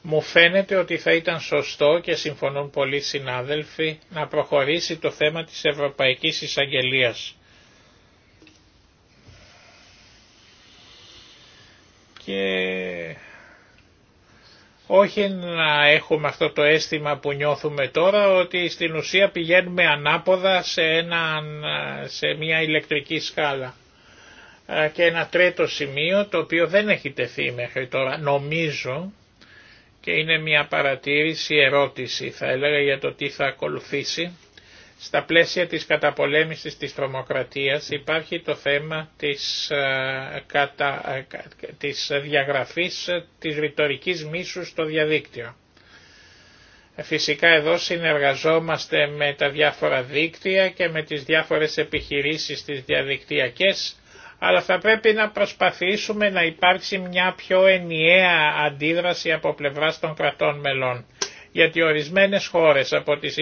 Μου φαίνεται ότι θα ήταν σωστό και συμφωνούν πολλοί συνάδελφοι να προχωρήσει το θέμα της Ευρωπαϊκής Εισαγγελίας. και όχι να έχουμε αυτό το αίσθημα που νιώθουμε τώρα ότι στην ουσία πηγαίνουμε ανάποδα σε, ένα, σε μια ηλεκτρική σκάλα. Ε, και ένα τρίτο σημείο το οποίο δεν έχει τεθεί μέχρι τώρα νομίζω και είναι μια παρατήρηση, ερώτηση θα έλεγα για το τι θα ακολουθήσει στα πλαίσια της καταπολέμησης της τρομοκρατίας υπάρχει το θέμα της, ε, κατα, ε, της διαγραφής της ρητορικής μίσους στο διαδίκτυο. Ε, φυσικά εδώ συνεργαζόμαστε με τα διάφορα δίκτυα και με τις διάφορες επιχειρήσεις τις διαδικτυακές, αλλά θα πρέπει να προσπαθήσουμε να υπάρξει μια πιο ενιαία αντίδραση από πλευράς των κρατών μελών γιατί ορισμένες χώρες από τις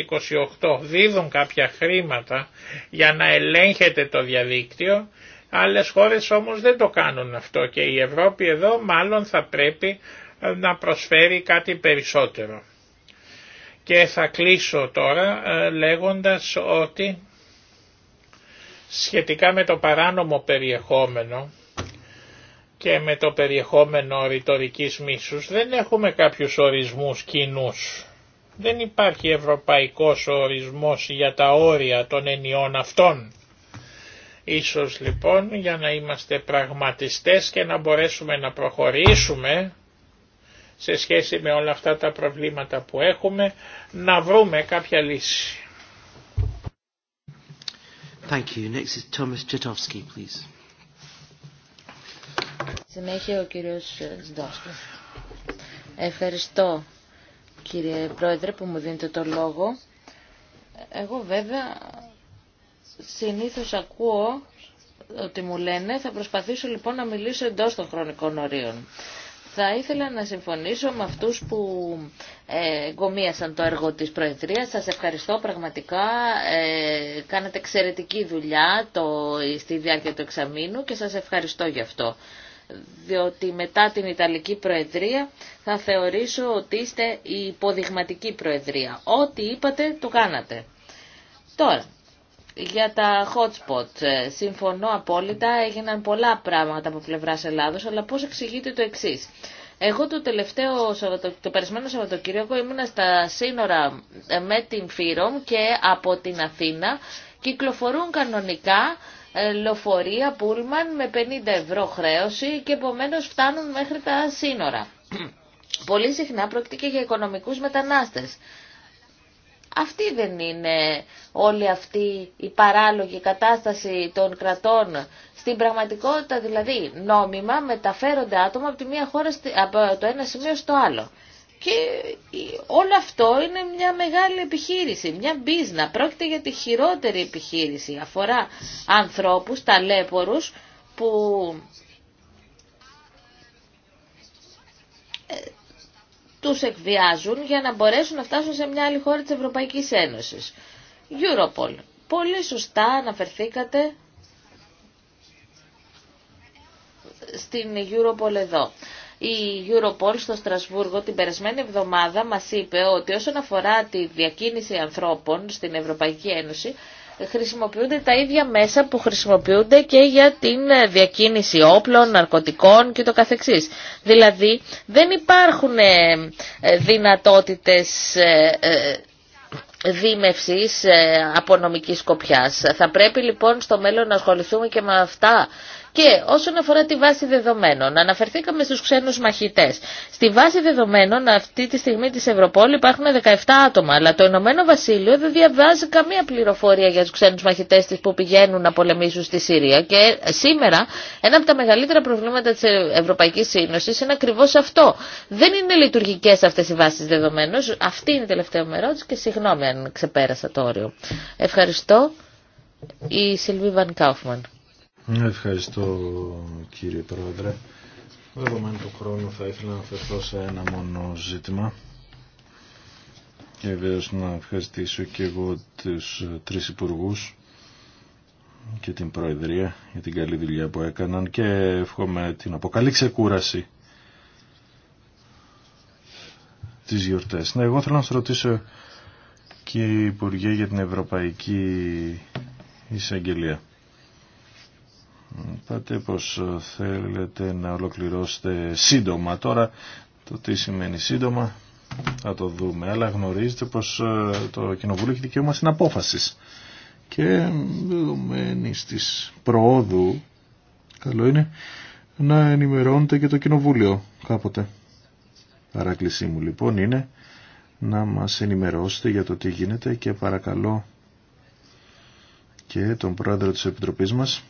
28 δίδουν κάποια χρήματα για να ελέγχεται το διαδίκτυο, άλλες χώρες όμως δεν το κάνουν αυτό και η Ευρώπη εδώ μάλλον θα πρέπει ε, να προσφέρει κάτι περισσότερο. Και θα κλείσω τώρα ε, λέγοντας ότι σχετικά με το παράνομο περιεχόμενο και με το περιεχόμενο ρητορικής μίσους δεν έχουμε κάποιους ορισμούς κοινού. Δεν υπάρχει ευρωπαϊκός ορισμός για τα όρια των ενιών αυτών. Ίσως λοιπόν για να είμαστε πραγματιστές και να μπορέσουμε να προχωρήσουμε σε σχέση με όλα αυτά τα προβλήματα που έχουμε να βρούμε κάποια λύση. Thank you. Next is Thomas please. Συνέχεια ο κύριος Σντόσκος. Ευχαριστώ κύριε Πρόεδρε που μου δίνετε το λόγο. Εγώ βέβαια συνήθως ακούω ότι μου λένε θα προσπαθήσω λοιπόν να μιλήσω εντός των χρονικών ορίων. Θα ήθελα να συμφωνήσω με αυτούς που ε, εγκομίασαν το έργο της Προεδρίας. Σας ευχαριστώ πραγματικά. Ε, κάνατε εξαιρετική δουλειά το, στη διάρκεια του εξαμήνου και σας ευχαριστώ γι' αυτό διότι μετά την Ιταλική Προεδρία θα θεωρήσω ότι είστε η υποδειγματική Προεδρία. Ό,τι είπατε το κάνατε. Τώρα, για τα hot spots, ε, συμφωνώ απόλυτα, έγιναν πολλά πράγματα από πλευρά Ελλάδος, αλλά πώς εξηγείτε το εξή. Εγώ το τελευταίο το περασμένο Σαββατοκύριακο ήμουνα στα σύνορα ε, με την Φύρομ και από την Αθήνα κυκλοφορούν κανονικά ε, λοφορεία πούλμαν με 50 ευρώ χρέωση και επομένω φτάνουν μέχρι τα σύνορα. Πολύ συχνά πρόκειται και για οικονομικούς μετανάστες. Αυτή δεν είναι όλη αυτή η παράλογη κατάσταση των κρατών. Στην πραγματικότητα δηλαδή νόμιμα μεταφέρονται άτομα από, τη μία χώρα, από το ένα σημείο στο άλλο. Και όλο αυτό είναι μια μεγάλη επιχείρηση, μια μπίζνα. Πρόκειται για τη χειρότερη επιχείρηση. Αφορά ανθρώπους, ταλέπορους που ε, τους εκβιάζουν για να μπορέσουν να φτάσουν σε μια άλλη χώρα της Ευρωπαϊκής Ένωσης. Europol. Πολύ σωστά αναφερθήκατε στην Europol εδώ. Η Europol στο Στρασβούργο την περασμένη εβδομάδα μας είπε ότι όσον αφορά τη διακίνηση ανθρώπων στην Ευρωπαϊκή Ένωση, χρησιμοποιούνται τα ίδια μέσα που χρησιμοποιούνται και για την διακίνηση όπλων, ναρκωτικών και το καθεξής. Δηλαδή δεν υπάρχουν ε, δυνατότητες ε, ε, δίμευσης από νομικής Θα πρέπει λοιπόν στο μέλλον να ασχοληθούμε και με αυτά και όσον αφορά τη βάση δεδομένων, αναφερθήκαμε στους ξένους μαχητές. Στη βάση δεδομένων αυτή τη στιγμή της Ευρωπόλη υπάρχουν 17 άτομα, αλλά το Ηνωμένο Βασίλειο δεν διαβάζει καμία πληροφορία για τους ξένους μαχητές της που πηγαίνουν να πολεμήσουν στη Συρία. Και σήμερα ένα από τα μεγαλύτερα προβλήματα της Ευρωπαϊκής Ένωσης είναι ακριβώς αυτό. Δεν είναι λειτουργικές αυτές οι βάσεις δεδομένων. Αυτή είναι η τελευταία μου και συγγνώμη αν ξεπέρασα το όριο. Ευχαριστώ. Η Σιλβί Βαν Κάουφμαν. Ευχαριστώ κύριε Πρόεδρε. Δεδομένου του χρόνου θα ήθελα να αφαιρθώ σε ένα μόνο ζήτημα. Και βέβαιως να ευχαριστήσω και εγώ τους τρεις υπουργούς και την Προεδρία για την καλή δουλειά που έκαναν και εύχομαι την αποκαλή ξεκούραση τις γιορτές. Ναι, εγώ θέλω να σας ρωτήσω και Υπουργέ για την Ευρωπαϊκή Εισαγγελία. Πάτε πως ε, θέλετε να ολοκληρώσετε σύντομα τώρα. Το τι σημαίνει σύντομα θα το δούμε. Αλλά γνωρίζετε πως ε, το Κοινοβούλιο έχει δικαίωμα στην απόφαση. Και ε, δεδομένη της προόδου, καλό είναι να ενημερώνετε και το Κοινοβούλιο κάποτε. Παράκλησή μου λοιπόν είναι να μας ενημερώσετε για το τι γίνεται και παρακαλώ και τον Πρόεδρο της Επιτροπής μας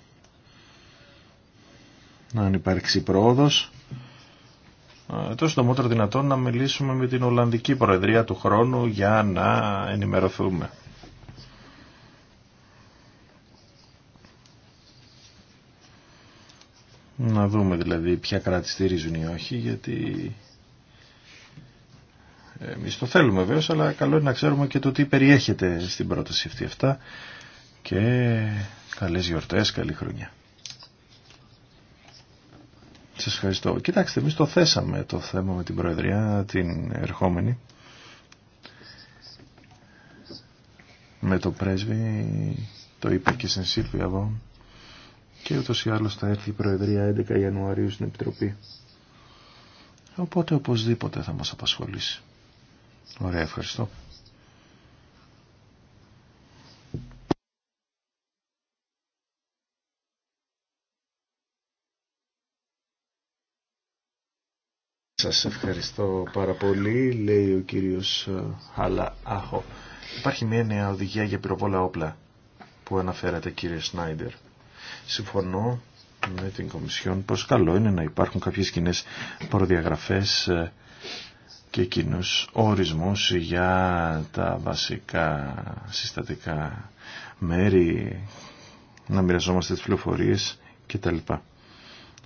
αν υπάρξει πρόοδος ε, το μότρο δυνατόν να μιλήσουμε με την Ολλανδική Προεδρία του χρόνου για να ενημερωθούμε. Να δούμε δηλαδή ποια κράτη στηρίζουν ή όχι, γιατί εμείς το θέλουμε βέβαια, αλλά καλό είναι να ξέρουμε και το τι περιέχεται στην πρόταση αυτή αυτά και καλές γιορτές, καλή χρονιά. Σας ευχαριστώ. Κοιτάξτε, εμεί το θέσαμε το θέμα με την Προεδρία, την ερχόμενη. Με το πρέσβη, το είπα και στην Σίλβια Και ούτως ή άλλως θα έρθει η Προεδρία 11 Ιανουαρίου στην Επιτροπή. Οπότε οπωσδήποτε θα μας απασχολήσει. Ωραία, ευχαριστώ. Σας ευχαριστώ πάρα πολύ, λέει ο κύριος ε, Χαλα Άχο. Υπάρχει μια νέα οδηγία για πυροβόλα όπλα που αναφέρατε κύριε Σνάιντερ. Συμφωνώ με την Κομισιόν πως καλό είναι να υπάρχουν κάποιες κοινέ προδιαγραφές ε, και κοινού ορισμούς για τα βασικά συστατικά μέρη, να μοιραζόμαστε τις πληροφορίες κτλ.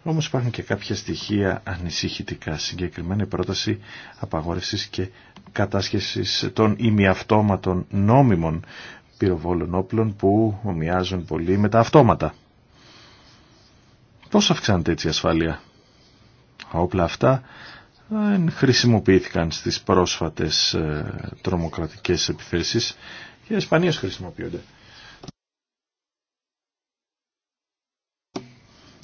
Όμως υπάρχουν και κάποια στοιχεία ανησυχητικά, συγκεκριμένα η πρόταση απαγόρευσης και κατάσχεσης των ημιαυτόματων νόμιμων πυροβόλων όπλων που ομοιάζουν πολύ με τα αυτόματα. Πώς αυξάνεται έτσι η ασφάλεια. Όπλα αυτά χρησιμοποιήθηκαν στις πρόσφατες ε, τρομοκρατικές επιθέσεις και σπανίως χρησιμοποιούνται.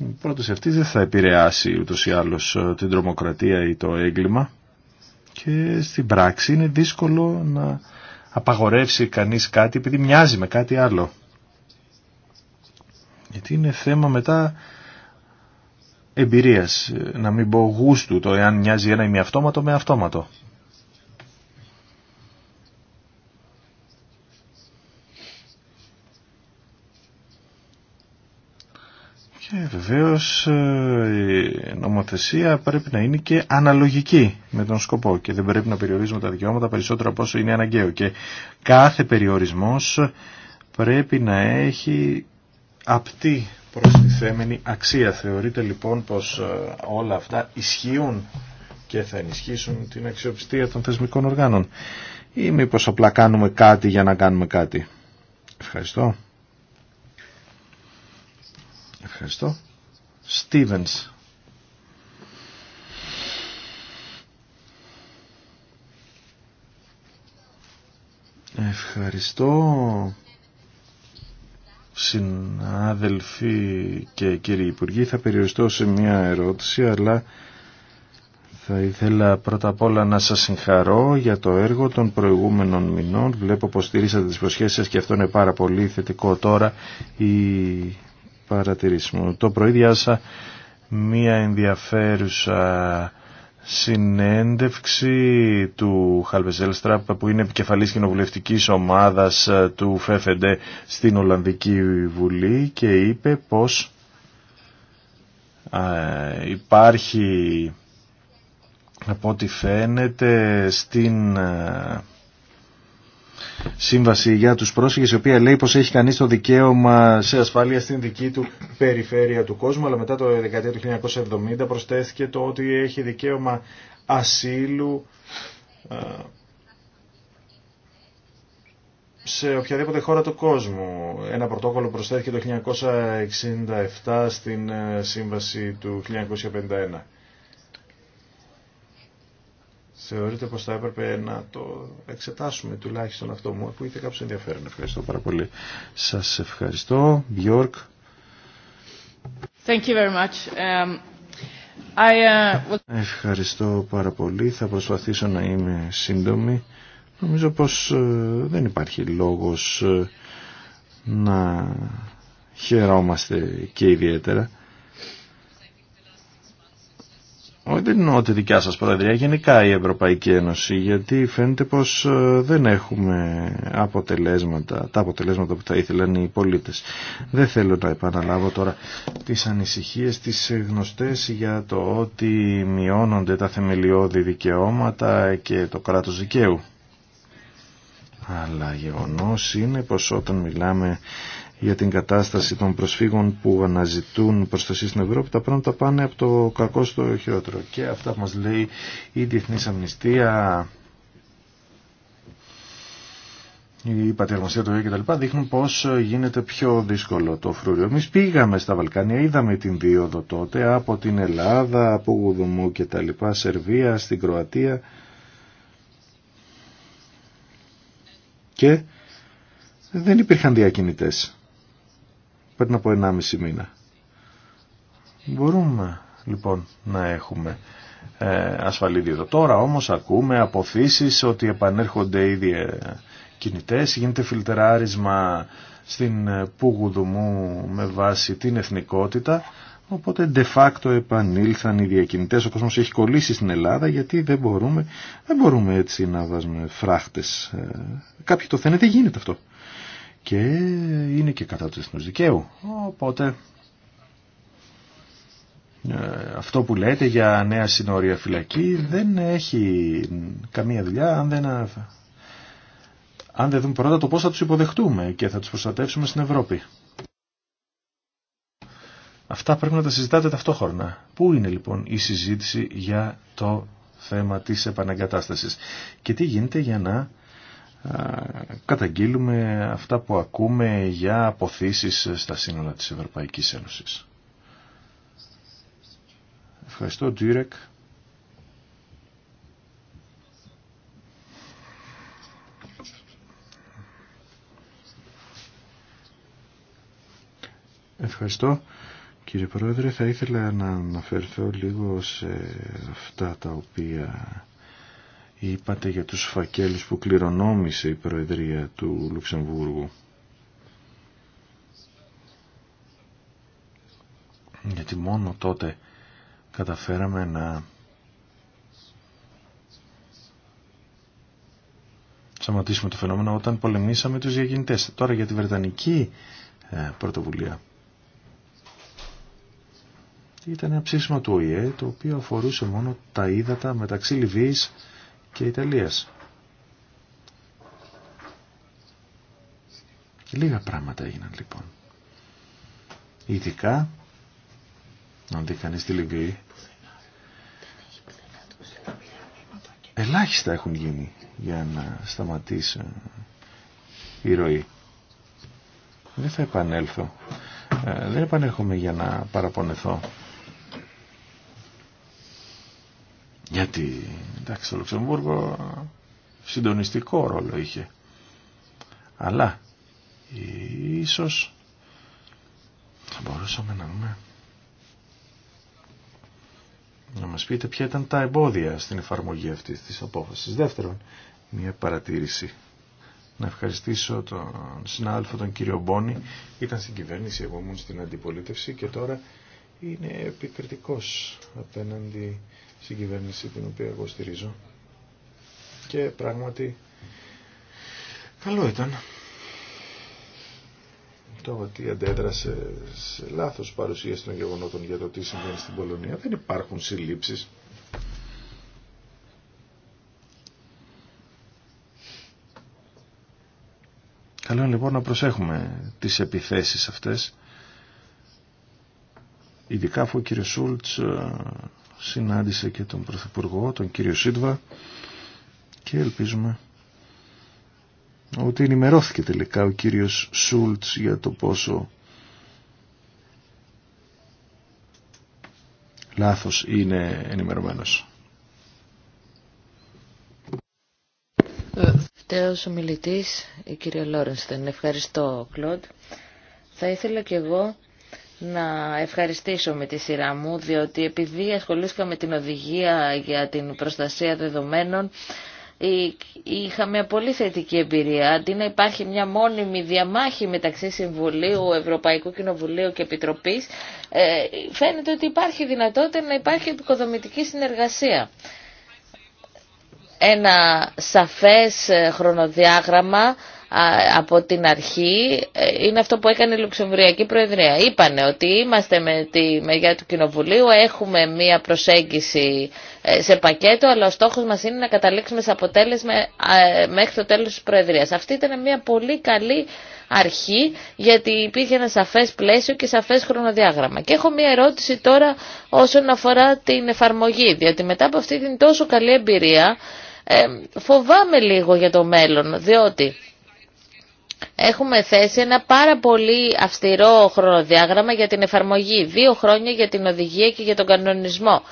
Πρώτος πρόταση αυτή δεν θα επηρεάσει ούτως ή άλλως ε, την τρομοκρατία ή το έγκλημα και στην πράξη είναι δύσκολο να απαγορεύσει κανείς κάτι επειδή μοιάζει με κάτι άλλο. Γιατί είναι θέμα μετά εμπειρίας, να μην πω γούστου το εάν μοιάζει ένα ημιαυτόματο με αυτόματο. Και ε, ε, η νομοθεσία πρέπει να είναι και αναλογική με τον σκοπό και δεν πρέπει να περιορίζουμε τα δικαιώματα περισσότερο από όσο είναι αναγκαίο. Και κάθε περιορισμός πρέπει να έχει απτή προστιθέμενη αξία. Θεωρείται λοιπόν πως ε, όλα αυτά ισχύουν και θα ενισχύσουν την αξιοπιστία των θεσμικών οργάνων. Ή μήπως απλά κάνουμε κάτι για να κάνουμε κάτι. Ευχαριστώ. Ευχαριστώ. Στίβενς. Ευχαριστώ συνάδελφοι και κύριοι Υπουργοί. Θα περιοριστώ σε μια ερώτηση, αλλά θα ήθελα πρώτα απ' όλα να σας συγχαρώ για το έργο των προηγούμενων μηνών. Βλέπω πως στηρίσατε τις προσχέσεις σας και αυτό είναι πάρα πολύ θετικό τώρα. Η το πρωί διάσα μία ενδιαφέρουσα συνέντευξη του Χαλβεζέλστραπ που είναι επικεφαλής κοινοβουλευτικής ομάδας ε, του ΦΕΦΕΝΤΕ στην Ολλανδική Βουλή και είπε πως ε, υπάρχει από ό,τι φαίνεται στην ε, σύμβαση για τους πρόσφυγες η οποία λέει πως έχει κανείς το δικαίωμα σε ασφάλεια στην δική του περιφέρεια του κόσμου αλλά μετά το δεκαετία του 1970 προσθέθηκε το ότι έχει δικαίωμα ασύλου ε, σε οποιαδήποτε χώρα του κόσμου. Ένα πρωτόκολλο προσθέθηκε το 1967 στην ε, σύμβαση του 1951 θεωρείτε πως θα έπρεπε να το εξετάσουμε τουλάχιστον αυτό μου που είτε κάποιο ενδιαφέρον ευχαριστώ πάρα πολύ σας ευχαριστώ Björk Thank you very much. Um, uh, ευχαριστώ πάρα πολύ θα προσπαθήσω να είμαι σύντομη νομίζω πως ε, δεν υπάρχει λόγος ε, να χαιρόμαστε και ιδιαίτερα Όχι δεν είναι ότι δικιά σας Προεδρία, γενικά η Ευρωπαϊκή Ένωση, γιατί φαίνεται πως ε, δεν έχουμε αποτελέσματα, τα αποτελέσματα που θα ήθελαν οι πολίτες. Δεν θέλω να επαναλάβω τώρα τις ανησυχίες, τις γνωστές για το ότι μειώνονται τα θεμελιώδη δικαιώματα και το κράτος δικαίου. Αλλά γεγονός είναι πως όταν μιλάμε για την κατάσταση των προσφύγων που αναζητούν προστασία στην Ευρώπη, τα πράγματα πάνε από το κακό στο χειρότερο. Και αυτά που μας λέει η Διεθνής Αμνηστία, η πατερμοσία του ΕΕ τα κτλ. δείχνουν πως γίνεται πιο δύσκολο το φρούριο. Εμεί πήγαμε στα Βαλκάνια, είδαμε την δίωδο τότε από την Ελλάδα, από Γουδουμού και τα Σερβία, στην Κροατία και δεν υπήρχαν διακινητές πριν από 1,5 μήνα. Μπορούμε λοιπόν να έχουμε ε, ασφαλή δίδο. Τώρα όμως ακούμε αποθήσεις ότι επανέρχονται ήδη ε, κινητές, γίνεται φιλτεράρισμα στην ε, Πούγουδουμού με βάση την εθνικότητα, οπότε de facto επανήλθαν οι διακινητές, ο κόσμος έχει κολλήσει στην Ελλάδα γιατί δεν μπορούμε, δεν μπορούμε έτσι να βάζουμε φράχτες. Ε. Κάποιοι το θένε, δεν γίνεται αυτό και είναι και κατά του δικαίου. Οπότε ε, αυτό που λέτε για νέα συνόρια φυλακή δεν έχει καμία δουλειά αν δεν, αν δεν δούμε πρώτα το πώς θα τους υποδεχτούμε και θα τους προστατεύσουμε στην Ευρώπη. Αυτά πρέπει να τα συζητάτε ταυτόχρονα. Πού είναι λοιπόν η συζήτηση για το θέμα της επαναγκατάστασης και τι γίνεται για να καταγγείλουμε αυτά που ακούμε για αποθήσεις στα σύνολα της Ευρωπαϊκής Ένωσης. Ευχαριστώ, Τζίρεκ. Ευχαριστώ. Κύριε Πρόεδρε, θα ήθελα να αναφερθώ λίγο σε αυτά τα οποία είπατε για τους φακέλους που κληρονόμησε η Προεδρία του Λουξεμβούργου. Γιατί μόνο τότε καταφέραμε να σταματήσουμε το φαινόμενο όταν πολεμήσαμε τους διακινητές. Τώρα για τη Βρετανική ε, πρωτοβουλία. Ήταν ένα ψήφισμα του ΟΗΕ το οποίο αφορούσε μόνο τα ύδατα μεταξύ Λιβύης και Ιταλίας. Λίγα πράγματα έγιναν λοιπόν. Ειδικά, αν δει κανείς τη Λιβύη, ελάχιστα έχουν γίνει για να σταματήσει ε, η ροή. Δεν θα επανέλθω. Ε, δεν επανέρχομαι για να παραπονεθώ. Γιατί Εντάξει, στο Λουξεμβούργο συντονιστικό ρόλο είχε. Αλλά ίσως θα μπορούσαμε να δούμε να μας πείτε ποια ήταν τα εμπόδια στην εφαρμογή αυτής της απόφασης. Δεύτερον, μια παρατήρηση. Να ευχαριστήσω τον συνάδελφο τον κύριο Μπόνη. Ήταν στην κυβέρνηση, εγώ ήμουν στην αντιπολίτευση και τώρα είναι επικριτικός απέναντι κυβέρνηση την οποία εγώ στηρίζω και πράγματι καλό ήταν το ότι αντέδρασε σε λάθος παρουσίαση των γεγονότων για το τι συμβαίνει στην Πολωνία. Δεν υπάρχουν συλλήψεις. Καλό είναι λοιπόν να προσέχουμε τις επιθέσεις αυτές, ειδικά αφού ο κύριος Σούλτς ε, συνάντησε και τον Πρωθυπουργό, τον κύριο Σίτβα και ελπίζουμε ότι ενημερώθηκε τελικά ο κύριος Σούλτς για το πόσο λάθος είναι ενημερωμένος. Ε, τέός ομιλητής, η κυρία Λόρενστεν. Ευχαριστώ, Κλοντ. Θα ήθελα κι εγώ να ευχαριστήσω με τη σειρά μου, διότι επειδή ασχολήθηκα με την οδηγία για την προστασία δεδομένων, ε, είχαμε μια πολύ θετική εμπειρία. Αντί να υπάρχει μια μόνιμη διαμάχη μεταξύ Συμβουλίου, Ευρωπαϊκού Κοινοβουλίου και Επιτροπής, ε, φαίνεται ότι υπάρχει δυνατότητα να υπάρχει επικοδομητική συνεργασία. Ένα σαφές ε, χρονοδιάγραμμα από την αρχή ε, είναι αυτό που έκανε η Λουξεμβουριακή Προεδρία. Είπανε ότι είμαστε με τη μεριά του Κοινοβουλίου, έχουμε μία προσέγγιση ε, σε πακέτο, αλλά ο στόχος μας είναι να καταλήξουμε σε αποτέλεσμα ε, μέχρι το τέλος της Προεδρίας. Αυτή ήταν μία πολύ καλή αρχή, γιατί υπήρχε ένα σαφές πλαίσιο και σαφές χρονοδιάγραμμα. Και έχω μία ερώτηση τώρα όσον αφορά την εφαρμογή, διότι μετά από αυτή την τόσο καλή εμπειρία, ε, φοβάμαι λίγο για το μέλλον, διότι έχουμε θέσει ένα πάρα πολύ αυστηρό χρονοδιάγραμμα για την εφαρμογή. Δύο χρόνια για την οδηγία και για τον κανονισμό.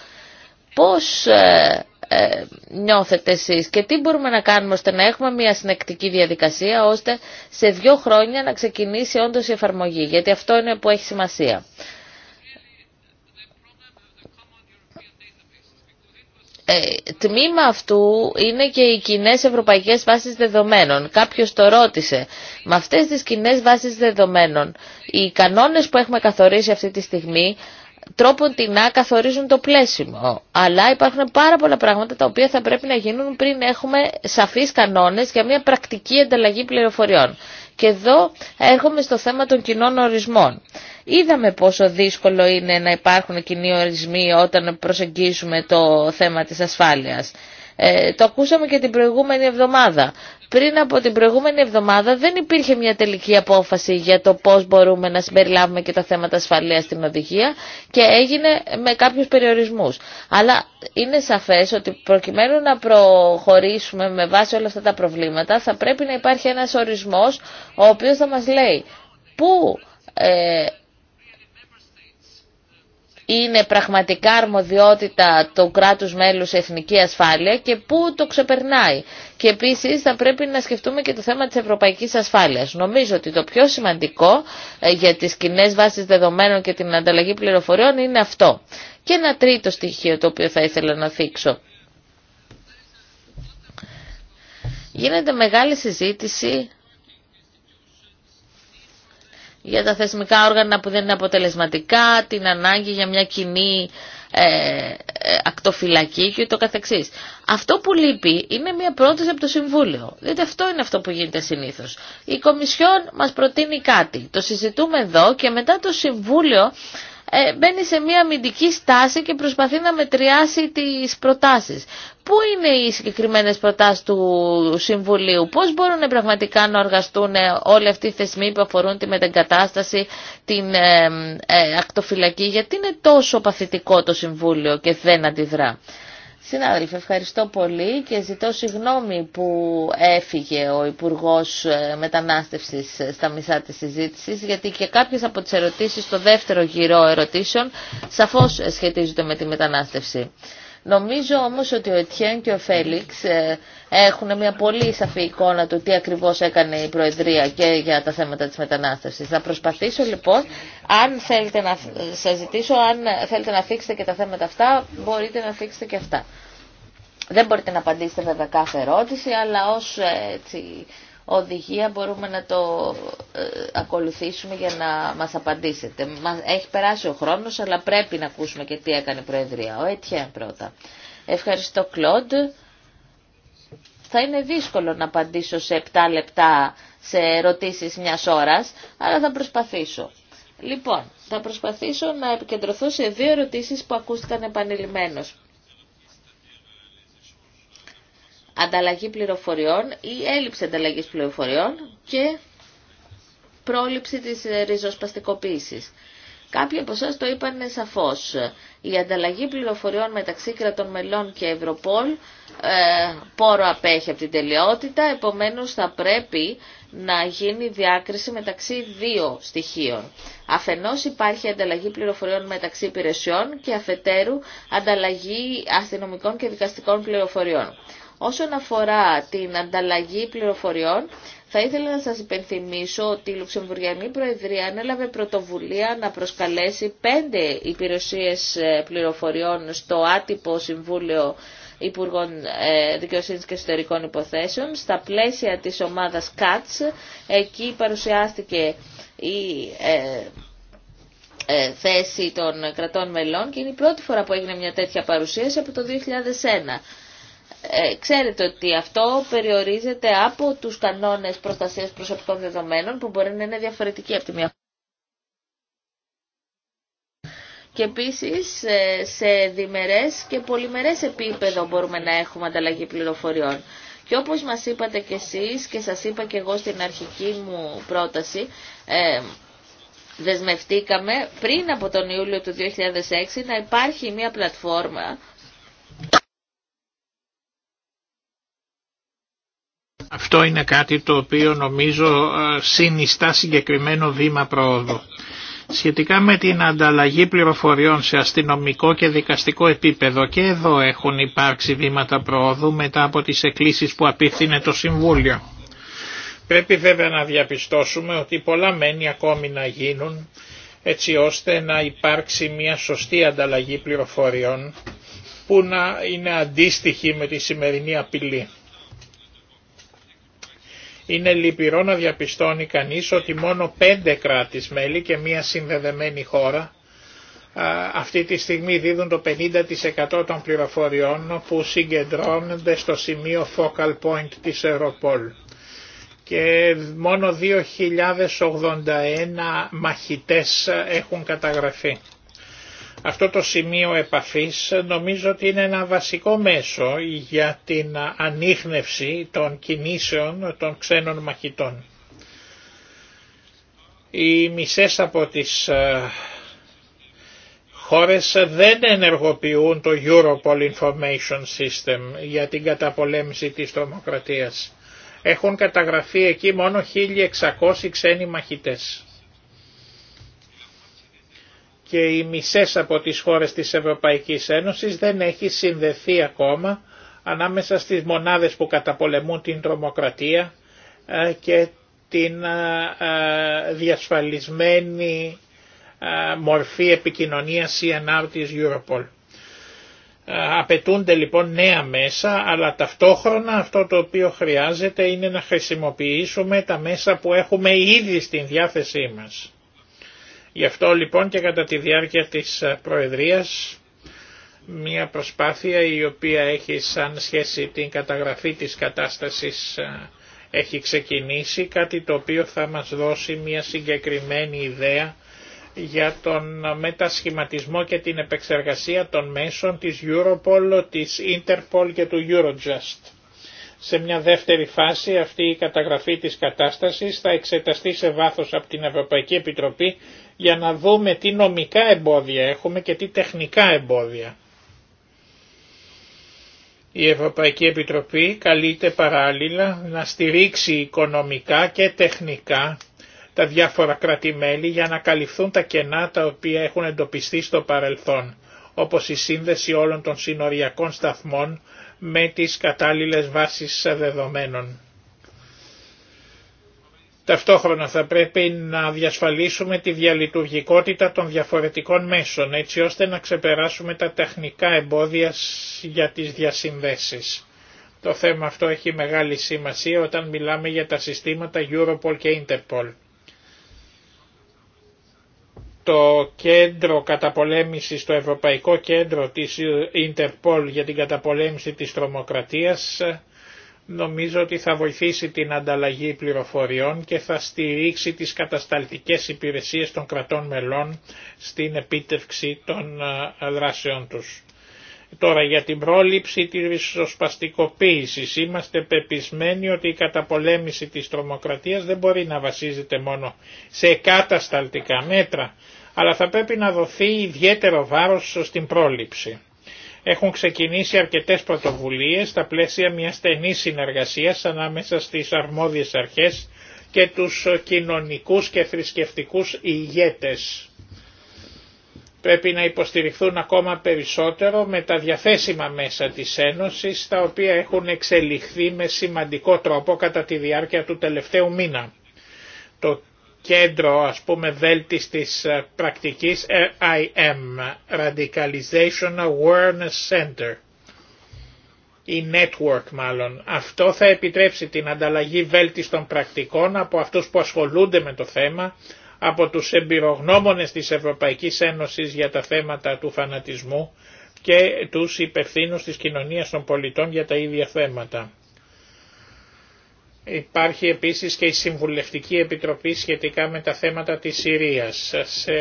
Πώς ε, ε, νιώθετε εσείς και τι μπορούμε να κάνουμε ώστε να έχουμε μια συνεκτική διαδικασία ώστε σε δύο χρόνια να ξεκινήσει όντως η εφαρμογή. Γιατί αυτό είναι που έχει σημασία. Ε, τμήμα αυτού είναι και οι κοινέ ευρωπαϊκές βάσεις δεδομένων. Κάποιο το ρώτησε. Με αυτές τις κοινέ βάσεις δεδομένων, οι κανόνες που έχουμε καθορίσει αυτή τη στιγμή, τρόπον την να καθορίζουν το πλαίσιο. Αλλά υπάρχουν πάρα πολλά πράγματα τα οποία θα πρέπει να γίνουν πριν έχουμε σαφείς κανόνες για μια πρακτική ανταλλαγή πληροφοριών. Και εδώ έρχομαι στο θέμα των κοινών ορισμών. Είδαμε πόσο δύσκολο είναι να υπάρχουν κοινοί ορισμοί όταν προσεγγίζουμε το θέμα της ασφάλειας. Ε, το ακούσαμε και την προηγούμενη εβδομάδα. Πριν από την προηγούμενη εβδομάδα δεν υπήρχε μια τελική απόφαση για το πώς μπορούμε να συμπεριλάβουμε και τα θέματα ασφαλείας στην οδηγία και έγινε με κάποιους περιορισμούς. Αλλά είναι σαφές ότι προκειμένου να προχωρήσουμε με βάση όλα αυτά τα προβλήματα θα πρέπει να υπάρχει ένας ορισμός ο οποίος θα μας λέει πού ε, είναι πραγματικά αρμοδιότητα το κράτους μέλους εθνική ασφάλεια και πού το ξεπερνάει. Και επίσης θα πρέπει να σκεφτούμε και το θέμα της ευρωπαϊκής ασφάλειας. Νομίζω ότι το πιο σημαντικό ε, για τις κοινέ βάσεις δεδομένων και την ανταλλαγή πληροφοριών είναι αυτό. Και ένα τρίτο στοιχείο το οποίο θα ήθελα να θίξω. Γίνεται μεγάλη συζήτηση για τα θεσμικά όργανα που δεν είναι αποτελεσματικά, την ανάγκη για μια κοινή ε, ε ακτοφυλακή και το καθεξής. Αυτό που λείπει είναι μια πρόταση από το Συμβούλιο. Διότι αυτό είναι αυτό που γίνεται συνήθως. Η Κομισιόν μας προτείνει κάτι. Το συζητούμε εδώ και μετά το Συμβούλιο ε, μπαίνει σε μια αμυντική στάση και προσπαθεί να μετριάσει τις προτάσεις. Πού είναι οι συγκεκριμένες προτάσεις του Συμβουλίου, πώς μπορούν πραγματικά να οργαστούν ε, όλοι αυτοί οι θεσμοί που αφορούν τη μετεγκατάσταση, την ε, ε, ακτοφυλακή, γιατί είναι τόσο παθητικό το Συμβούλιο και δεν αντιδρά. Συνάδελφε, ευχαριστώ πολύ και ζητώ συγγνώμη που έφυγε ο Υπουργός ε, Μετανάστευσης ε, στα μισά τη συζήτηση, γιατί και κάποιε από τι ερωτήσει στο δεύτερο γύρο ερωτήσεων σαφώς ε, σχετίζονται με τη μετανάστευση. Νομίζω όμως ότι ο Ετιέν και ο Φέληξ έχουν μια πολύ σαφή εικόνα του τι ακριβώς έκανε η Προεδρία και για τα θέματα της μετανάστευσης. Θα προσπαθήσω λοιπόν, αν θέλετε να σας ζητήσω, αν θέλετε να αφήξετε και τα θέματα αυτά, μπορείτε να αφήξετε και αυτά. Δεν μπορείτε να απαντήσετε βέβαια κάθε ερώτηση, αλλά ως ε, έτσι, οδηγία μπορούμε να το ε, ακολουθήσουμε για να μας απαντήσετε. Μας, έχει περάσει ο χρόνος, αλλά πρέπει να ακούσουμε και τι έκανε η Προεδρία. Ο Έτια πρώτα. Ευχαριστώ Κλοντ. Θα είναι δύσκολο να απαντήσω σε 7 λεπτά σε ερωτήσεις μιας ώρας, αλλά θα προσπαθήσω. Λοιπόν, θα προσπαθήσω να επικεντρωθώ σε δύο ερωτήσεις που ακούστηκαν επανειλημμένως. Ανταλλαγή πληροφοριών ή έλλειψη ανταλλαγής πληροφοριών και πρόληψη της ριζοσπαστικοποίησης. Κάποιοι από εσά το είπαν σαφώς. Η ανταλλαγή πληροφοριών μεταξύ κρατών μελών και Ευρωπόλ ε, πόρο απέχει από την τελειότητα, επομένως θα πρέπει να γίνει διάκριση μεταξύ δύο στοιχείων. Αφενός υπάρχει ανταλλαγή πληροφοριών μεταξύ υπηρεσιών και αφετέρου ανταλλαγή αστυνομικών και δικαστικών πληροφοριών. Όσον αφορά την ανταλλαγή πληροφοριών, θα ήθελα να σας υπενθυμίσω ότι η Λουξεμβουριανή Προεδρία ανέλαβε πρωτοβουλία να προσκαλέσει πέντε υπηρεσίες ε, πληροφοριών στο άτυπο Συμβούλιο Υπουργών ε, Δικαιοσύνης και Εσωτερικών Υποθέσεων στα πλαίσια της ομάδας ΚΑΤΣ. Εκεί παρουσιάστηκε η ε, θέση των κρατών μελών και είναι η πρώτη φορά που έγινε μια τέτοια παρουσίαση από το 2001. Ε, ξέρετε ότι αυτό περιορίζεται από τους κανόνες προστασίας προσωπικών δεδομένων που μπορεί να είναι διαφορετικοί από τη μία. Και επίσης ε, σε διμερές και πολυμερές επίπεδο μπορούμε να έχουμε ανταλλαγή πληροφοριών. Και όπως μας είπατε και εσείς και σας είπα και εγώ στην αρχική μου πρόταση, ε, δεσμευτήκαμε πριν από τον Ιούλιο του 2006 να υπάρχει μια πλατφόρμα Αυτό είναι κάτι το οποίο νομίζω ε, συνιστά συγκεκριμένο βήμα προόδου. Σχετικά με την ανταλλαγή πληροφοριών σε αστυνομικό και δικαστικό επίπεδο και εδώ έχουν υπάρξει βήματα προόδου μετά από τις εκκλήσεις που απίθυνε το Συμβούλιο. Πρέπει βέβαια να διαπιστώσουμε ότι πολλά μένει ακόμη να γίνουν έτσι ώστε να υπάρξει μια σωστή ανταλλαγή πληροφοριών που να είναι αντίστοιχη με τη σημερινή απειλή. Είναι λυπηρό να διαπιστώνει κανείς ότι μόνο πέντε κράτης μέλη και μία συνδεδεμένη χώρα αυτή τη στιγμή δίδουν το 50% των πληροφοριών που συγκεντρώνονται στο σημείο focal point της Europol. Και μόνο 2.081 μαχητές έχουν καταγραφεί. Αυτό το σημείο επαφής νομίζω ότι είναι ένα βασικό μέσο για την ανείχνευση των κινήσεων των ξένων μαχητών. Οι μισές από τις ε, χώρες δεν ενεργοποιούν το Europol Information System για την καταπολέμηση της τρομοκρατίας. Έχουν καταγραφεί εκεί μόνο 1.600 ξένοι μαχητές και οι μισές από τις χώρες της Ευρωπαϊκής Ένωσης δεν έχει συνδεθεί ακόμα ανάμεσα στις μονάδες που καταπολεμούν την τρομοκρατία ε, και την ε, ε, διασφαλισμένη μορφή επικοινωνίας CNR της Europol. Απαιτούνται λοιπόν νέα μέσα, αλλά ταυτόχρονα αυτό το οποίο χρειάζεται είναι να χρησιμοποιήσουμε τα μέσα που έχουμε ήδη στην διάθεσή μας. Γι' αυτό λοιπόν και κατά τη διάρκεια της ε, Προεδρίας μια προσπάθεια η οποία έχει σαν σχέση την καταγραφή της κατάστασης ε, έχει ξεκινήσει, κάτι το οποίο θα μας δώσει μια συγκεκριμένη ιδέα για τον μετασχηματισμό και την επεξεργασία των μέσων της Europol, της Interpol και του Eurojust. Σε μια δεύτερη φάση αυτή η καταγραφή της κατάστασης θα εξεταστεί σε βάθος από την Ευρωπαϊκή Επιτροπή για να δούμε τι νομικά εμπόδια έχουμε και τι τεχνικά εμπόδια. Η Ευρωπαϊκή Επιτροπή καλείται παράλληλα να στηρίξει οικονομικά και τεχνικά τα διάφορα κρατημέλη για να καλυφθούν τα κενά τα οποία έχουν εντοπιστεί στο παρελθόν, όπως η σύνδεση όλων των συνοριακών σταθμών με τις κατάλληλες βάσεις δεδομένων. Ταυτόχρονα θα πρέπει να διασφαλίσουμε τη διαλειτουργικότητα των διαφορετικών μέσων έτσι ώστε να ξεπεράσουμε τα τεχνικά εμπόδια για τις διασυνδέσεις. Το θέμα αυτό έχει μεγάλη σημασία όταν μιλάμε για τα συστήματα Europol και Interpol. Το κέντρο καταπολέμησης, το Ευρωπαϊκό Κέντρο της Interpol για την καταπολέμηση της τρομοκρατίας νομίζω ότι θα βοηθήσει την ανταλλαγή πληροφοριών και θα στηρίξει τις κατασταλτικές υπηρεσίες των κρατών μελών στην επίτευξη των δράσεων τους. Τώρα για την πρόληψη της ριζοσπαστικοποίησης είμαστε πεπισμένοι ότι η καταπολέμηση της τρομοκρατίας δεν μπορεί να βασίζεται μόνο σε κατασταλτικά μέτρα αλλά θα πρέπει να δοθεί ιδιαίτερο βάρος στην πρόληψη. Έχουν ξεκινήσει αρκετές πρωτοβουλίες στα πλαίσια μιας στενής συνεργασίας ανάμεσα στις αρμόδιες αρχές και τους κοινωνικούς και θρησκευτικούς ηγέτες. Πρέπει να υποστηριχθούν ακόμα περισσότερο με τα διαθέσιμα μέσα της Ένωσης, τα οποία έχουν εξελιχθεί με σημαντικό τρόπο κατά τη διάρκεια του τελευταίου μήνα. Το κέντρο ας πούμε της ε, πρακτικής RIM, ε, Radicalization Awareness Center, ή network μάλλον. Αυτό θα επιτρέψει την ανταλλαγή βέλτιστων πρακτικών από αυτούς που ασχολούνται με το θέμα, από τους εμπειρογνώμονες της Ευρωπαϊκής Ένωσης για τα θέματα του φανατισμού και τους υπευθύνους της κοινωνίας των πολιτών για τα ίδια θέματα. Υπάρχει επίσης και η Συμβουλευτική Επιτροπή σχετικά με τα θέματα της Συρίας. Σε,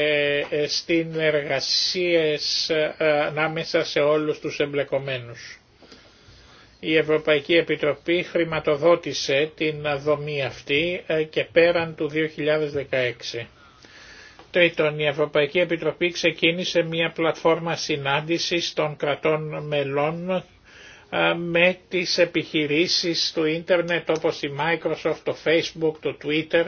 ε, στην εργασίες ε, ανάμεσα σε όλους τους εμπλεκομένους. Η Ευρωπαϊκή Επιτροπή χρηματοδότησε την δομή αυτή ε, και πέραν του 2016. Τρίτον, η Ευρωπαϊκή Επιτροπή ξεκίνησε μια πλατφόρμα συνάντησης των κρατών μελών ε, με τις επιχειρήσεις του ίντερνετ όπως η Microsoft, το Facebook, το Twitter.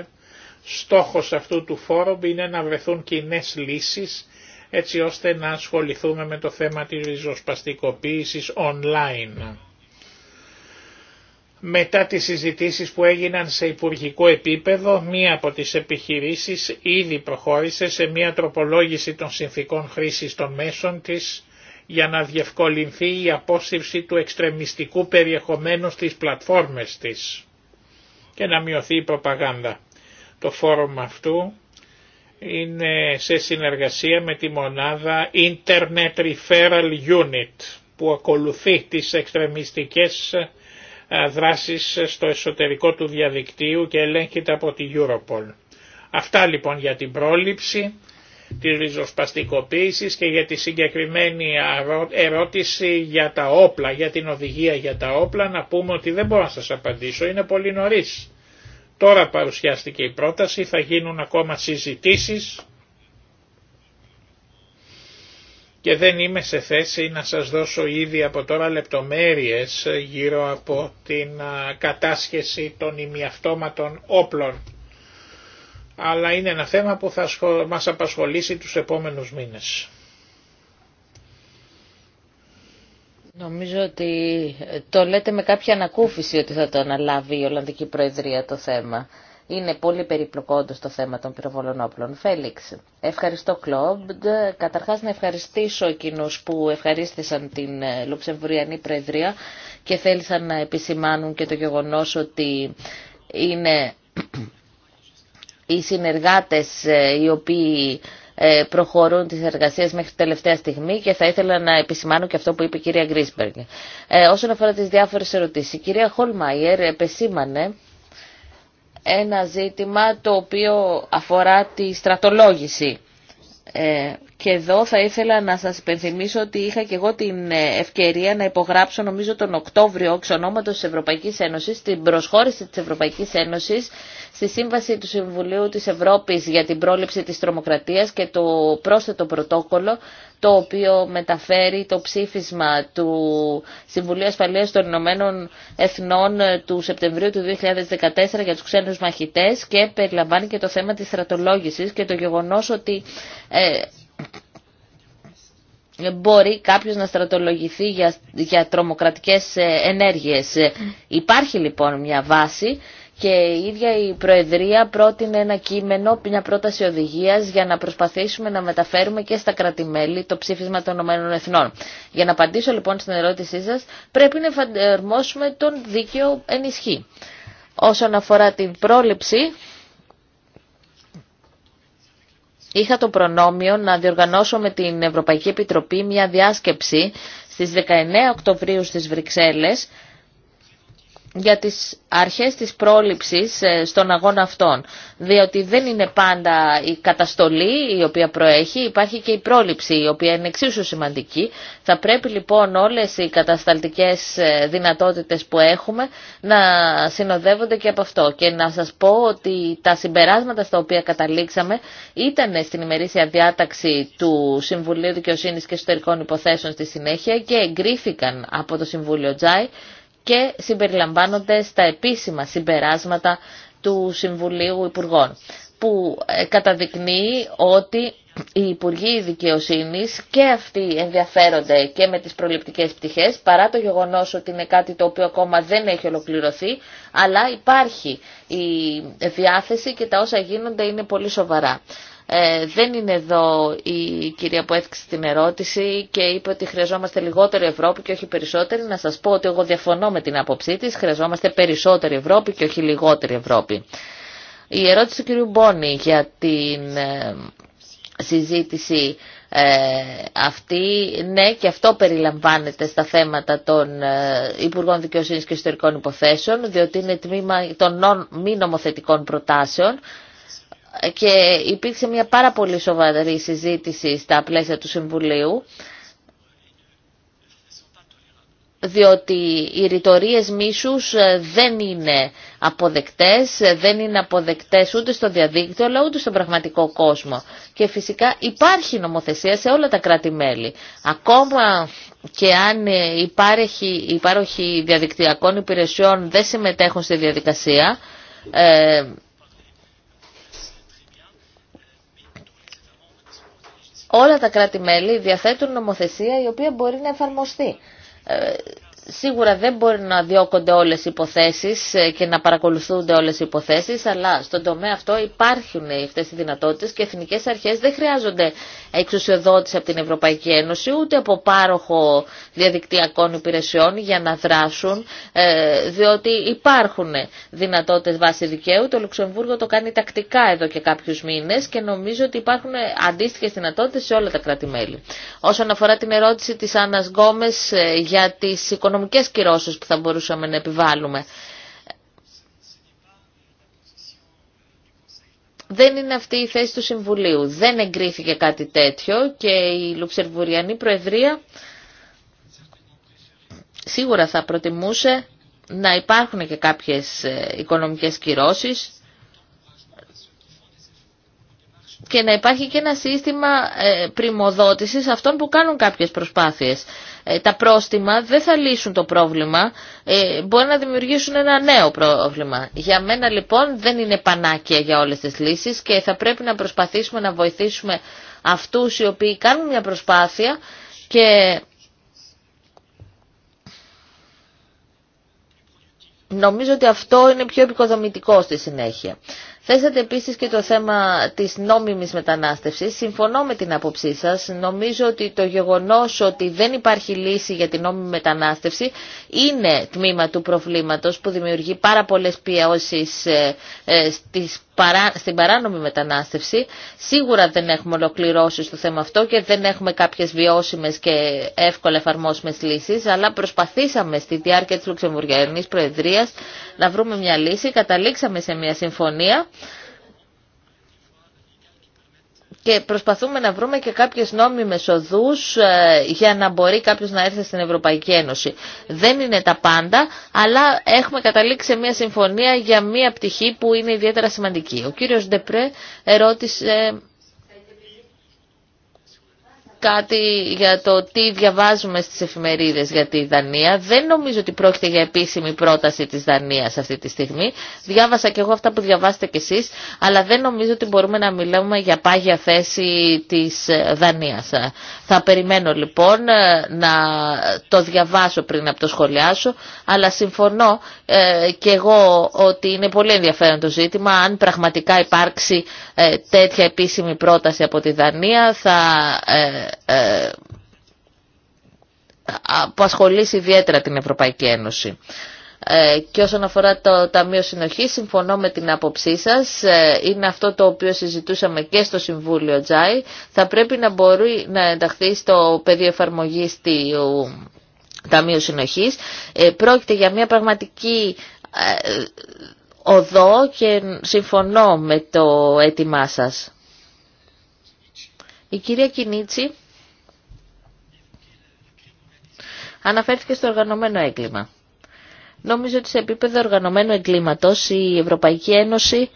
Στόχος αυτού του φόρουμ είναι να βρεθούν κοινέ λύσεις έτσι ώστε να ασχοληθούμε με το θέμα της ριζοσπαστικοποίησης online. Μετά τις συζητήσεις που έγιναν σε υπουργικό επίπεδο, μία από τις επιχειρήσεις ήδη προχώρησε σε μία τροπολόγηση των συνθήκων χρήσης των μέσων της, για να διευκολυνθεί η απόσυρση του εξτρεμιστικού περιεχομένου στις πλατφόρμες της και να μειωθεί η προπαγάνδα. Το φόρουμ αυτού είναι σε συνεργασία με τη μονάδα Internet Referral Unit που ακολουθεί τις εξτρεμιστικές ε, δράσεις στο εσωτερικό του διαδικτύου και ελέγχεται από τη Europol. Αυτά λοιπόν για την πρόληψη της ριζοσπαστικοποίησης και για τη συγκεκριμένη ερώτηση για τα όπλα, για την οδηγία για τα όπλα, να πούμε ότι δεν μπορώ να σας απαντήσω, είναι πολύ νωρίς. Τώρα παρουσιάστηκε η πρόταση, θα γίνουν ακόμα συζητήσεις και δεν είμαι σε θέση να σας δώσω ήδη από τώρα λεπτομέρειες γύρω από την κατάσχεση των ημιαυτόματων όπλων αλλά είναι ένα θέμα που θα μας απασχολήσει τους επόμενους μήνες. Νομίζω ότι το λέτε με κάποια ανακούφιση ότι θα το αναλάβει η Ολλανδική Προεδρία το θέμα. Είναι πολύ περιπλοκόντο το θέμα των πυροβολών όπλων. Φέληξ, ευχαριστώ Κλόμπντ. Καταρχάς να ευχαριστήσω εκείνους που ευχαρίστησαν την ε, Λουξεμβουριανή Προεδρία και θέλησαν να επισημάνουν και το γεγονός ότι είναι οι συνεργάτες ε, οι οποίοι ε, προχωρούν τις εργασίες μέχρι τελευταία στιγμή και θα ήθελα να επισημάνω και αυτό που είπε η κυρία Γκρίσμπεργκ. Ε, όσον αφορά τις διάφορες ερωτήσεις, η κυρία Χολμάιερ επεσήμανε ένα ζήτημα το οποίο αφορά τη στρατολόγηση. Και εδώ θα ήθελα να σας υπενθυμίσω ότι είχα και εγώ την ε, ευκαιρία να υπογράψω νομίζω τον Οκτώβριο ξενόματος της Ευρωπαϊκής Ένωσης, την προσχώρηση της Ευρωπαϊκής Ένωσης στη Σύμβαση του Συμβουλίου της Ευρώπης για την πρόληψη της τρομοκρατίας και το πρόσθετο πρωτόκολλο το οποίο μεταφέρει το ψήφισμα του Συμβουλίου Ασφαλείας των Ηνωμένων Εθνών ε, του Σεπτεμβρίου του 2014 για τους ξένους μαχητές και περιλαμβάνει και το θέμα της στρατολόγησης και το γεγονός ότι ε, μπορεί κάποιος να στρατολογηθεί για, για τρομοκρατικές ε, ενέργειες. Υπάρχει λοιπόν μια βάση και η ίδια η Προεδρία πρότεινε ένα κείμενο, μια πρόταση οδηγίας για να προσπαθήσουμε να μεταφέρουμε και στα κρατημέλη το ψήφισμα των ΟΕΕ. Για να απαντήσω λοιπόν στην ερώτησή σας, πρέπει να εφαρμόσουμε τον δίκαιο ενισχύ. Όσον αφορά την πρόληψη, είχα το προνόμιο να διοργανώσω με την Ευρωπαϊκή Επιτροπή μια διάσκεψη στις 19 Οκτωβρίου στις Βρυξέλλες για τις αρχές της πρόληψης ε, στον αγώνα αυτών. Διότι δεν είναι πάντα η καταστολή η οποία προέχει, υπάρχει και η πρόληψη η οποία είναι εξίσου σημαντική. Θα πρέπει λοιπόν όλες οι κατασταλτικές ε, δυνατότητες που έχουμε να συνοδεύονται και από αυτό. Και να σας πω ότι τα συμπεράσματα στα οποία καταλήξαμε ήταν στην ημερήσια διάταξη του Συμβουλίου Δικαιοσύνης και Εσωτερικών Υποθέσεων στη συνέχεια και εγκρίθηκαν από το Συμβούλιο Τζάι και συμπεριλαμβάνονται στα επίσημα συμπεράσματα του Συμβουλίου Υπουργών που ε, καταδεικνύει ότι οι Υπουργοί Δικαιοσύνη και αυτοί ενδιαφέρονται και με τις προληπτικές πτυχές παρά το γεγονός ότι είναι κάτι το οποίο ακόμα δεν έχει ολοκληρωθεί αλλά υπάρχει η διάθεση και τα όσα γίνονται είναι πολύ σοβαρά. Ε, δεν είναι εδώ η κυρία που έφτιαξε την ερώτηση και είπε ότι χρειαζόμαστε λιγότερη Ευρώπη και όχι περισσότερη. Να σας πω ότι εγώ διαφωνώ με την άποψή της. Χρειαζόμαστε περισσότερη Ευρώπη και όχι λιγότερη Ευρώπη. Η ερώτηση του κυρίου Μπόνι για την ε, συζήτηση ε, αυτή, ναι και αυτό περιλαμβάνεται στα θέματα των Υπουργών Δικαιοσύνης και Ιστορικών Υποθέσεων, διότι είναι τμήμα των νο, μη νομοθετικών προτάσεων και υπήρξε μια πάρα πολύ σοβαρή συζήτηση στα πλαίσια του Συμβουλίου διότι οι ρητορίες μίσους ε, δεν είναι αποδεκτές, ε, δεν είναι αποδεκτές ούτε στο διαδίκτυο αλλά ούτε στον πραγματικό κόσμο. Και φυσικά υπάρχει νομοθεσία σε όλα τα κράτη-μέλη. Ακόμα και αν υπάρχει, υπάρχει διαδικτυακών υπηρεσιών δεν συμμετέχουν στη διαδικασία, ε, όλα τα κράτη-μέλη διαθέτουν νομοθεσία η οποία μπορεί να εφαρμοστεί. Ε, Σίγουρα δεν μπορεί να διώκονται όλες οι υποθέσεις ε, και να παρακολουθούνται όλες οι υποθέσεις, αλλά στον τομέα αυτό υπάρχουν αυτές οι δυνατότητες και οι εθνικές αρχές δεν χρειάζονται εξουσιοδότηση από την Ευρωπαϊκή Ένωση, ούτε από πάροχο διαδικτυακών υπηρεσιών για να δράσουν, ε, διότι υπάρχουν δυνατότητες βάση δικαίου. Το Λουξεμβούργο το κάνει τακτικά εδώ και κάποιους μήνες και νομίζω ότι υπάρχουν αντίστοιχες δυνατότητες σε όλα τα κράτη-μέλη. Όσον αφορά την ερώτηση της Άννας Γκόμες ε, για οικονομικές κυρώσεις που θα μπορούσαμε να επιβάλλουμε. Δεν είναι αυτή η θέση του Συμβουλίου. Δεν εγκρίθηκε κάτι τέτοιο και η Λουξεμβουριανή Προεδρία σίγουρα θα προτιμούσε να υπάρχουν και κάποιες ε, οικονομικές κυρώσεις και να υπάρχει και ένα σύστημα ε, πρημοδότησης αυτών που κάνουν κάποιες προσπάθειες. Ε, τα πρόστιμα δεν θα λύσουν το πρόβλημα, ε, μπορεί να δημιουργήσουν ένα νέο πρόβλημα. Για μένα λοιπόν δεν είναι πανάκια για όλες τις λύσεις και θα πρέπει να προσπαθήσουμε να βοηθήσουμε αυτούς οι οποίοι κάνουν μια προσπάθεια και νομίζω ότι αυτό είναι πιο επικοδομητικό στη συνέχεια. Θέσατε επίσης και το θέμα της νόμιμης μετανάστευσης. Συμφωνώ με την άποψή σας. Νομίζω ότι το γεγονός ότι δεν υπάρχει λύση για την νόμιμη μετανάστευση είναι τμήμα του προβλήματος που δημιουργεί πάρα πολλές πιέσεις ε, ε, στις στην παράνομη μετανάστευση. Σίγουρα δεν έχουμε ολοκληρώσει στο θέμα αυτό και δεν έχουμε κάποιες βιώσιμες και εύκολα εφαρμόσιμες λύσεις, αλλά προσπαθήσαμε στη διάρκεια της Λουξεμβουργιανής Προεδρίας να βρούμε μια λύση, καταλήξαμε σε μια συμφωνία και προσπαθούμε να βρούμε και κάποιες νόμιμες οδούς ε, για να μπορεί κάποιος να έρθει στην Ευρωπαϊκή Ένωση. Δεν είναι τα πάντα, αλλά έχουμε καταλήξει μια συμφωνία για μια πτυχή που είναι ιδιαίτερα σημαντική. Ο κύριος Ντεπρέ ερώτησε κάτι για το τι διαβάζουμε στις εφημερίδες για τη Δανία. Δεν νομίζω ότι πρόκειται για επίσημη πρόταση της Δανίας αυτή τη στιγμή. Διάβασα και εγώ αυτά που διαβάσετε κι εσείς, αλλά δεν νομίζω ότι μπορούμε να μιλάμε για πάγια θέση της Δανίας. Θα περιμένω λοιπόν ε, να το διαβάσω πριν από το σχολιάσω, αλλά συμφωνώ ε, εγώ ότι είναι πολύ ενδιαφέρον το ζήτημα. Αν πραγματικά υπάρξει ε, τέτοια επίσημη πρόταση από τη Δανία θα... Ε, ε, που ασχολήσει ιδιαίτερα την Ευρωπαϊκή Ένωση. Ε, και όσον αφορά το Ταμείο Συνοχής, συμφωνώ με την άποψή σας. Ε, είναι αυτό το οποίο συζητούσαμε και στο Συμβούλιο Τζάι. Θα πρέπει να μπορεί να ενταχθεί στο πεδίο εφαρμογή του Ταμείου Συνοχής. Πρόκειται για μια πραγματική οδό και συμφωνώ με το αίτημά σας. Η κυρία Κινίτσι αναφέρθηκε στο οργανωμένο έγκλημα. Νομίζω ότι σε επίπεδο οργανωμένου εγκλήματος η Ευρωπαϊκή Ένωση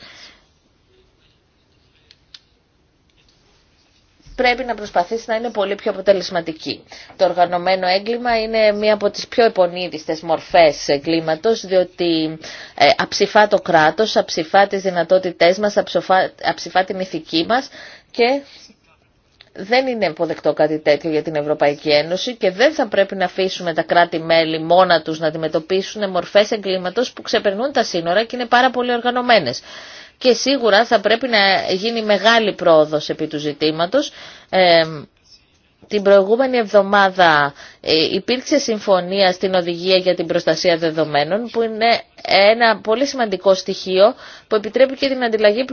πρέπει να προσπαθήσει να είναι πολύ πιο αποτελεσματική. Το οργανωμένο έγκλημα είναι μία από τις πιο επονίδιστες μορφές εγκλήματος, διότι ε, αψηφά το κράτος, αψηφά τις δυνατότητές μας, αψηφά, αψηφά την ηθική μας και δεν είναι αποδεκτό κάτι τέτοιο για την Ευρωπαϊκή Ένωση και δεν θα πρέπει να αφήσουμε τα κράτη-μέλη μόνα τους να αντιμετωπίσουν μορφές εγκλήματος που ξεπερνούν τα σύνορα και είναι πάρα πολύ οργανωμένες. Και σίγουρα θα πρέπει να γίνει μεγάλη πρόοδος επί του ζητήματος. Ε, την προηγούμενη εβδομάδα ε, υπήρξε συμφωνία στην οδηγία για την προστασία δεδομένων που είναι ένα πολύ σημαντικό στοιχείο που επιτρέπει και την αντιλαγή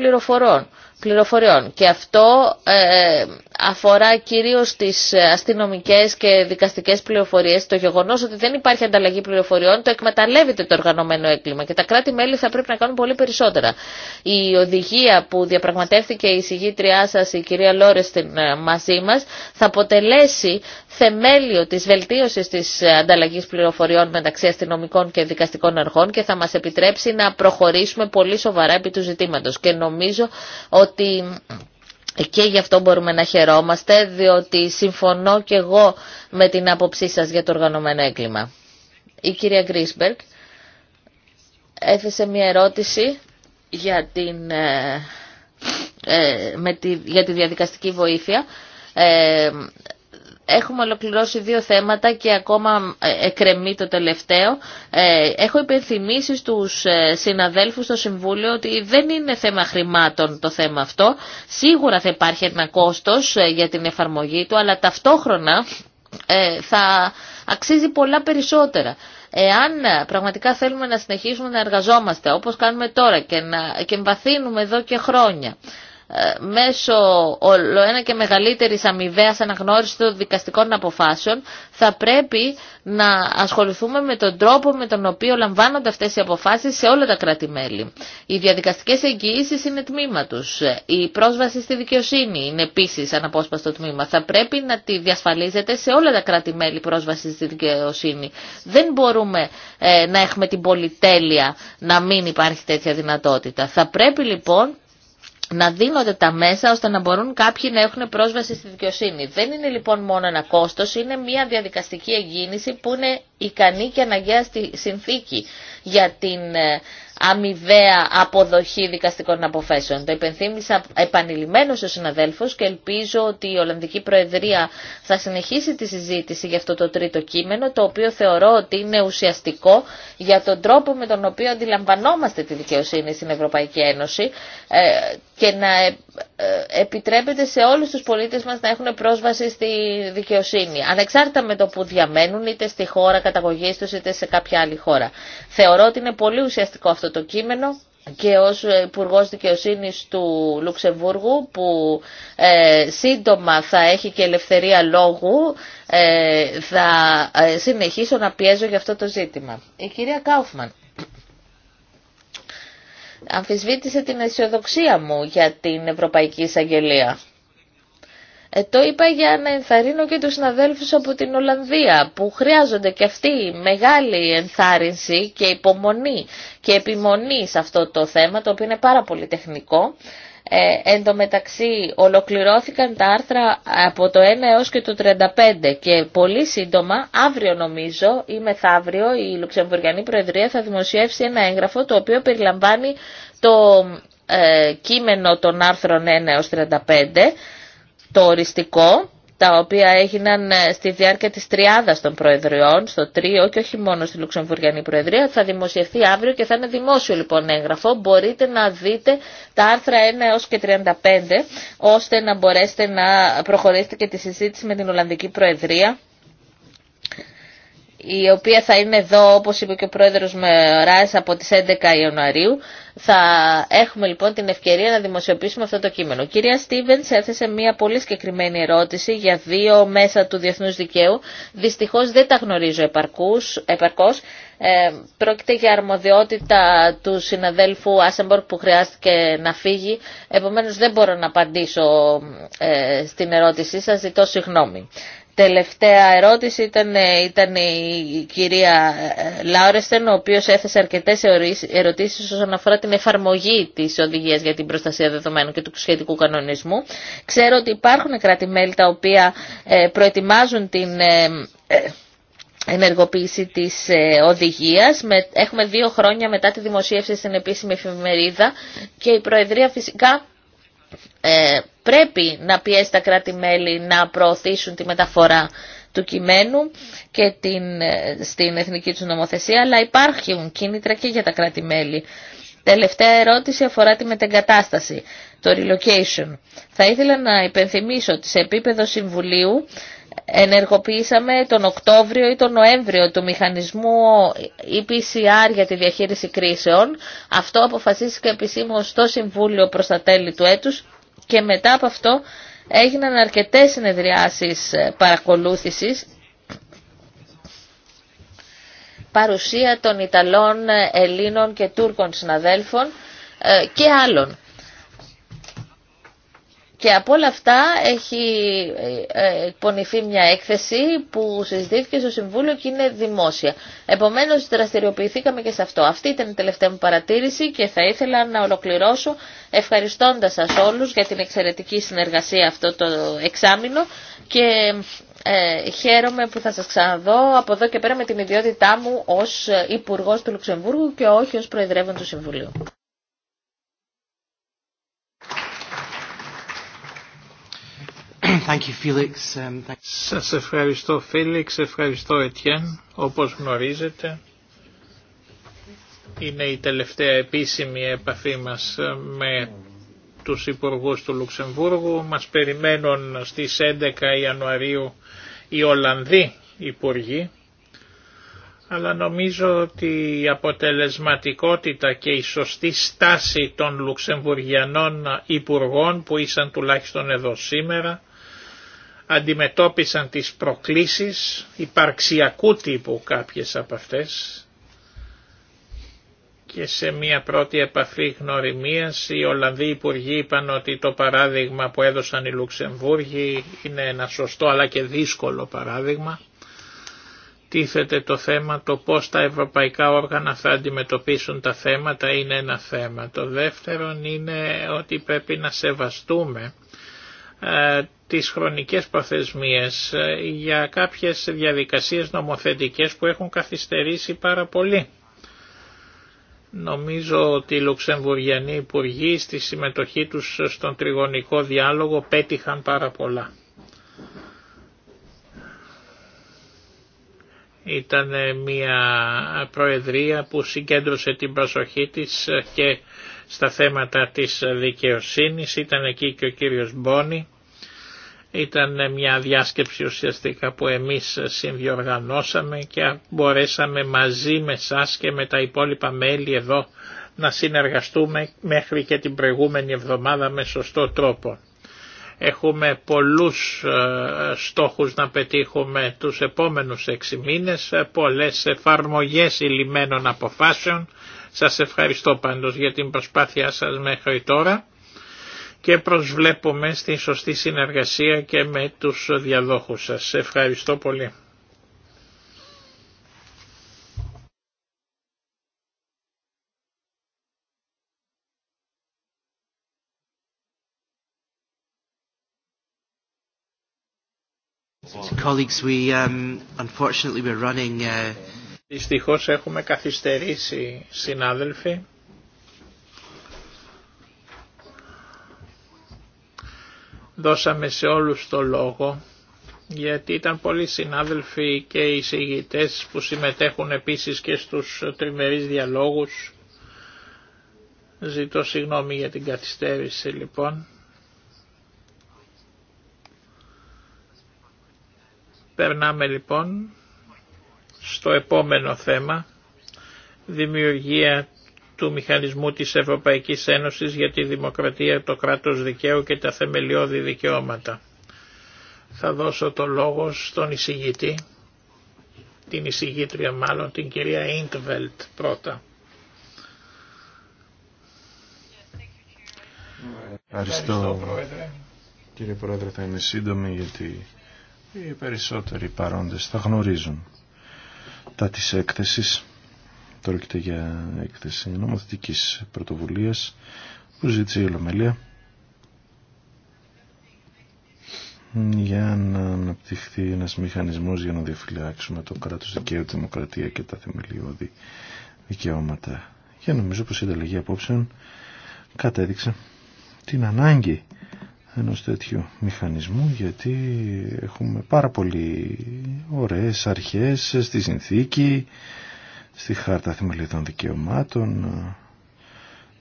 πληροφοριών. Και αυτό ε, αφορά κυρίως τις αστυνομικές και δικαστικές πληροφορίες. Το γεγονός ότι δεν υπάρχει ανταλλαγή πληροφοριών το εκμεταλλεύεται το οργανωμένο έγκλημα και τα κράτη-μέλη θα πρέπει να κάνουν πολύ περισσότερα. Η οδηγία που διαπραγματεύτηκε η συγγήτριά σας, η κυρία Λόρεστιν, ε, μαζί μας θα αποτελέσει θεμέλιο της βελτίωσης της ανταλλαγής πληροφοριών μεταξύ αστυνομικών και δικαστικών αρχών και θα μας επιτρέψει να προχωρήσουμε πολύ σοβαρά επί του ζητήματος. Και νομίζω ότι και γι' αυτό μπορούμε να χαιρόμαστε, διότι συμφωνώ και εγώ με την άποψή σας για το οργανωμένο έγκλημα. Η κυρία Γκρίσμπεργκ έθεσε μια ερώτηση για, την, ε, ε, με τη, για τη διαδικαστική βοήθεια. Ε, Έχουμε ολοκληρώσει δύο θέματα και ακόμα ε, εκρεμεί το τελευταίο. Ε, έχω υπενθυμίσει στους ε, συναδέλφους στο Συμβούλιο ότι δεν είναι θέμα χρημάτων το θέμα αυτό. Σίγουρα θα υπάρχει ένα κόστος για την εφαρμογή του, αλλά ταυτόχρονα θα αξίζει πολλά περισσότερα. Εάν πραγματικά θέλουμε να συνεχίσουμε να εργαζόμαστε όπως κάνουμε τώρα και να εδώ και χρόνια ε, μέσω ολοένα και μεγαλύτερης αμοιβαίας αναγνώριση των δικαστικών αποφάσεων θα πρέπει να ασχοληθούμε με τον τρόπο με τον οποίο λαμβάνονται αυτές οι αποφάσεις σε όλα τα κράτη-μέλη. Οι διαδικαστικές εγγυήσεις είναι τμήμα τους. Η πρόσβαση στη δικαιοσύνη είναι επίσης αναπόσπαστο τμήμα. Θα πρέπει να τη διασφαλίζεται σε όλα τα κράτη-μέλη πρόσβαση στη δικαιοσύνη. Δεν μπορούμε ε, να έχουμε την πολυτέλεια να μην υπάρχει τέτοια δυνατότητα. Θα πρέπει λοιπόν να δίνονται τα μέσα ώστε να μπορούν κάποιοι να έχουν πρόσβαση στη δικαιοσύνη. Δεν είναι λοιπόν μόνο ένα κόστο, είναι μια διαδικαστική εγγύηση που είναι ικανή και αναγκαία στη συνθήκη για την ε, αμοιβαία αποδοχή δικαστικών αποφάσεων. Το υπενθύμησα επανειλημμένο στο συναδέλφους και ελπίζω ότι η Ολλανδική Προεδρία θα συνεχίσει τη συζήτηση για αυτό το τρίτο κείμενο, το οποίο θεωρώ ότι είναι ουσιαστικό για τον τρόπο με τον οποίο αντιλαμβανόμαστε τη δικαιοσύνη στην Ευρωπαϊκή Ένωση ε, και να ε, επιτρέπεται σε όλους τους πολίτες μας να έχουν πρόσβαση στη δικαιοσύνη, ανεξάρτητα με το που διαμένουν, είτε στη χώρα καταγωγής τους, είτε σε κάποια άλλη χώρα. Θεωρώ ότι είναι πολύ ουσιαστικό αυτό το κείμενο και ως Υπουργό Δικαιοσύνης του Λουξεμβούργου που ε, σύντομα θα έχει και ελευθερία λόγου ε, θα συνεχίσω να πιέζω για αυτό το ζήτημα. Η κυρία Κάουφμαν αμφισβήτησε την αισιοδοξία μου για την Ευρωπαϊκή Εισαγγελία. Ε, το είπα για να ενθαρρύνω και τους συναδέλφους από την Ολλανδία που χρειάζονται και αυτή μεγάλη ενθάρρυνση και υπομονή και επιμονή σε αυτό το θέμα το οποίο είναι πάρα πολύ τεχνικό ε, εν τω μεταξύ ολοκληρώθηκαν τα άρθρα από το 1 έως και το 35 και πολύ σύντομα, αύριο νομίζω ή μεθαύριο η Λουξεμβουργιανή Προεδρία θα δημοσιεύσει ένα έγγραφο το οποίο περιλαμβάνει το ε, κείμενο των άρθρων 1 έως 35, το οριστικό τα οποία έγιναν ε, στη διάρκεια της τριάδας των Προεδριών, στο Τρίο και όχι μόνο στη Λουξεμβουργιανή Προεδρία, θα δημοσιευθεί αύριο και θα είναι δημόσιο λοιπόν έγγραφο. Μπορείτε να δείτε τα άρθρα 1 έως και 35, ώστε να μπορέσετε να προχωρήσετε και τη συζήτηση με την Ολλανδική Προεδρία η οποία θα είναι εδώ, όπως είπε και ο πρόεδρος ράζ, από τις 11 Ιανουαρίου. Θα έχουμε λοιπόν την ευκαιρία να δημοσιοποιήσουμε αυτό το κείμενο. Η κυρία Στίβεν έθεσε μια πολύ συγκεκριμένη ερώτηση για δύο μέσα του διεθνούς δικαίου. Δυστυχώς δεν τα γνωρίζω επαρκούς, επαρκώς. Ε, πρόκειται για αρμοδιότητα του συναδέλφου Άσεμπορκ που χρειάστηκε να φύγει. Επομένως δεν μπορώ να απαντήσω ε, στην ερώτησή σας, ζητώ συγγνώμη τελευταία ερώτηση ήταν, ε, ήταν η κυρία ε, Λάουρεστεν, ο οποίος έθεσε αρκετές ερωτήσεις όσον αφορά την εφαρμογή της οδηγίας για την προστασία δεδομένων και του σχετικού κανονισμού. Ξέρω ότι υπάρχουν κράτη-μέλη τα οποία ε, προετοιμάζουν την ενεργοποίηση της οδηγίας. Έχουμε δύο χρόνια μετά τη δημοσίευση στην επίσημη εφημερίδα και η Προεδρία φυσικά ε, πρέπει να πιέσει τα κράτη-μέλη να προωθήσουν τη μεταφορά του κειμένου και την, ε, στην εθνική του νομοθεσία, αλλά υπάρχουν κίνητρα και για τα κράτη-μέλη. Τελευταία ερώτηση αφορά τη μετεγκατάσταση, το relocation. Θα ήθελα να υπενθυμίσω ότι σε επίπεδο Συμβουλίου ενεργοποιήσαμε τον Οκτώβριο ή τον Νοέμβριο του μηχανισμού EPCR για τη διαχείριση κρίσεων. Αυτό αποφασίστηκε επισήμως στο Συμβούλιο προς τα τέλη του έτους και μετά από αυτό έγιναν αρκετές συνεδριάσεις ε, παρακολούθησης παρουσία των Ιταλών, ε, Ελλήνων και Τούρκων συναδέλφων ε, και άλλων. Και από όλα αυτά έχει ε, ε, εκπονηθεί μια έκθεση που συζητήθηκε στο Συμβούλιο και είναι δημόσια. Επομένως δραστηριοποιηθήκαμε και σε αυτό. Αυτή ήταν η τελευταία μου παρατήρηση και θα ήθελα να ολοκληρώσω ευχαριστώντας σας όλους για την εξαιρετική συνεργασία αυτό το εξάμεινο και ε, χαίρομαι που θα σας ξαναδώ από εδώ και πέρα με την ιδιότητά μου ως Υπουργός του Λουξεμβούργου και όχι ως Προεδρεύων του Συμβουλίου. Thank you, Felix. Um, Σας ευχαριστώ Φίλιξ, ευχαριστώ Ετιέν. Όπως γνωρίζετε είναι η τελευταία επίσημη επαφή μας ε, με τους υπουργούς του Λουξεμβούργου. Μας περιμένουν στις 11 Ιανουαρίου οι Ολλανδοί υπουργοί. Αλλά νομίζω ότι η αποτελεσματικότητα και η σωστή στάση των Λουξεμβουργιανών υπουργών που ήσαν τουλάχιστον εδώ σήμερα αντιμετώπισαν τις προκλήσεις υπαρξιακού τύπου κάποιες από αυτές και σε μια πρώτη επαφή γνωριμίας οι Ολλανδοί Υπουργοί είπαν ότι το παράδειγμα που έδωσαν οι Λουξεμβούργοι είναι ένα σωστό αλλά και δύσκολο παράδειγμα. Τίθεται το θέμα το πώς τα ευρωπαϊκά όργανα θα αντιμετωπίσουν τα θέματα είναι ένα θέμα. Το δεύτερο είναι ότι πρέπει να σεβαστούμε ε, τις χρονικές προθεσμίες ε, για κάποιες διαδικασίες νομοθετικές που έχουν καθυστερήσει πάρα πολύ. Νομίζω ότι οι Λουξεμβουργιανοί υπουργοί στη συμμετοχή τους στον τριγωνικό διάλογο πέτυχαν πάρα πολλά. Ήταν μια προεδρία που συγκέντρωσε την προσοχή της και στα θέματα της δικαιοσύνης. Ήταν εκεί και ο κύριος Μπόνι ήταν μια διάσκεψη ουσιαστικά που εμείς συνδιοργανώσαμε και μπορέσαμε μαζί με σας και με τα υπόλοιπα μέλη εδώ να συνεργαστούμε μέχρι και την προηγούμενη εβδομάδα με σωστό τρόπο. Έχουμε πολλούς ε, στόχους να πετύχουμε τους επόμενους έξι μήνες, ε, πολλές εφαρμογές ηλιμένων αποφάσεων. Σας ευχαριστώ πάντως για την προσπάθειά σας μέχρι τώρα και προσβλέπουμε στη σωστή συνεργασία και με τους διαδόχους σας. Ευχαριστώ πολύ. Colleagues, um, uh, Δυστυχώς έχουμε καθυστερήσει συνάδελφοι. δώσαμε σε όλους το λόγο γιατί ήταν πολλοί συνάδελφοι και οι εισηγητές που συμμετέχουν επίσης και στους τριμερείς διαλόγους. Ζητώ συγγνώμη για την καθυστέρηση λοιπόν. Περνάμε λοιπόν στο επόμενο θέμα, δημιουργία του Μηχανισμού της Ευρωπαϊκής Ένωσης για τη Δημοκρατία, το κράτος δικαίου και τα θεμελιώδη δικαιώματα. Θα δώσω το λόγο στον εισηγητή, την εισηγήτρια μάλλον, την κυρία Ιντβελτ πρώτα. Ευχαριστώ. Πρόεδρε. Κύριε Πρόεδρε, θα είμαι σύντομη γιατί οι περισσότεροι παρόντες θα γνωρίζουν τα της έκθεσης. Πρόκειται για έκθεση νομοθετική πρωτοβουλίας που ζήτησε η Ολομέλεια για να αναπτυχθεί ένα μηχανισμό για να διαφυλάξουμε το κράτο δικαίου, τη δημοκρατία και τα θεμελιώδη δικαιώματα. Και νομίζω πω η ανταλλαγή απόψεων κατέδειξε την ανάγκη ενός τέτοιου μηχανισμού γιατί έχουμε πάρα πολύ ωραίε αρχέ στη συνθήκη στη Χάρτα Θεμελιωδών Δικαιωμάτων,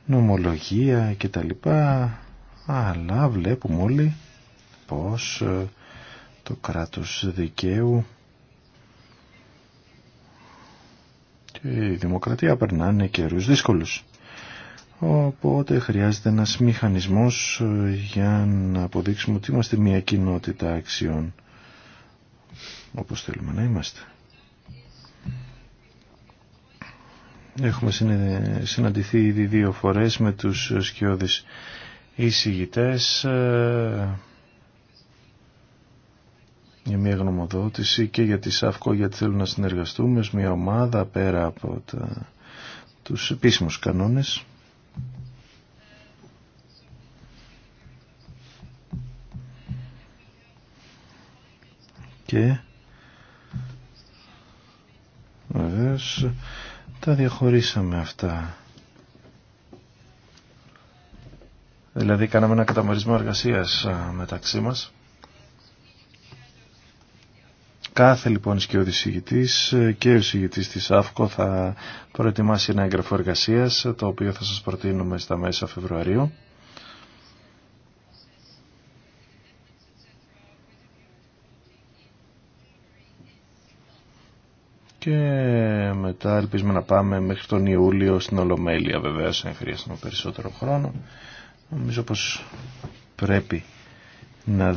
νομολογία κτλ. Αλλά βλέπουμε όλοι πως ε, το κράτος δικαίου και η δημοκρατία περνάνε καιρούς δύσκολους. Οπότε χρειάζεται ένας μηχανισμός ε, για να αποδείξουμε ότι είμαστε μια κοινότητα αξιών όπως θέλουμε να είμαστε. Έχουμε συναντηθεί ήδη δύο φορές με τους σκιώδεις εισηγητές ε, για μια γνωμοδότηση και για τη ΣΑΦΚΟ γιατί θέλουν να συνεργαστούμε ως μια ομάδα πέρα από τα, τους επίσημους κανόνες. Και βεβαίως τα διαχωρίσαμε αυτά. Δηλαδή κάναμε ένα καταμερισμό εργασίας μεταξύ μας. Κάθε λοιπόν σκιώδης συγητής ε, και ο συγητής της ΑΦΚΟ θα προετοιμάσει ένα έγγραφο εργασίας το οποίο θα σας προτείνουμε στα μέσα Φεβρουαρίου. και μετά ελπίζουμε να πάμε μέχρι τον Ιούλιο στην Ολομέλεια βεβαίω αν χρειαστούμε περισσότερο χρόνο νομίζω πως πρέπει να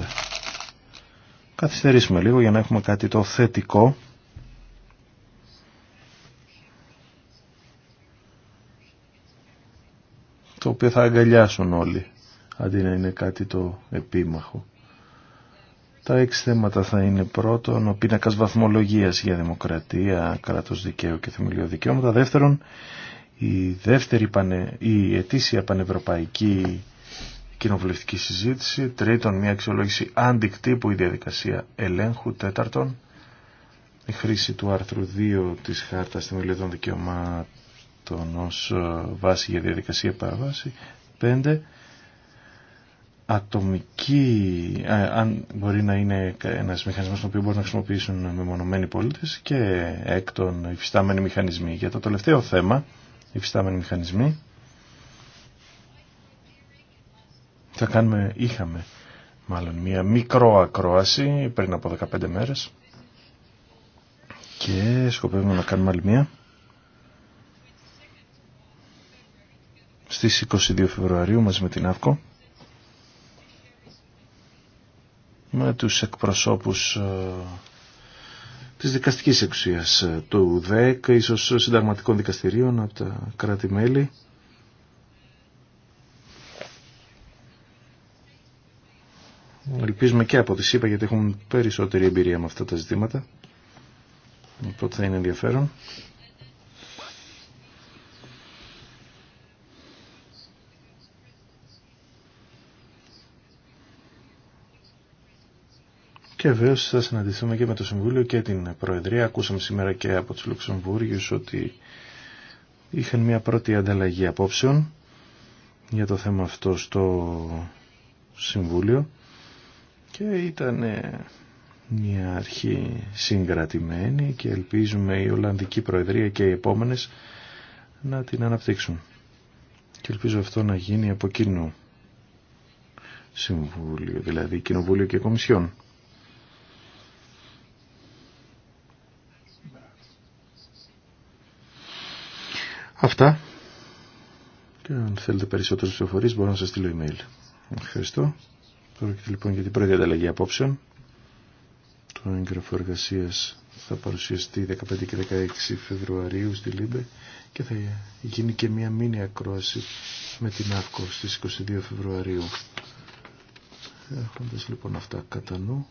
καθυστερήσουμε λίγο για να έχουμε κάτι το θετικό το οποίο θα αγκαλιάσουν όλοι αντί να είναι κάτι το επίμαχο τα έξι θέματα θα είναι πρώτον ο πίνακα βαθμολογία για δημοκρατία, κράτο δικαίου και θεμελιώδη δικαιώματα. Δεύτερον, η, δεύτερη πανε, η ετήσια πανευρωπαϊκή κοινοβουλευτική συζήτηση. Τρίτον, μια αξιολόγηση αντικτύπου η διαδικασία ελέγχου. Τέταρτον, η χρήση του άρθρου 2 της Χάρτας Θεμελιωδών Δικαιωμάτων ως ε, βάση για διαδικασία παραβάση. Πέντε, ατομική, ε, αν μπορεί να είναι ένας μηχανισμός τον οποίο μπορεί να χρησιμοποιήσουν μεμονωμένοι πολίτες και έκτον υφιστάμενοι μηχανισμοί. Για το τελευταίο θέμα, υφιστάμενοι μηχανισμοί, θα κάνουμε, είχαμε μάλλον μία μικρό ακρόαση πριν από 15 μέρες και σκοπεύουμε να κάνουμε άλλη μία στις 22 Φεβρουαρίου μαζί με την ΑΦΚΟ με τους εκπροσώπους ε, της δικαστικής εξουσίας ε, του ΔΕΚ, ίσως συνταγματικών δικαστηρίων από τα κράτη-μέλη. Ελπίζουμε και από τη ΣΥΠΑ γιατί έχουν περισσότερη εμπειρία με αυτά τα ζητήματα. Οπότε θα είναι ενδιαφέρον. Και βέβαια θα συναντηθούμε και με το Συμβούλιο και την Προεδρία. Ακούσαμε σήμερα και από του Λουξεμβούργιου ότι είχαν μια πρώτη ανταλλαγή απόψεων για το θέμα αυτό στο Συμβούλιο και ήταν μια αρχή συγκρατημένη και ελπίζουμε η Ολλανδική Προεδρία και οι επόμενες να την αναπτύξουν. Και ελπίζω αυτό να γίνει από κοινού Συμβούλιο, δηλαδή Κοινοβούλιο και Κομισιόν. Αυτά. Και αν θέλετε περισσότερες πληροφορίε, μπορώ να σας στείλω email. Ευχαριστώ. Πρόκειται λοιπόν για την πρώτη ανταλλαγή απόψεων. Το έγγραφο εργασία θα παρουσιαστεί 15 και 16 Φεβρουαρίου στη Λίμπε και θα γίνει και μία μήνυα ακρόαση με την ΑΦΚΟ στι 22 Φεβρουαρίου. Έχοντα λοιπόν αυτά κατά νου,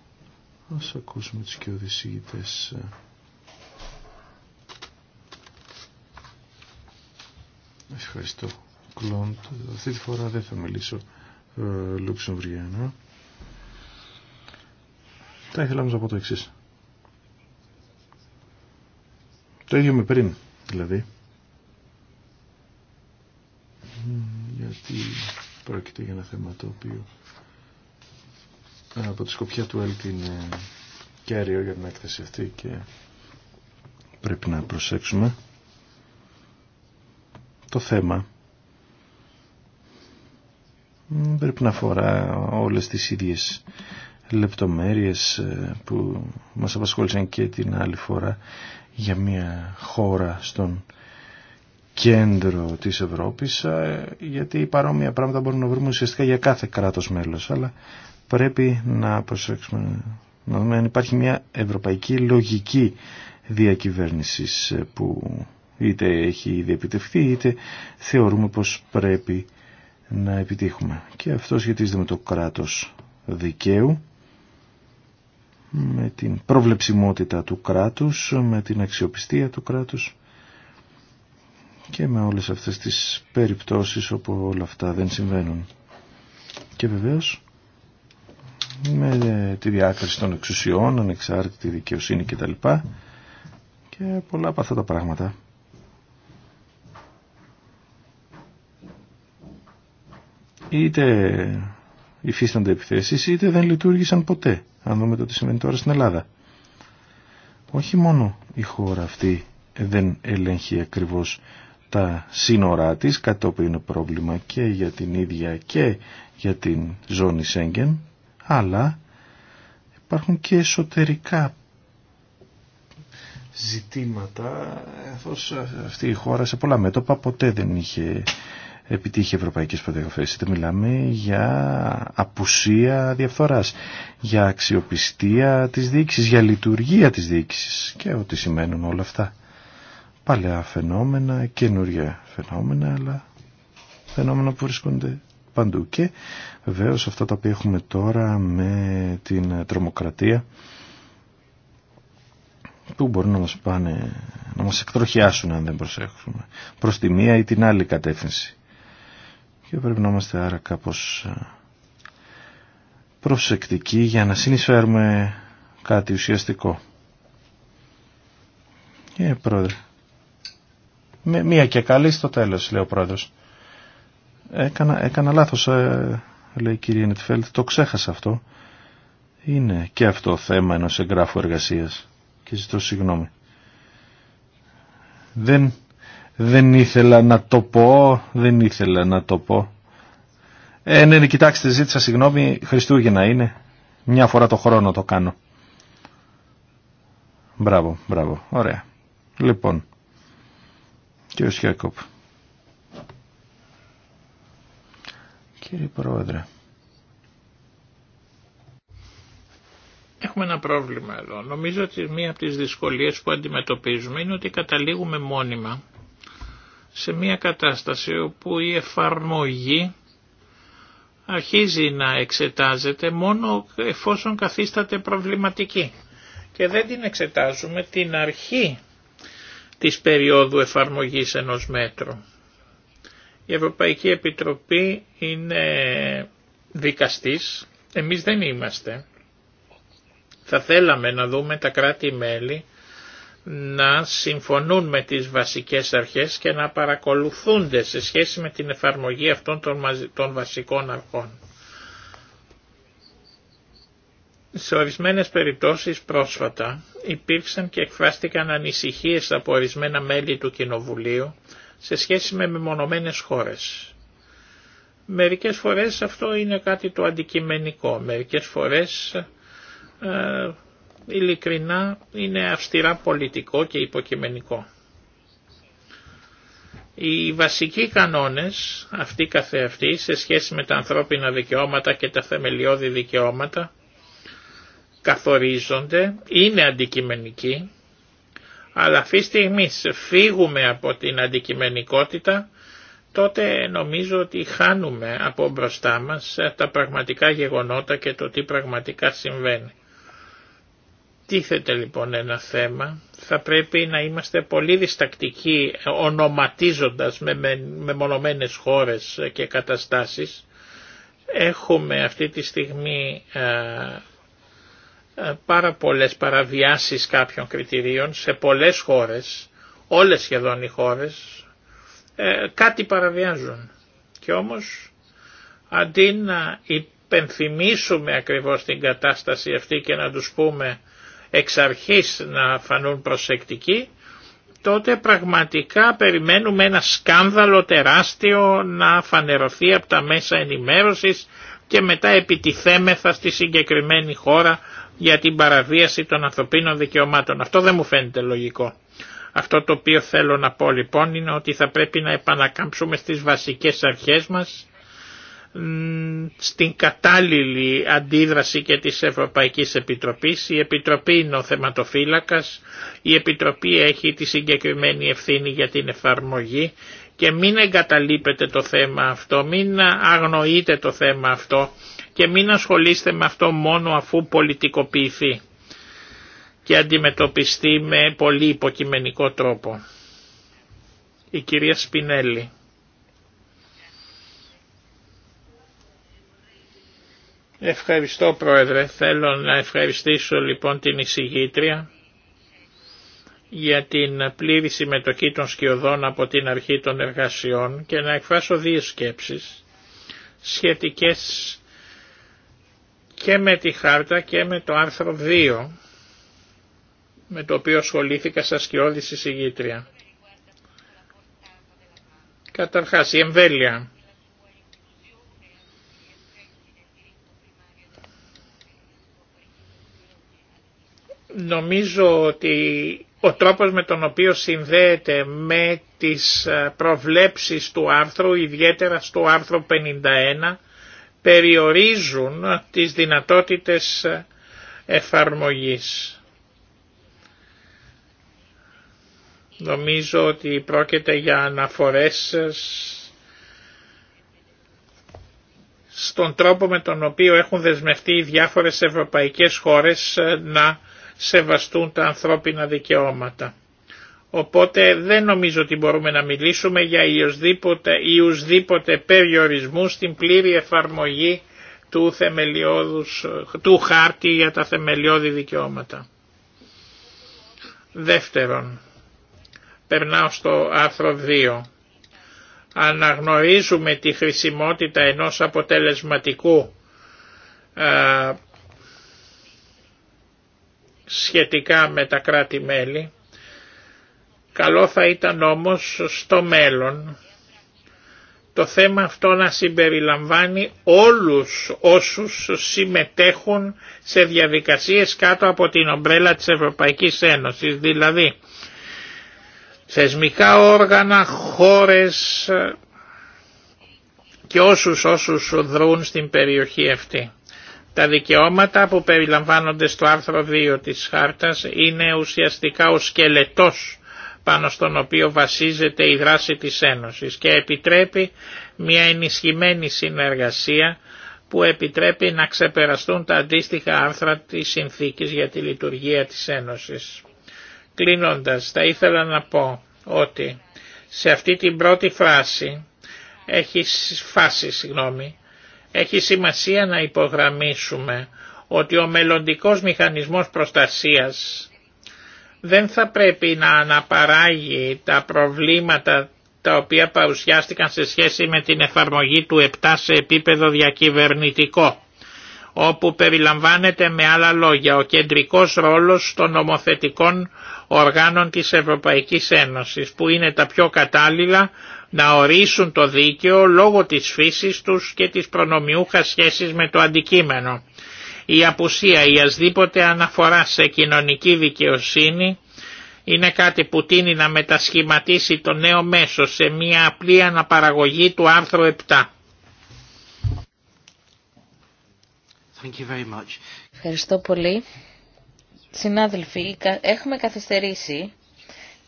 α ακούσουμε τους και οδησίγητες ε, Ευχαριστώ. Κλοντ. Αυτή τη φορά δεν θα μιλήσω ε, Λουξεμβριανό. Θα ήθελα να πω το εξή. Το ίδιο με πριν, δηλαδή. Γιατί πρόκειται για ένα θέμα το οποίο ε, από τη σκοπιά του ΕΛΚ είναι κέριο για την έκθεση αυτή και πρέπει να προσέξουμε το θέμα πρέπει να αφορά όλες τις ίδιες λεπτομέρειες ε, που μας απασχόλησαν και την άλλη φορά για μια χώρα στον κέντρο της Ευρώπης ε, γιατί παρόμοια πράγματα μπορούμε να βρούμε ουσιαστικά για κάθε κράτος μέλος αλλά πρέπει να προσέξουμε να δούμε αν υπάρχει μια ευρωπαϊκή λογική διακυβέρνησης ε, που είτε έχει ήδη επιτευχθεί είτε θεωρούμε πως πρέπει να επιτύχουμε. Και αυτό σχετίζεται με το κράτος δικαίου, με την προβλεψιμότητα του κράτους, με την αξιοπιστία του κράτους και με όλες αυτές τις περιπτώσεις όπου όλα αυτά δεν συμβαίνουν. Και βεβαίως με τη διάκριση των εξουσιών, ανεξάρτητη δικαιοσύνη κτλ. Και πολλά από αυτά τα πράγματα είτε υφίστανται επιθέσεις είτε δεν λειτουργήσαν ποτέ, αν δούμε το τι σημαίνει τώρα στην Ελλάδα. Όχι μόνο η χώρα αυτή δεν ελέγχει ακριβώς τα σύνορά της, κατόπιν είναι πρόβλημα και για την ίδια και για την ζώνη Σέγγεν, αλλά υπάρχουν και εσωτερικά ζητήματα, Εφόσον αυτή η χώρα σε πολλά μέτωπα ποτέ δεν είχε επιτύχει ευρωπαϊκές προδιαγραφές. Είτε μιλάμε για απουσία διαφθοράς, για αξιοπιστία της διοίκησης, για λειτουργία της διοίκησης και ό,τι σημαίνουν όλα αυτά. Παλαιά φαινόμενα, καινούργια φαινόμενα, αλλά φαινόμενα που βρίσκονται παντού. Και βεβαίω αυτά τα οποία έχουμε τώρα με την τρομοκρατία που μπορούν να μας πάνε, να μας εκτροχιάσουν αν δεν προσέχουμε προς τη μία ή την άλλη κατεύθυνση και πρέπει να είμαστε άρα κάπως ε, προσεκτικοί για να συνεισφέρουμε κάτι ουσιαστικό. Ε, πρόεδρε. μία και καλή στο τέλος, λέει ο πρόεδρος. Έκανα, έκανα λάθος, ε, λέει η κυρία Νετφέλτ, το ξέχασα αυτό. Είναι και αυτό θέμα ενός εγγράφου εργασίας και ζητώ συγγνώμη. Δεν δεν ήθελα να το πω, δεν ήθελα να το πω. Ε, ναι, ναι, κοιτάξτε, ζήτησα συγγνώμη, Χριστούγεννα είναι. Μια φορά το χρόνο το κάνω. Μπράβο, μπράβο, ωραία. Λοιπόν, κύριος Χιακόπ. Κύριε Πρόεδρε. Έχουμε ένα πρόβλημα εδώ. Νομίζω ότι μία από τις δυσκολίες που αντιμετωπίζουμε είναι ότι καταλήγουμε μόνιμα σε μια κατάσταση όπου η εφαρμογή αρχίζει να εξετάζεται μόνο εφόσον καθίσταται προβληματική και δεν την εξετάζουμε την αρχή της περίοδου εφαρμογής ενός μέτρου. Η Ευρωπαϊκή Επιτροπή είναι δικαστής, εμείς δεν είμαστε. Θα θέλαμε να δούμε τα κράτη-μέλη να συμφωνούν με τις βασικές αρχές και να παρακολουθούνται σε σχέση με την εφαρμογή αυτών των, βασικών αρχών. Σε ορισμένες περιπτώσεις πρόσφατα υπήρξαν και εκφράστηκαν ανησυχίες από ορισμένα μέλη του Κοινοβουλίου σε σχέση με μεμονωμένες χώρες. Μερικές φορές αυτό είναι κάτι το αντικειμενικό, μερικές φορές ε, ειλικρινά είναι αυστηρά πολιτικό και υποκειμενικό. Οι βασικοί κανόνες, αυτοί καθεαυτοί, σε σχέση με τα ανθρώπινα δικαιώματα και τα θεμελιώδη δικαιώματα, καθορίζονται, είναι αντικειμενικοί, αλλά αυτή τη φύγουμε από την αντικειμενικότητα, τότε νομίζω ότι χάνουμε από μπροστά μας τα πραγματικά γεγονότα και το τι πραγματικά συμβαίνει τίθεται λοιπόν ένα θέμα, θα πρέπει να είμαστε πολύ διστακτικοί ε, ονοματίζοντας με, με, χώρες ε, και καταστάσεις. Έχουμε αυτή τη στιγμή ε, πάρα πολλές παραβιάσεις κάποιων κριτηρίων σε πολλές χώρες, όλες σχεδόν οι χώρες, κάτι παραβιάζουν. Και όμως αντί να υπενθυμίσουμε ακριβώς την κατάσταση αυτή και να τους πούμε εξ αρχής να φανούν προσεκτικοί, τότε πραγματικά περιμένουμε ένα σκάνδαλο τεράστιο να φανερωθεί από τα μέσα ενημέρωσης και μετά επιτιθέμεθα στη συγκεκριμένη χώρα για την παραβίαση των ανθρωπίνων δικαιωμάτων. Αυτό δεν μου φαίνεται λογικό. Αυτό το οποίο θέλω να πω λοιπόν είναι ότι θα πρέπει να επανακάμψουμε στις βασικές αρχές μας στην κατάλληλη αντίδραση και της Ευρωπαϊκής Επιτροπής. Η Επιτροπή είναι ο θεματοφύλακας, η Επιτροπή έχει τη συγκεκριμένη ευθύνη για την εφαρμογή και μην εγκαταλείπετε το θέμα αυτό, μην αγνοείτε το θέμα αυτό και μην ασχολείστε με αυτό μόνο αφού πολιτικοποιηθεί και αντιμετωπιστεί με πολύ υποκειμενικό τρόπο. Η κυρία Σπινέλη. Ευχαριστώ Πρόεδρε. Θέλω να ευχαριστήσω λοιπόν την εισηγήτρια για την πλήρη συμμετοχή των σκιωδών από την αρχή των εργασιών και να εκφράσω δύο σκέψεις σχετικές και με τη χάρτα και με το άρθρο 2 με το οποίο ασχολήθηκα σαν σκιώδης εισηγήτρια. Καταρχάς η εμβέλεια Νομίζω ότι ο τρόπος με τον οποίο συνδέεται με τις ε, προβλέψεις του άρθρου, ιδιαίτερα στο άρθρο 51, περιορίζουν τις δυνατότητες ε, εφαρμογής. Νομίζω ότι πρόκειται για αναφορές ε, στον τρόπο με τον οποίο έχουν δεσμευτεί οι διάφορες ευρωπαϊκές χώρες να σεβαστούν τα ανθρώπινα δικαιώματα. Οπότε δεν νομίζω ότι μπορούμε να μιλήσουμε για ιουσδήποτε περιορισμού στην πλήρη εφαρμογή του, χάρτη για τα θεμελιώδη δικαιώματα. Δεύτερον, περνάω στο άρθρο 2. Αναγνωρίζουμε τη χρησιμότητα ενός αποτελεσματικού σχετικά με τα κράτη-μέλη. Καλό θα ήταν όμως στο μέλλον το θέμα αυτό να συμπεριλαμβάνει όλους όσους συμμετέχουν σε διαδικασίες κάτω από την ομπρέλα της Ευρωπαϊκής Ένωσης, δηλαδή θεσμικά όργανα, χώρες και όσους όσους δρούν στην περιοχή αυτή. Τα δικαιώματα που περιλαμβάνονται στο άρθρο 2 της χάρτας είναι ουσιαστικά ο σκελετός πάνω στον οποίο βασίζεται η δράση της Ένωσης και επιτρέπει μια ενισχυμένη συνεργασία που επιτρέπει να ξεπεραστούν τα αντίστοιχα άρθρα της συνθήκης για τη λειτουργία της Ένωσης. Κλείνοντας, θα ήθελα να πω ότι σε αυτή την πρώτη φράση, έχει φάσει, συγγνώμη, έχει σημασία να υπογραμμίσουμε ότι ο μελλοντικός μηχανισμός προστασίας δεν θα πρέπει να αναπαράγει τα προβλήματα τα οποία παρουσιάστηκαν σε σχέση με την εφαρμογή του 7 σε επίπεδο διακυβερνητικό, όπου περιλαμβάνεται με άλλα λόγια ο κεντρικός ρόλος των νομοθετικών οργάνων της Ευρωπαϊκής Ένωσης, που είναι τα πιο κατάλληλα να ορίσουν το δίκαιο λόγω της φύσης τους και της προνομιούχας σχέσης με το αντικείμενο. Η απουσία ή ασδήποτε αναφορά σε κοινωνική δικαιοσύνη είναι κάτι που τίνει να μετασχηματίσει το νέο μέσο σε μια απλή αναπαραγωγή του άρθρου 7. Thank you very much. Ευχαριστώ πολύ. Συνάδελφοι, έχουμε καθυστερήσει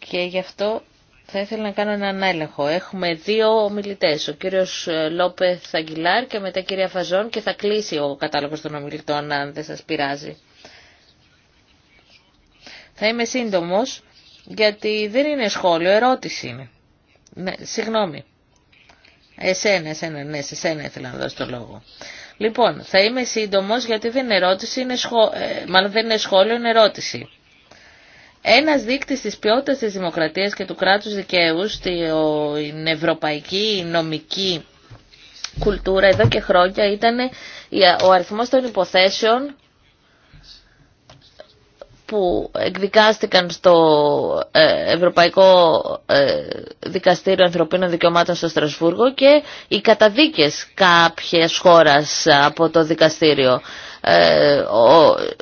και γι' αυτό θα ήθελα να κάνω έναν έλεγχο. Έχουμε δύο ομιλητέ, ο κύριο ε, Λόπεθ Αγγιλάρ και μετά κυρία Φαζόν και θα κλείσει ο κατάλογο των ομιλητών αν δεν σα πειράζει. Θα είμαι σύντομο γιατί δεν είναι σχόλιο, ερώτηση είναι. Ναι, συγγνώμη. Εσένα, εσένα, ναι, σε εσένα ήθελα να δώσω το λόγο. Λοιπόν, θα είμαι σύντομο γιατί δεν είναι ερώτηση, είναι σχόλιο, ε, μάλλον δεν είναι σχόλιο, είναι ερώτηση. Ένα δείκτη τη ποιότητα της δημοκρατίας και του κράτους δικαίου στην ευρωπαϊκή νομική κουλτούρα εδώ και χρόνια ήταν ο αριθμός των υποθέσεων που εκδικάστηκαν στο ε, Ευρωπαϊκό ε, Δικαστήριο Ανθρωπίνων Δικαιωμάτων στο Στρασβούργο και οι καταδίκες κάποιες χώρας από το δικαστήριο. Ε,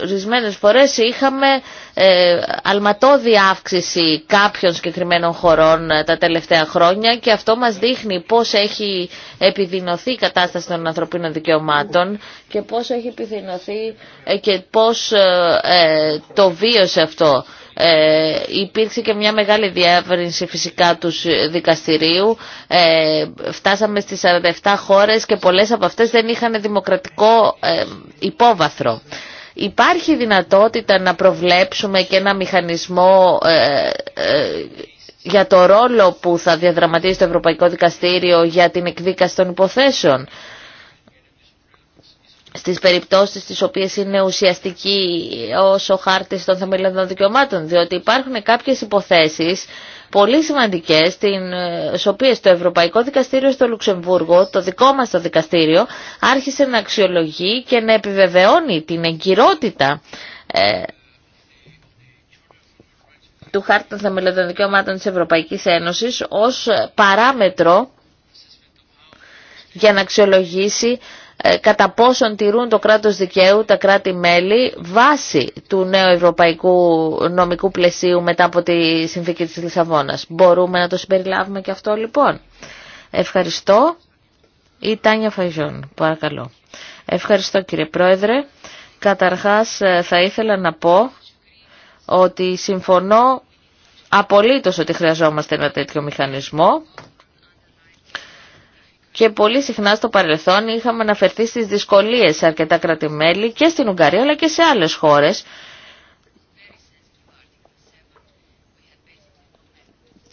ορισμένες φορές είχαμε ε, αλματώδη αύξηση κάποιων συγκεκριμένων χωρών ε, τα τελευταία χρόνια και αυτό μας δείχνει πώς έχει επιδεινωθεί η κατάσταση των ανθρωπίνων δικαιωμάτων και πώς έχει επιδεινωθεί και πώς το βίωσε αυτό. Ε, υπήρξε και μια μεγάλη διεύρυνση φυσικά του δικαστηρίου. Ε, φτάσαμε στις 47 χώρες και πολλές από αυτές δεν είχαν δημοκρατικό ε, υπόβαθρο. Υπάρχει δυνατότητα να προβλέψουμε και ένα μηχανισμό ε, ε, για το ρόλο που θα διαδραματίσει το Ευρωπαϊκό Δικαστήριο για την εκδίκαση των υποθέσεων στις περιπτώσεις τις οποίες είναι ουσιαστική ο χάρτης των θεμελιωδών δικαιωμάτων, διότι υπάρχουν κάποιες υποθέσεις πολύ σημαντικές, στις οποίες το Ευρωπαϊκό Δικαστήριο στο Λουξεμβούργο, το δικό μας το δικαστήριο, άρχισε να αξιολογεί και να επιβεβαιώνει την εγκυρότητα ε, του Χάρτη των Θεμελιωδών Δικαιωμάτων της Ευρωπαϊκής Ένωσης ως παράμετρο για να αξιολογήσει ε, κατά πόσον τηρούν το κράτος δικαίου τα κράτη-μέλη βάσει του νέου ευρωπαϊκού νομικού πλαισίου μετά από τη συνθήκη της Λισαβόνας. Μπορούμε να το συμπεριλάβουμε και αυτό λοιπόν. Ευχαριστώ. Η Τάνια Φαϊζόν, παρακαλώ. Ευχαριστώ κύριε Πρόεδρε. Καταρχάς ε, θα ήθελα να πω ότι συμφωνώ απολύτως ότι χρειαζόμαστε ένα τέτοιο μηχανισμό και πολύ συχνά στο παρελθόν είχαμε αναφερθεί στις δυσκολίες σε αρκετά κρατημέλη και στην Ουγγαρία αλλά και σε άλλες χώρες.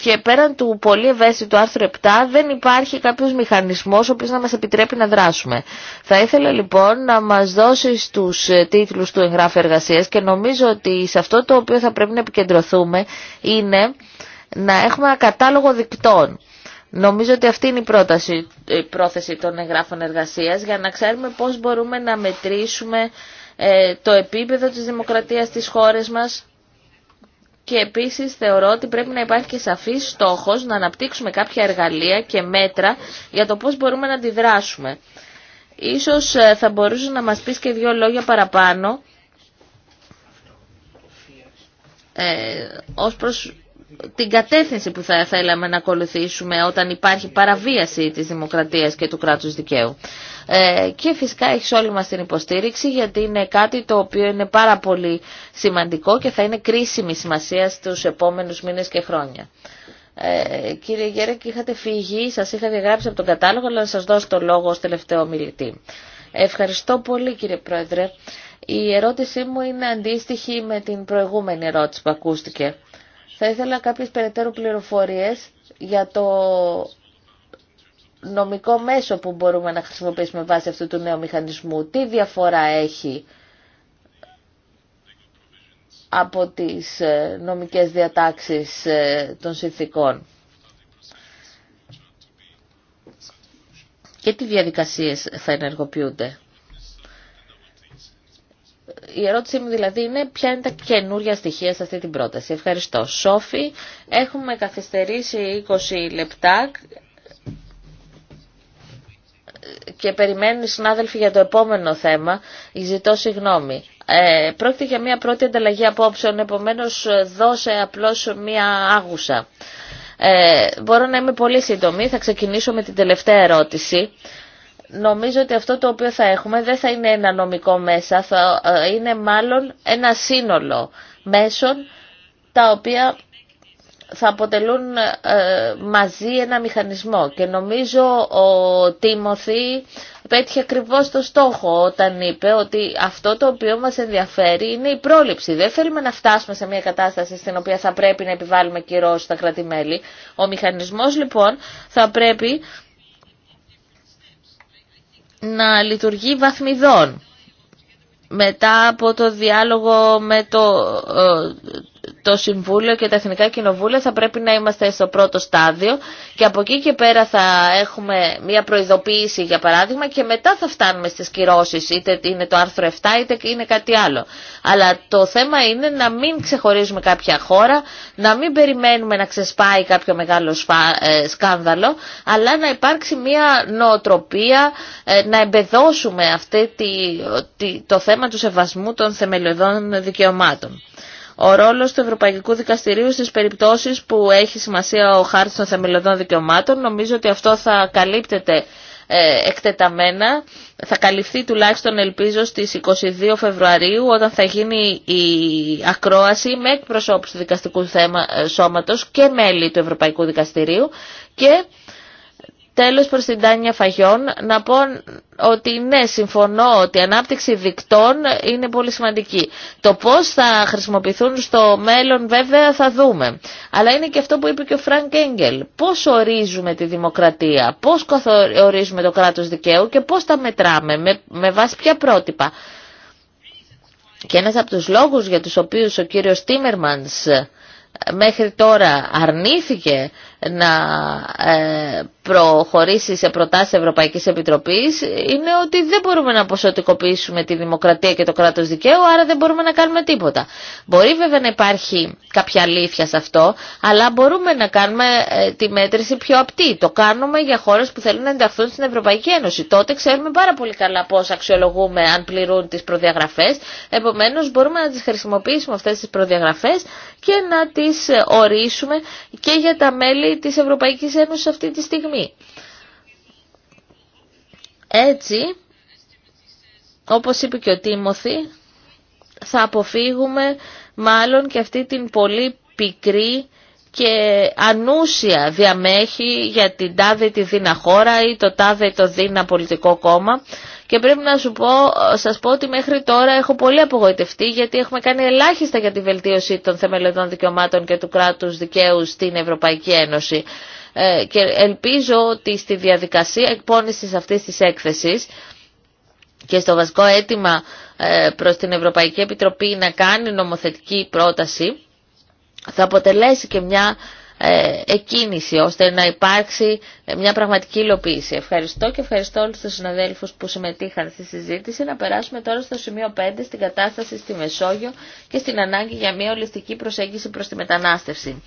Και πέραν του πολύ ευαίσθητου άρθρου 7 δεν υπάρχει κάποιος μηχανισμός ο οποίος να μας επιτρέπει να δράσουμε. Θα ήθελα λοιπόν να μας δώσεις τους ε, τίτλους του εγγράφου εργασίας και νομίζω ότι σε αυτό το οποίο θα πρέπει να επικεντρωθούμε είναι να έχουμε ένα κατάλογο δικτών. Νομίζω ότι αυτή είναι η, πρόταση, πρόθεση των εγγράφων εργασίας για να ξέρουμε πώς μπορούμε να μετρήσουμε ε, το επίπεδο της δημοκρατίας στις χώρες μας και επίσης θεωρώ ότι πρέπει να υπάρχει και σαφής στόχος να αναπτύξουμε κάποια εργαλεία και μέτρα για το πώς μπορούμε να αντιδράσουμε. Ίσως ε, θα μπορούσε να μας πεις και δύο λόγια παραπάνω ε, ως προς την κατεύθυνση που θα θέλαμε να ακολουθήσουμε όταν υπάρχει παραβίαση της δημοκρατίας και του κράτους δικαίου. Ε, και φυσικά έχει όλη μας την υποστήριξη γιατί είναι κάτι το οποίο είναι πάρα πολύ σημαντικό και θα είναι κρίσιμη σημασία στους επόμενους μήνες και χρόνια. Ε, κύριε Γέρεκ, είχατε φύγει, σας είχα διαγράψει από τον κατάλογο, αλλά να σας δώσω το λόγο ως τελευταίο μιλητή. Ευχαριστώ πολύ κύριε Πρόεδρε. Η ερώτησή μου είναι αντίστοιχη με την προηγούμενη ερώτηση που ακούστηκε. Θα ήθελα κάποιες περαιτέρω πληροφορίες για το νομικό μέσο που μπορούμε να χρησιμοποιήσουμε βάσει αυτού του νέου μηχανισμού. Τι διαφορά έχει από τις ε, νομικές διατάξεις ε, των συνθήκων. Και τι διαδικασίες θα ενεργοποιούνται η ερώτησή μου δηλαδή είναι ποια είναι τα καινούργια στοιχεία σε αυτή την πρόταση. Ευχαριστώ. Σόφη, έχουμε καθυστερήσει 20 λεπτά και περιμένουν οι συνάδελφοι για το επόμενο θέμα. Ζητώ συγγνώμη. Ε, πρόκειται για μια πρώτη ανταλλαγή απόψεων, επομένως δώσε απλώς μια άγουσα. Ε, μπορώ να είμαι πολύ σύντομη, θα ξεκινήσω με την τελευταία ερώτηση νομίζω ότι αυτό το οποίο θα έχουμε δεν θα είναι ένα νομικό μέσα, θα ε, είναι μάλλον ένα σύνολο μέσων τα οποία θα αποτελούν ε, μαζί ένα μηχανισμό. Και νομίζω ο Τίμωθη πέτυχε ακριβώς το στόχο όταν είπε ότι αυτό το οποίο μας ενδιαφέρει είναι η πρόληψη. Δεν θέλουμε να φτάσουμε σε μια κατάσταση στην οποία θα πρέπει να επιβάλλουμε κυρώς στα κρατημέλη. Ο μηχανισμός λοιπόν θα πρέπει να λειτουργεί βαθμιδών μετά από το διάλογο με το, ε, το Συμβούλιο και τα Εθνικά Κοινοβούλια θα πρέπει να είμαστε στο πρώτο στάδιο και από εκεί και πέρα θα έχουμε μια προειδοποίηση για παράδειγμα και μετά θα φτάνουμε στις κυρώσεις είτε είναι το άρθρο 7 είτε είναι κάτι άλλο. Αλλά το θέμα είναι να μην ξεχωρίζουμε κάποια χώρα, να μην περιμένουμε να ξεσπάει κάποιο μεγάλο ε, σκάνδαλο αλλά να υπάρξει μια νοοτροπία ε, να εμπεδώσουμε αυτή τη, το θέμα του σεβασμού των θεμελιωδών δικαιωμάτων ο ρόλο του Ευρωπαϊκού Δικαστηρίου στις περιπτώσεις που έχει σημασία ο χάρτης των θεμελιωδών δικαιωμάτων. Νομίζω ότι αυτό θα καλύπτεται ε, εκτεταμένα. Θα καλυφθεί τουλάχιστον ελπίζω στι 22 Φεβρουαρίου όταν θα γίνει η ακρόαση με εκπροσώπους του δικαστικού ε, σώματος και μέλη του Ευρωπαϊκού Δικαστηρίου και Τέλος προς την Τάνια Φαγιόν να πω ότι ναι, συμφωνώ ότι η ανάπτυξη δικτών είναι πολύ σημαντική. Το πώς θα χρησιμοποιηθούν στο μέλλον βέβαια θα δούμε. Αλλά είναι και αυτό που είπε και ο Φρανκ Έγγελ. Πώς ορίζουμε τη δημοκρατία, πώς ορίζουμε το κράτος δικαίου και πώς τα μετράμε, με, βάση ποια πρότυπα. Και ένας από τους λόγους για τους οποίους ο κύριος Τίμερμανς μέχρι τώρα αρνήθηκε να ε, προχωρήσει σε προτάσεις Ευρωπαϊκής Επιτροπής είναι ότι δεν μπορούμε να ποσοτικοποιήσουμε τη δημοκρατία και το κράτος δικαίου, άρα δεν μπορούμε να κάνουμε τίποτα. Μπορεί βέβαια να υπάρχει κάποια αλήθεια σε αυτό, αλλά μπορούμε να κάνουμε ε, τη μέτρηση πιο απτή. Το κάνουμε για χώρες που θέλουν να ενταχθούν στην Ευρωπαϊκή Ένωση. Τότε ξέρουμε πάρα πολύ καλά πώς αξιολογούμε αν πληρούν τις προδιαγραφές, επομένως μπορούμε να τις χρησιμοποιήσουμε αυτές τις προδιαγραφές και να τις ορίσουμε και για τα μέλη της Ευρωπαϊκής Ένωσης αυτή τη στιγμή. Έτσι, όπως είπε και ο Τίμωθη, θα αποφύγουμε μάλλον και αυτή την πολύ πικρή και ανούσια διαμέχη για την τάδε τη δίνα χώρα ή το τάδε το δίνα πολιτικό κόμμα. Και πρέπει να σου πω, σας πω ότι μέχρι τώρα έχω πολύ απογοητευτεί γιατί έχουμε κάνει ελάχιστα για τη βελτίωση των θεμελιωδών δικαιωμάτων και του κράτους δικαίου στην Ευρωπαϊκή Ένωση. Ε, και ελπίζω ότι στη διαδικασία εκπόνησης αυτής της έκθεσης και στο βασικό αίτημα ε, προς την Ευρωπαϊκή Επιτροπή να κάνει νομοθετική πρόταση θα αποτελέσει και μια ε, εκκίνηση ώστε να υπάρξει μια πραγματική υλοποίηση. Ευχαριστώ και ευχαριστώ όλους τους συναδέλφους που συμμετείχαν στη συζήτηση. Να περάσουμε τώρα στο σημείο 5 στην κατάσταση στη Μεσόγειο και στην ανάγκη για μια ολιστική προσέγγιση προς τη μετανάστευση.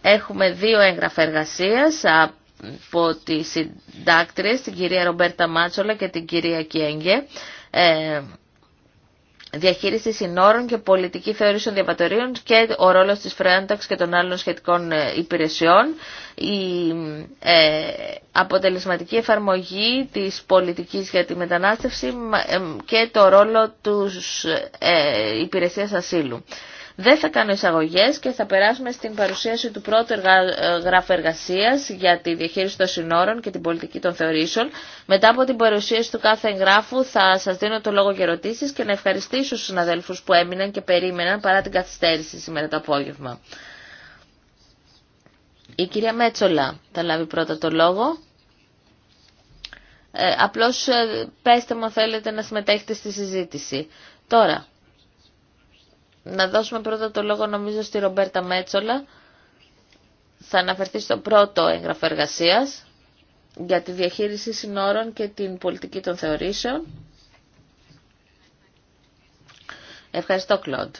Έχουμε δύο έγγραφα εργασίας από τις συντάκτρες, την κυρία Ρομπέρτα Μάτσολα και την κυρία Κιέγγε. Ε, διαχείριση συνόρων και πολιτική θεώρηση των και ο ρόλος της Φρένταξ και των άλλων σχετικών ε, υπηρεσιών, η ε, αποτελεσματική εφαρμογή της πολιτικής για τη μετανάστευση και το ρόλο της ε, υπηρεσίας ασύλου. Δεν θα κάνω εισαγωγέ και θα περάσουμε στην παρουσίαση του πρώτου γράφου εργασία για τη διαχείριση των συνόρων και την πολιτική των θεωρήσεων. Μετά από την παρουσίαση του κάθε εγγράφου θα σας δίνω το λόγο για ερωτήσει και να ευχαριστήσω του συναδέλφου που έμειναν και περίμεναν παρά την καθυστέρηση σήμερα το απόγευμα. Η κυρία Μέτσολα θα λάβει πρώτα το λόγο. Ε, απλώς ε, πέστε μου θέλετε να συμμετέχετε στη συζήτηση. Τώρα, να δώσουμε πρώτα το λόγο νομίζω στη Ρομπέρτα Μέτσολα. Θα αναφερθεί στο πρώτο έγγραφο εργασία για τη διαχείριση συνόρων και την πολιτική των θεωρήσεων. Ευχαριστώ, Κλοντ.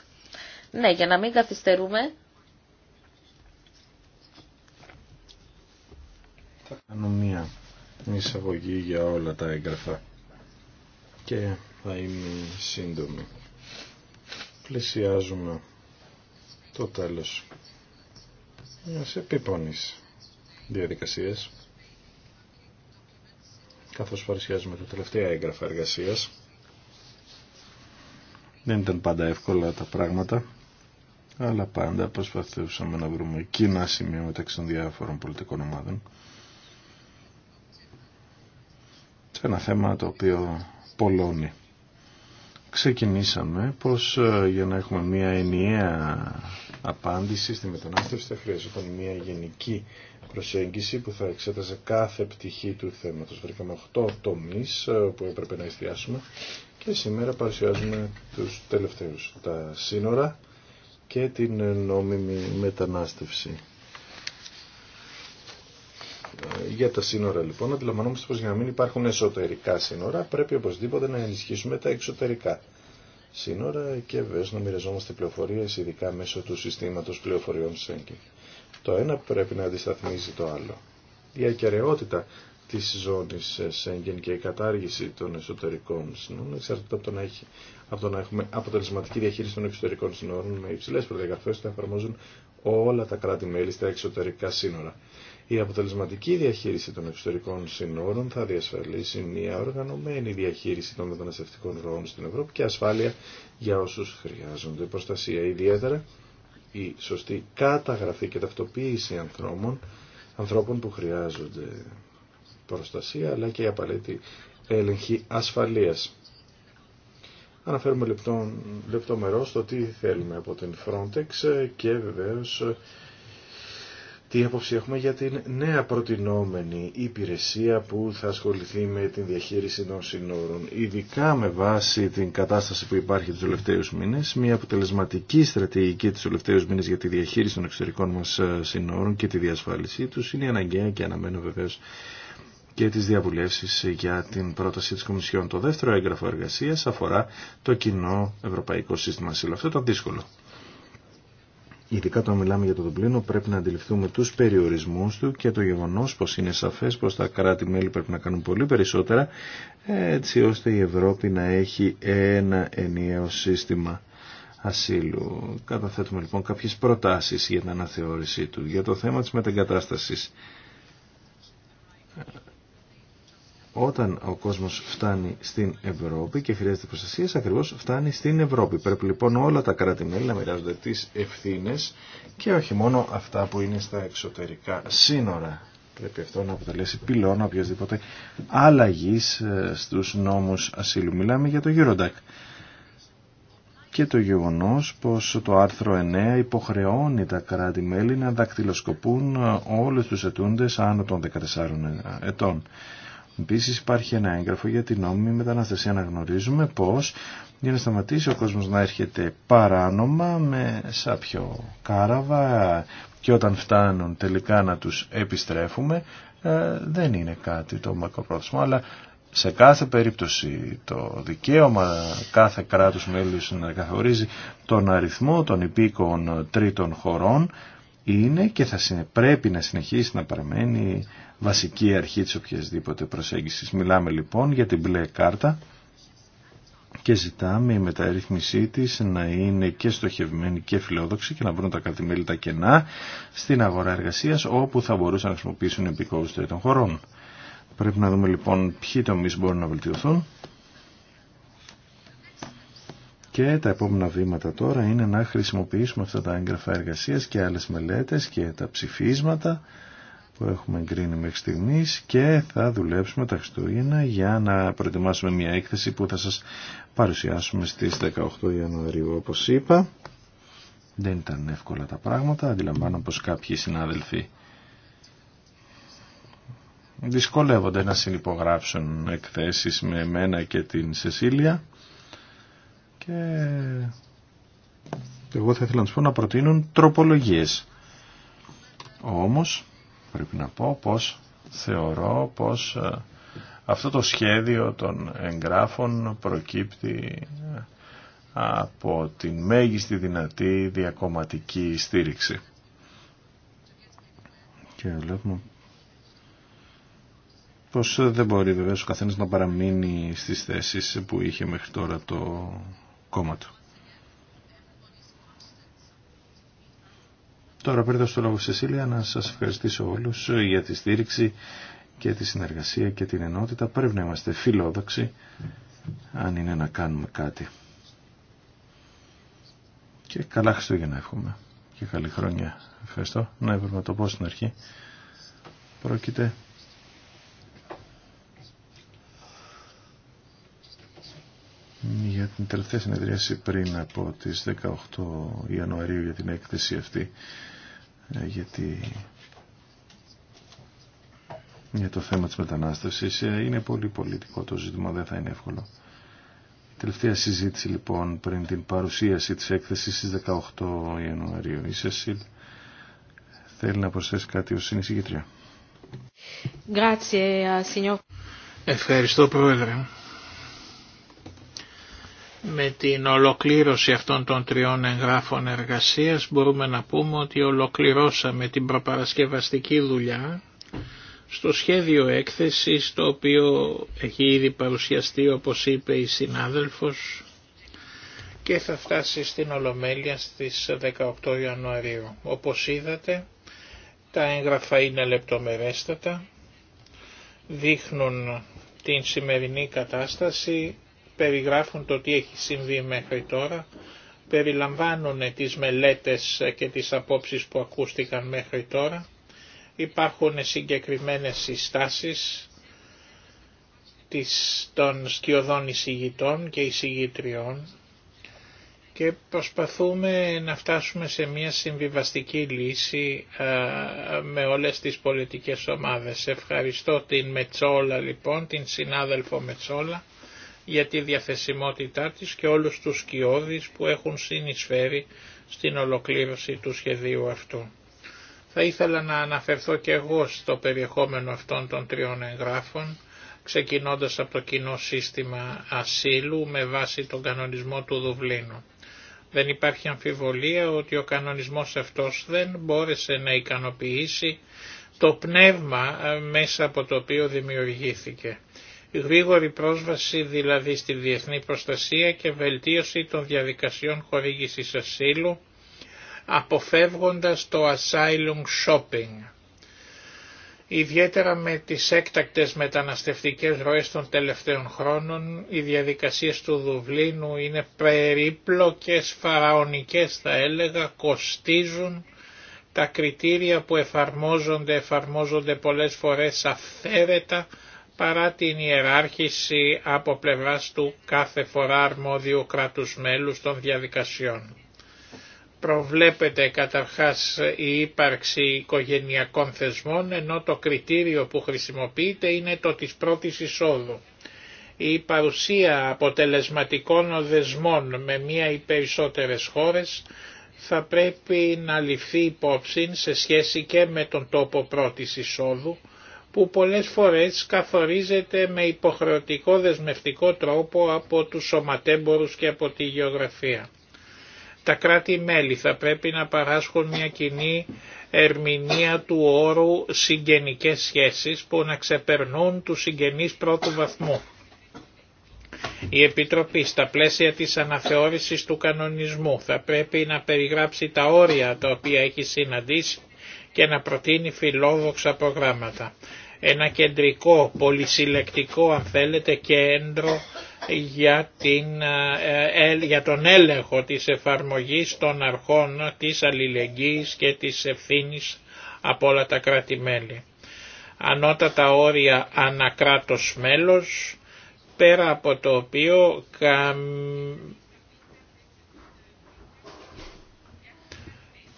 Ναι, για να μην καθυστερούμε. Θα κάνω μία εισαγωγή για όλα τα έγγραφα και θα είμαι σύντομη πλησιάζουμε το τέλος μιας επίπονης διαδικασίας καθώς παρουσιάζουμε τα τελευταία έγγραφα εργασίας δεν ήταν πάντα εύκολα τα πράγματα αλλά πάντα προσπαθούσαμε να βρούμε κοινά σημεία μεταξύ των διάφορων πολιτικών ομάδων σε ένα θέμα το οποίο πολλώνει ξεκινήσαμε πως ε, για να έχουμε μια ενιαία απάντηση στη μετανάστευση θα χρειαζόταν μια γενική προσέγγιση που θα εξέταζε κάθε πτυχή του θέματος. Βρήκαμε 8 τομείς ε, που έπρεπε να εστιάσουμε και σήμερα παρουσιάζουμε τους τελευταίους, τα σύνορα και την νόμιμη μετανάστευση. Ε, για τα σύνορα λοιπόν, αντιλαμβανόμαστε πως για να μην υπάρχουν εσωτερικά σύνορα πρέπει οπωσδήποτε να ενισχύσουμε τα εξωτερικά σύνορα και βέβαια να μοιραζόμαστε πληροφορίες ειδικά μέσω του συστήματος πληροφοριών Σέγγεν. Το ένα πρέπει να αντισταθμίζει το άλλο. Η ακαιρεότητα της ζώνης ε, Σέγγεν και η κατάργηση των εσωτερικών σύνορων εξαρτάται από το να, έχει, από να έχουμε αποτελεσματική διαχείριση των εξωτερικών σύνορων με υψηλέ προδιαγραφέ που εφαρμόζουν όλα τα κράτη-μέλη στα εξωτερικά σύνορα. Η αποτελεσματική διαχείριση των εξωτερικών συνόρων θα διασφαλίσει μια οργανωμένη διαχείριση των μεταναστευτικών ροών στην Ευρώπη και ασφάλεια για όσους χρειάζονται προστασία. Ιδιαίτερα η σωστή καταγραφή και ταυτοποίηση ανθρώπων, ανθρώπων που χρειάζονται προστασία αλλά και η απαραίτητη έλεγχη ασφαλείας. Αναφέρουμε λεπτό, μέρο το τι θέλουμε από την Frontex και βεβαίως τι άποψη έχουμε για την νέα προτινόμενη υπηρεσία που θα ασχοληθεί με την διαχείριση των συνόρων, ειδικά με βάση την κατάσταση που υπάρχει του τελευταίου μήνε, μια αποτελεσματική στρατηγική του τελευταίου μήνε για τη διαχείριση των εξωτερικών μα ε, συνόρων και τη διασφάλισή του, είναι αναγκαία και αναμένω βεβαίω και τι διαβουλεύσεις για την πρόταση τη Κομισιόν. Το δεύτερο έγγραφο εργασία αφορά το κοινό Ευρωπαϊκό Σύστημα Ασύλου. Αυτό ήταν δύσκολο ειδικά όταν μιλάμε για το Δουμπλίνο, πρέπει να αντιληφθούμε τους περιορισμούς του και το γεγονός πως είναι σαφές πως τα κράτη-μέλη πρέπει να κάνουν πολύ περισσότερα, έτσι ώστε η Ευρώπη να έχει ένα ενιαίο σύστημα ασύλου. Καταθέτουμε λοιπόν κάποιες προτάσεις για την αναθεώρησή του. Για το θέμα της μετεγκατάστασης όταν ο κόσμος φτάνει στην Ευρώπη και χρειάζεται προστασίες, ακριβώς φτάνει στην Ευρώπη. Πρέπει λοιπόν όλα τα κράτη-μέλη να μοιράζονται τις ευθύνες και όχι μόνο αυτά που είναι στα εξωτερικά σύνορα. Πρέπει αυτό να αποτελέσει πυλώνα οποιασδήποτε αλλαγή ε, στους νόμους ασύλου. Μιλάμε για το Eurodac. Και το γεγονός πως το άρθρο 9 υποχρεώνει τα κράτη-μέλη να δακτυλοσκοπούν ε, όλους τους ετούντες άνω των 14 ετών. Επίση υπάρχει ένα έγγραφο για την νόμιμη να γνωρίζουμε πως για να σταματήσει ο κόσμος να έρχεται παράνομα με σάπιο κάραβα και όταν φτάνουν τελικά να τους επιστρέφουμε ε, δεν είναι κάτι το μακροπρόθεσμο αλλά σε κάθε περίπτωση το δικαίωμα κάθε κράτος μέλους να καθορίζει τον αριθμό των υπήκων τρίτων χωρών είναι και θα πρέπει να συνεχίσει να παραμένει βασική αρχή της οποιασδήποτε προσέγγισης. Μιλάμε λοιπόν για την μπλε κάρτα και ζητάμε η μεταρρύθμισή της να είναι και στοχευμένη και φιλόδοξη και να βρουν τα κατημέλη τα κενά στην αγορά εργασίας όπου θα μπορούσαν να χρησιμοποιήσουν επικόδους των χωρών. Πρέπει να δούμε λοιπόν ποιοι τομείς μπορούν να βελτιωθούν. Και τα επόμενα βήματα τώρα είναι να χρησιμοποιήσουμε αυτά τα έγγραφα εργασίας και άλλες μελέτες και τα ψηφίσματα που έχουμε εγκρίνει μέχρι στιγμής και θα δουλέψουμε τα Χριστούγεννα για να προετοιμάσουμε μια έκθεση που θα σας παρουσιάσουμε στις 18 Ιανουαρίου όπως είπα. Δεν ήταν εύκολα τα πράγματα, αντιλαμβάνω πως κάποιοι συνάδελφοι δυσκολεύονται να συνυπογράψουν εκθέσεις με εμένα και την Σεσίλια και εγώ θα ήθελα να σου πω να προτείνουν τροπολογίες. Όμως πρέπει να πω πως θεωρώ πως ε, αυτό το σχέδιο των εγγράφων προκύπτει ε, από την μέγιστη δυνατή διακομματική στήριξη. Και βλέπουμε πως δεν μπορεί βέβαια ο καθένας να παραμείνει στις θέσεις που είχε μέχρι τώρα το κόμμα του. Τώρα πριν στο λόγο Σεσίλια να σας ευχαριστήσω όλους για τη στήριξη και τη συνεργασία και την ενότητα. Πρέπει να είμαστε φιλόδοξοι αν είναι να κάνουμε κάτι. Και καλά Χριστούγεννα εύχομαι και καλή χρόνια. Ευχαριστώ. Να έπρεπε το πω στην αρχή. Πρόκειται για την τελευταία συνεδρίαση πριν από τις 18 Ιανουαρίου για την έκθεση αυτή ε, γιατί για το θέμα της μετανάστευσης ε, είναι πολύ πολιτικό το ζήτημα, δεν θα είναι εύκολο. Η τελευταία συζήτηση λοιπόν πριν την παρουσίαση της έκθεσης στις 18 Ιανουαρίου. Η Σεσίλ θέλει να προσθέσει κάτι ως συνεισηγητρία. Ε, Ευχαριστώ Πρόεδρε. Με την ολοκλήρωση αυτών των τριών εγγράφων εργασίας μπορούμε να πούμε ότι ολοκληρώσαμε την προπαρασκευαστική δουλειά στο σχέδιο έκθεσης το οποίο έχει ήδη παρουσιαστεί όπως είπε η συνάδελφος και θα φτάσει στην Ολομέλεια στις 18 Ιανουαρίου. Όπως είδατε τα έγγραφα είναι λεπτομερέστατα, δείχνουν την σημερινή κατάσταση περιγράφουν το τι έχει συμβεί μέχρι τώρα, περιλαμβάνουν τις μελέτες και τις απόψεις που ακούστηκαν μέχρι τώρα, υπάρχουν συγκεκριμένες συστάσεις των σκιωδών εισηγητών και εισηγητριών και προσπαθούμε να φτάσουμε σε μια συμβιβαστική λύση με όλες τις πολιτικές ομάδες. Ευχαριστώ την Μετσόλα λοιπόν, την συνάδελφο Μετσόλα για τη διαθεσιμότητά της και όλους τους σκιώδεις που έχουν συνεισφέρει στην ολοκλήρωση του σχεδίου αυτού. Θα ήθελα να αναφερθώ και εγώ στο περιεχόμενο αυτών των τριών εγγράφων, ξεκινώντας από το κοινό σύστημα ασύλου με βάση τον κανονισμό του Δουβλίνου. Δεν υπάρχει αμφιβολία ότι ο κανονισμός αυτός δεν μπόρεσε να ικανοποιήσει το πνεύμα ε, μέσα από το οποίο δημιουργήθηκε γρήγορη πρόσβαση δηλαδή στη διεθνή προστασία και βελτίωση των διαδικασιών χορήγησης ασύλου, αποφεύγοντας το asylum shopping. Ιδιαίτερα με τις έκτακτες μεταναστευτικές ροές των τελευταίων χρόνων, οι διαδικασίες του Δουβλίνου είναι περίπλοκες, φαραωνικές θα έλεγα, κοστίζουν, τα κριτήρια που εφαρμόζονται, εφαρμόζονται πολλές φορές αυθαίρετα, παρά την ιεράρχηση από πλευράς του κάθε φορά αρμόδιου κράτους μέλους των διαδικασιών. Προβλέπεται καταρχάς η ύπαρξη οικογενειακών θεσμών, ενώ το κριτήριο που χρησιμοποιείται είναι το της πρώτης εισόδου. Η παρουσία αποτελεσματικών δεσμών με μία ή περισσότερες χώρες θα πρέπει να ληφθεί υπόψη σε σχέση και με τον τόπο πρώτης εισόδου, που πολλές φορές καθορίζεται με υποχρεωτικό δεσμευτικό τρόπο από τους σωματέμπορους και από τη γεωγραφία. Τα κράτη-μέλη θα πρέπει να παράσχουν μια κοινή ερμηνεία του όρου συγγενικές σχέσεις που να ξεπερνούν τους συγγενείς πρώτου βαθμού. Η Επιτροπή στα πλαίσια της αναθεώρησης του κανονισμού θα πρέπει να περιγράψει τα όρια τα οποία έχει συναντήσει και να προτείνει φιλόδοξα προγράμματα. Ένα κεντρικό, πολυσυλλεκτικό αν θέλετε κέντρο για, ε, ε, ε, για τον έλεγχο της εφαρμογής των αρχών της αλληλεγγύης και της ευθύνης από όλα τα κράτη-μέλη. Ανώτατα όρια ανακράτος μέλος, πέρα από το οποίο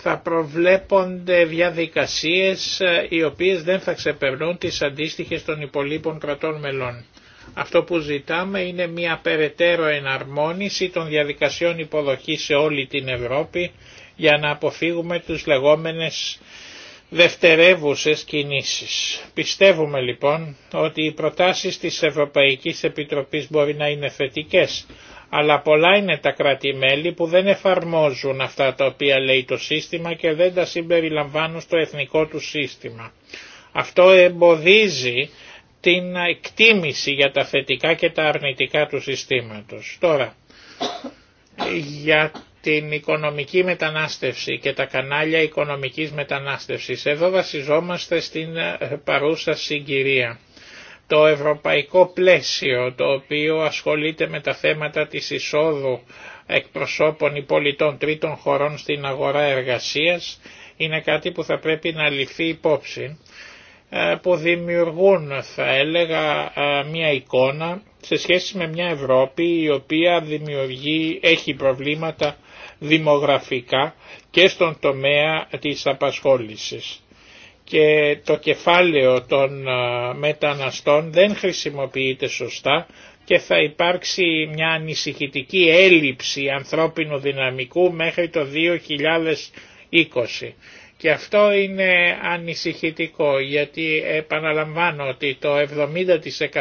θα προβλέπονται διαδικασίες ε, οι οποίες δεν θα ξεπερνούν τις αντίστοιχες των υπολείπων κρατών μελών. Αυτό που ζητάμε είναι μια περαιτέρω εναρμόνιση των διαδικασιών υποδοχής σε όλη την Ευρώπη για να αποφύγουμε τους λεγόμενες δευτερεύουσες κινήσεις. Πιστεύουμε λοιπόν ότι οι προτάσεις της Ευρωπαϊκής Επιτροπής μπορεί να είναι θετικές, αλλά πολλά είναι τα κρατημέλη που δεν εφαρμόζουν αυτά τα οποία λέει το σύστημα και δεν τα συμπεριλαμβάνουν στο εθνικό του σύστημα. Αυτό εμποδίζει την εκτίμηση για τα θετικά και τα αρνητικά του συστήματος. Τώρα, για την οικονομική μετανάστευση και τα κανάλια οικονομικής μετανάστευσης, εδώ βασιζόμαστε στην παρούσα συγκυρία το ευρωπαϊκό πλαίσιο το οποίο ασχολείται με τα θέματα της εισόδου εκπροσώπων ή πολιτών τρίτων χωρών στην αγορά εργασίας είναι κάτι που θα πρέπει να ληφθεί υπόψη ε, που δημιουργούν θα έλεγα ε, μια εικόνα σε σχέση με μια Ευρώπη η οποία δημιουργεί, έχει προβλήματα δημογραφικά και στον τομέα της απασχόλησης και το κεφάλαιο των μεταναστών δεν χρησιμοποιείται σωστά και θα υπάρξει μια ανησυχητική έλλειψη ανθρώπινου δυναμικού μέχρι το 2020. Και αυτό είναι ανησυχητικό γιατί επαναλαμβάνω ότι το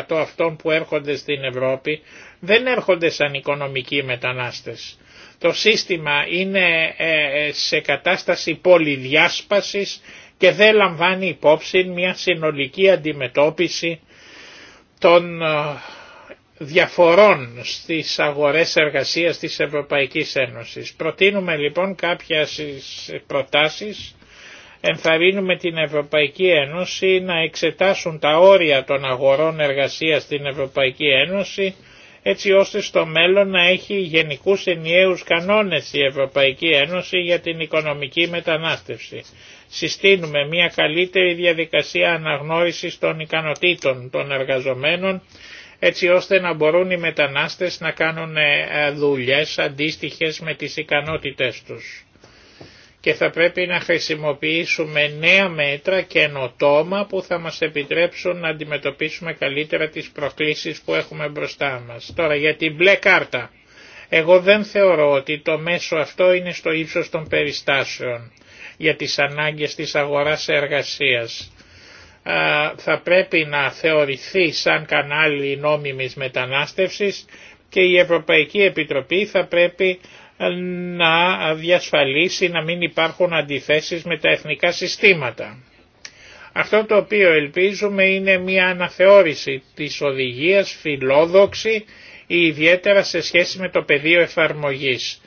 70% αυτών που έρχονται στην Ευρώπη δεν έρχονται σαν οικονομικοί μετανάστες. Το σύστημα είναι ε, ε, σε κατάσταση πολυδιάσπασης και δεν λαμβάνει υπόψη μια συνολική αντιμετώπιση των ε, διαφορών στις αγορές εργασίας της Ευρωπαϊκής Ένωσης. Προτείνουμε λοιπόν κάποιες προτάσεις, ενθαρρύνουμε την Ευρωπαϊκή Ένωση να εξετάσουν τα όρια των αγορών εργασίας στην Ευρωπαϊκή Ένωση, έτσι ώστε στο μέλλον να έχει γενικούς ενιαίους κανόνες η Ευρωπαϊκή Ένωση για την οικονομική μετανάστευση συστήνουμε μια καλύτερη διαδικασία αναγνώρισης των ικανοτήτων των εργαζομένων έτσι ώστε να μπορούν οι μετανάστες να κάνουν ε, δουλειές αντίστοιχες με τις ικανότητες τους. Και θα πρέπει να χρησιμοποιήσουμε νέα μέτρα και ενωτόμα που θα μας επιτρέψουν να αντιμετωπίσουμε καλύτερα τις προκλήσεις που έχουμε μπροστά μας. Τώρα για την μπλε κάρτα. Εγώ δεν θεωρώ ότι το μέσο αυτό είναι στο ύψος των περιστάσεων για τις ανάγκες της αγοράς εργασίας. Θα πρέπει να θεωρηθεί σαν κανάλι νόμιμης μετανάστευσης και η Ευρωπαϊκή Επιτροπή θα πρέπει ε, να διασφαλίσει να μην υπάρχουν αντιθέσεις με τα εθνικά συστήματα. Αυτό το οποίο ελπίζουμε είναι μια αναθεώρηση της οδηγίας φιλόδοξη ιδιαίτερα σε σχέση με το πεδίο εφαρμογής.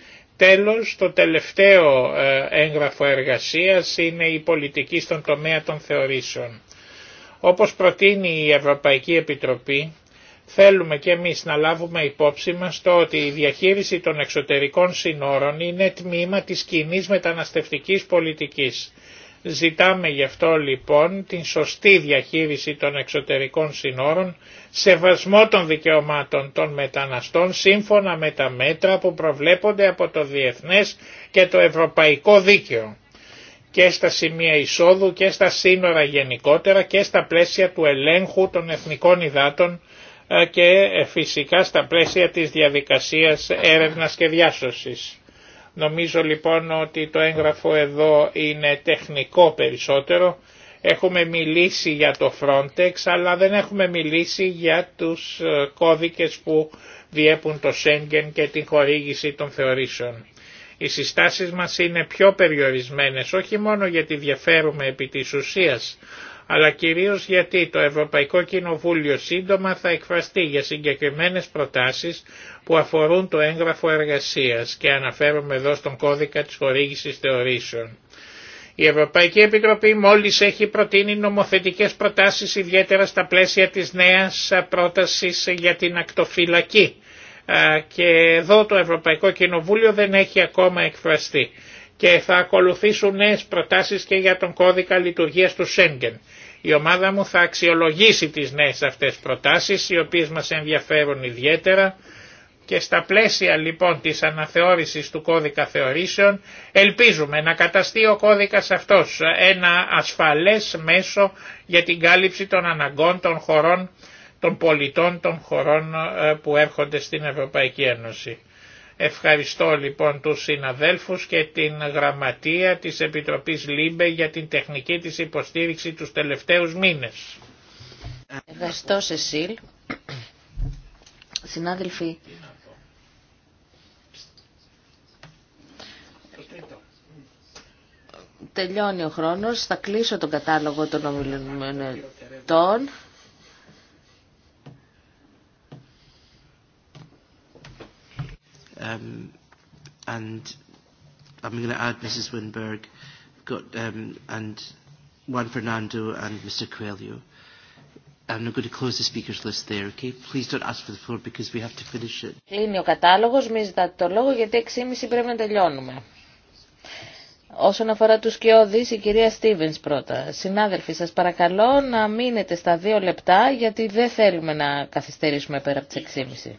Τέλος, το τελευταίο ε, έγγραφο εργασίας είναι η πολιτική στον τομέα των θεωρήσεων. Όπως προτείνει η Ευρωπαϊκή Επιτροπή, θέλουμε και εμείς να λάβουμε υπόψη μας το ότι η διαχείριση των εξωτερικών συνόρων είναι τμήμα της κοινής μεταναστευτικής πολιτικής. Ζητάμε γι' αυτό λοιπόν την σωστή διαχείριση των εξωτερικών συνόρων, σεβασμό των δικαιωμάτων των μεταναστών σύμφωνα με τα μέτρα που προβλέπονται από το διεθνές και το ευρωπαϊκό δίκαιο και στα σημεία εισόδου και στα σύνορα γενικότερα και στα πλαίσια του ελέγχου των εθνικών υδάτων ε, και ε, φυσικά στα πλαίσια της διαδικασίας έρευνας και διάσωσης. Νομίζω λοιπόν ότι το έγγραφο εδώ είναι τεχνικό περισσότερο. Έχουμε μιλήσει για το Frontex αλλά δεν έχουμε μιλήσει για τους ε, κώδικες που διέπουν το Schengen και την χορήγηση των θεωρήσεων. Οι συστάσεις μας είναι πιο περιορισμένες όχι μόνο γιατί διαφέρουμε επί της ουσίας αλλά κυρίως γιατί το Ευρωπαϊκό Κοινοβούλιο σύντομα θα εκφραστεί για συγκεκριμένες προτάσεις που αφορούν το έγγραφο εργασίας και αναφέρομαι εδώ στον κώδικα της χορήγησης θεωρήσεων. Η Ευρωπαϊκή Επιτροπή μόλις έχει προτείνει νομοθετικές προτάσεις ιδιαίτερα στα πλαίσια της νέας πρότασης για την ακτοφυλακή και εδώ το Ευρωπαϊκό Κοινοβούλιο δεν έχει ακόμα εκφραστεί και θα ακολουθήσουν νέες προτάσεις και για τον κώδικα λειτουργίας του Σέγγεν. Η ομάδα μου θα αξιολογήσει τις νέες αυτές προτάσεις, οι οποίες μας ενδιαφέρουν ιδιαίτερα και στα πλαίσια λοιπόν της αναθεώρησης του κώδικα θεωρήσεων ελπίζουμε να καταστεί ο κώδικας αυτός ένα ασφαλές μέσο για την κάλυψη των αναγκών των χωρών των πολιτών των χωρών ε, που έρχονται στην Ευρωπαϊκή Ένωση. Ευχαριστώ λοιπόν τους συναδέλφους και την γραμματεία της Επιτροπής ΛΥΜΠΕ για την τεχνική της υποστήριξη τους τελευταίους μήνες. Ευχαριστώ Σεσίλ. Συνάδελφοι, τελειώνει ο χρόνος, θα κλείσω τον κατάλογο των ομιλητών. Um, and I'm going to add Mrs. Winberg got, um, and Juan Fernando and Mr. Coelho. I'm going to close the speakers list there, okay? Please don't ask for the floor because we have to finish it. Κλείνει ο κατάλογος, μην ζητάτε το λόγο γιατί 6.30 πρέπει να τελειώνουμε. Όσον αφορά τους κοιόδης, η κυρία Στίβενς πρώτα. Συνάδελφοι, σας παρακαλώ να μείνετε στα δύο λεπτά γιατί δεν θέλουμε να καθυστερήσουμε πέρα από τις 6.30.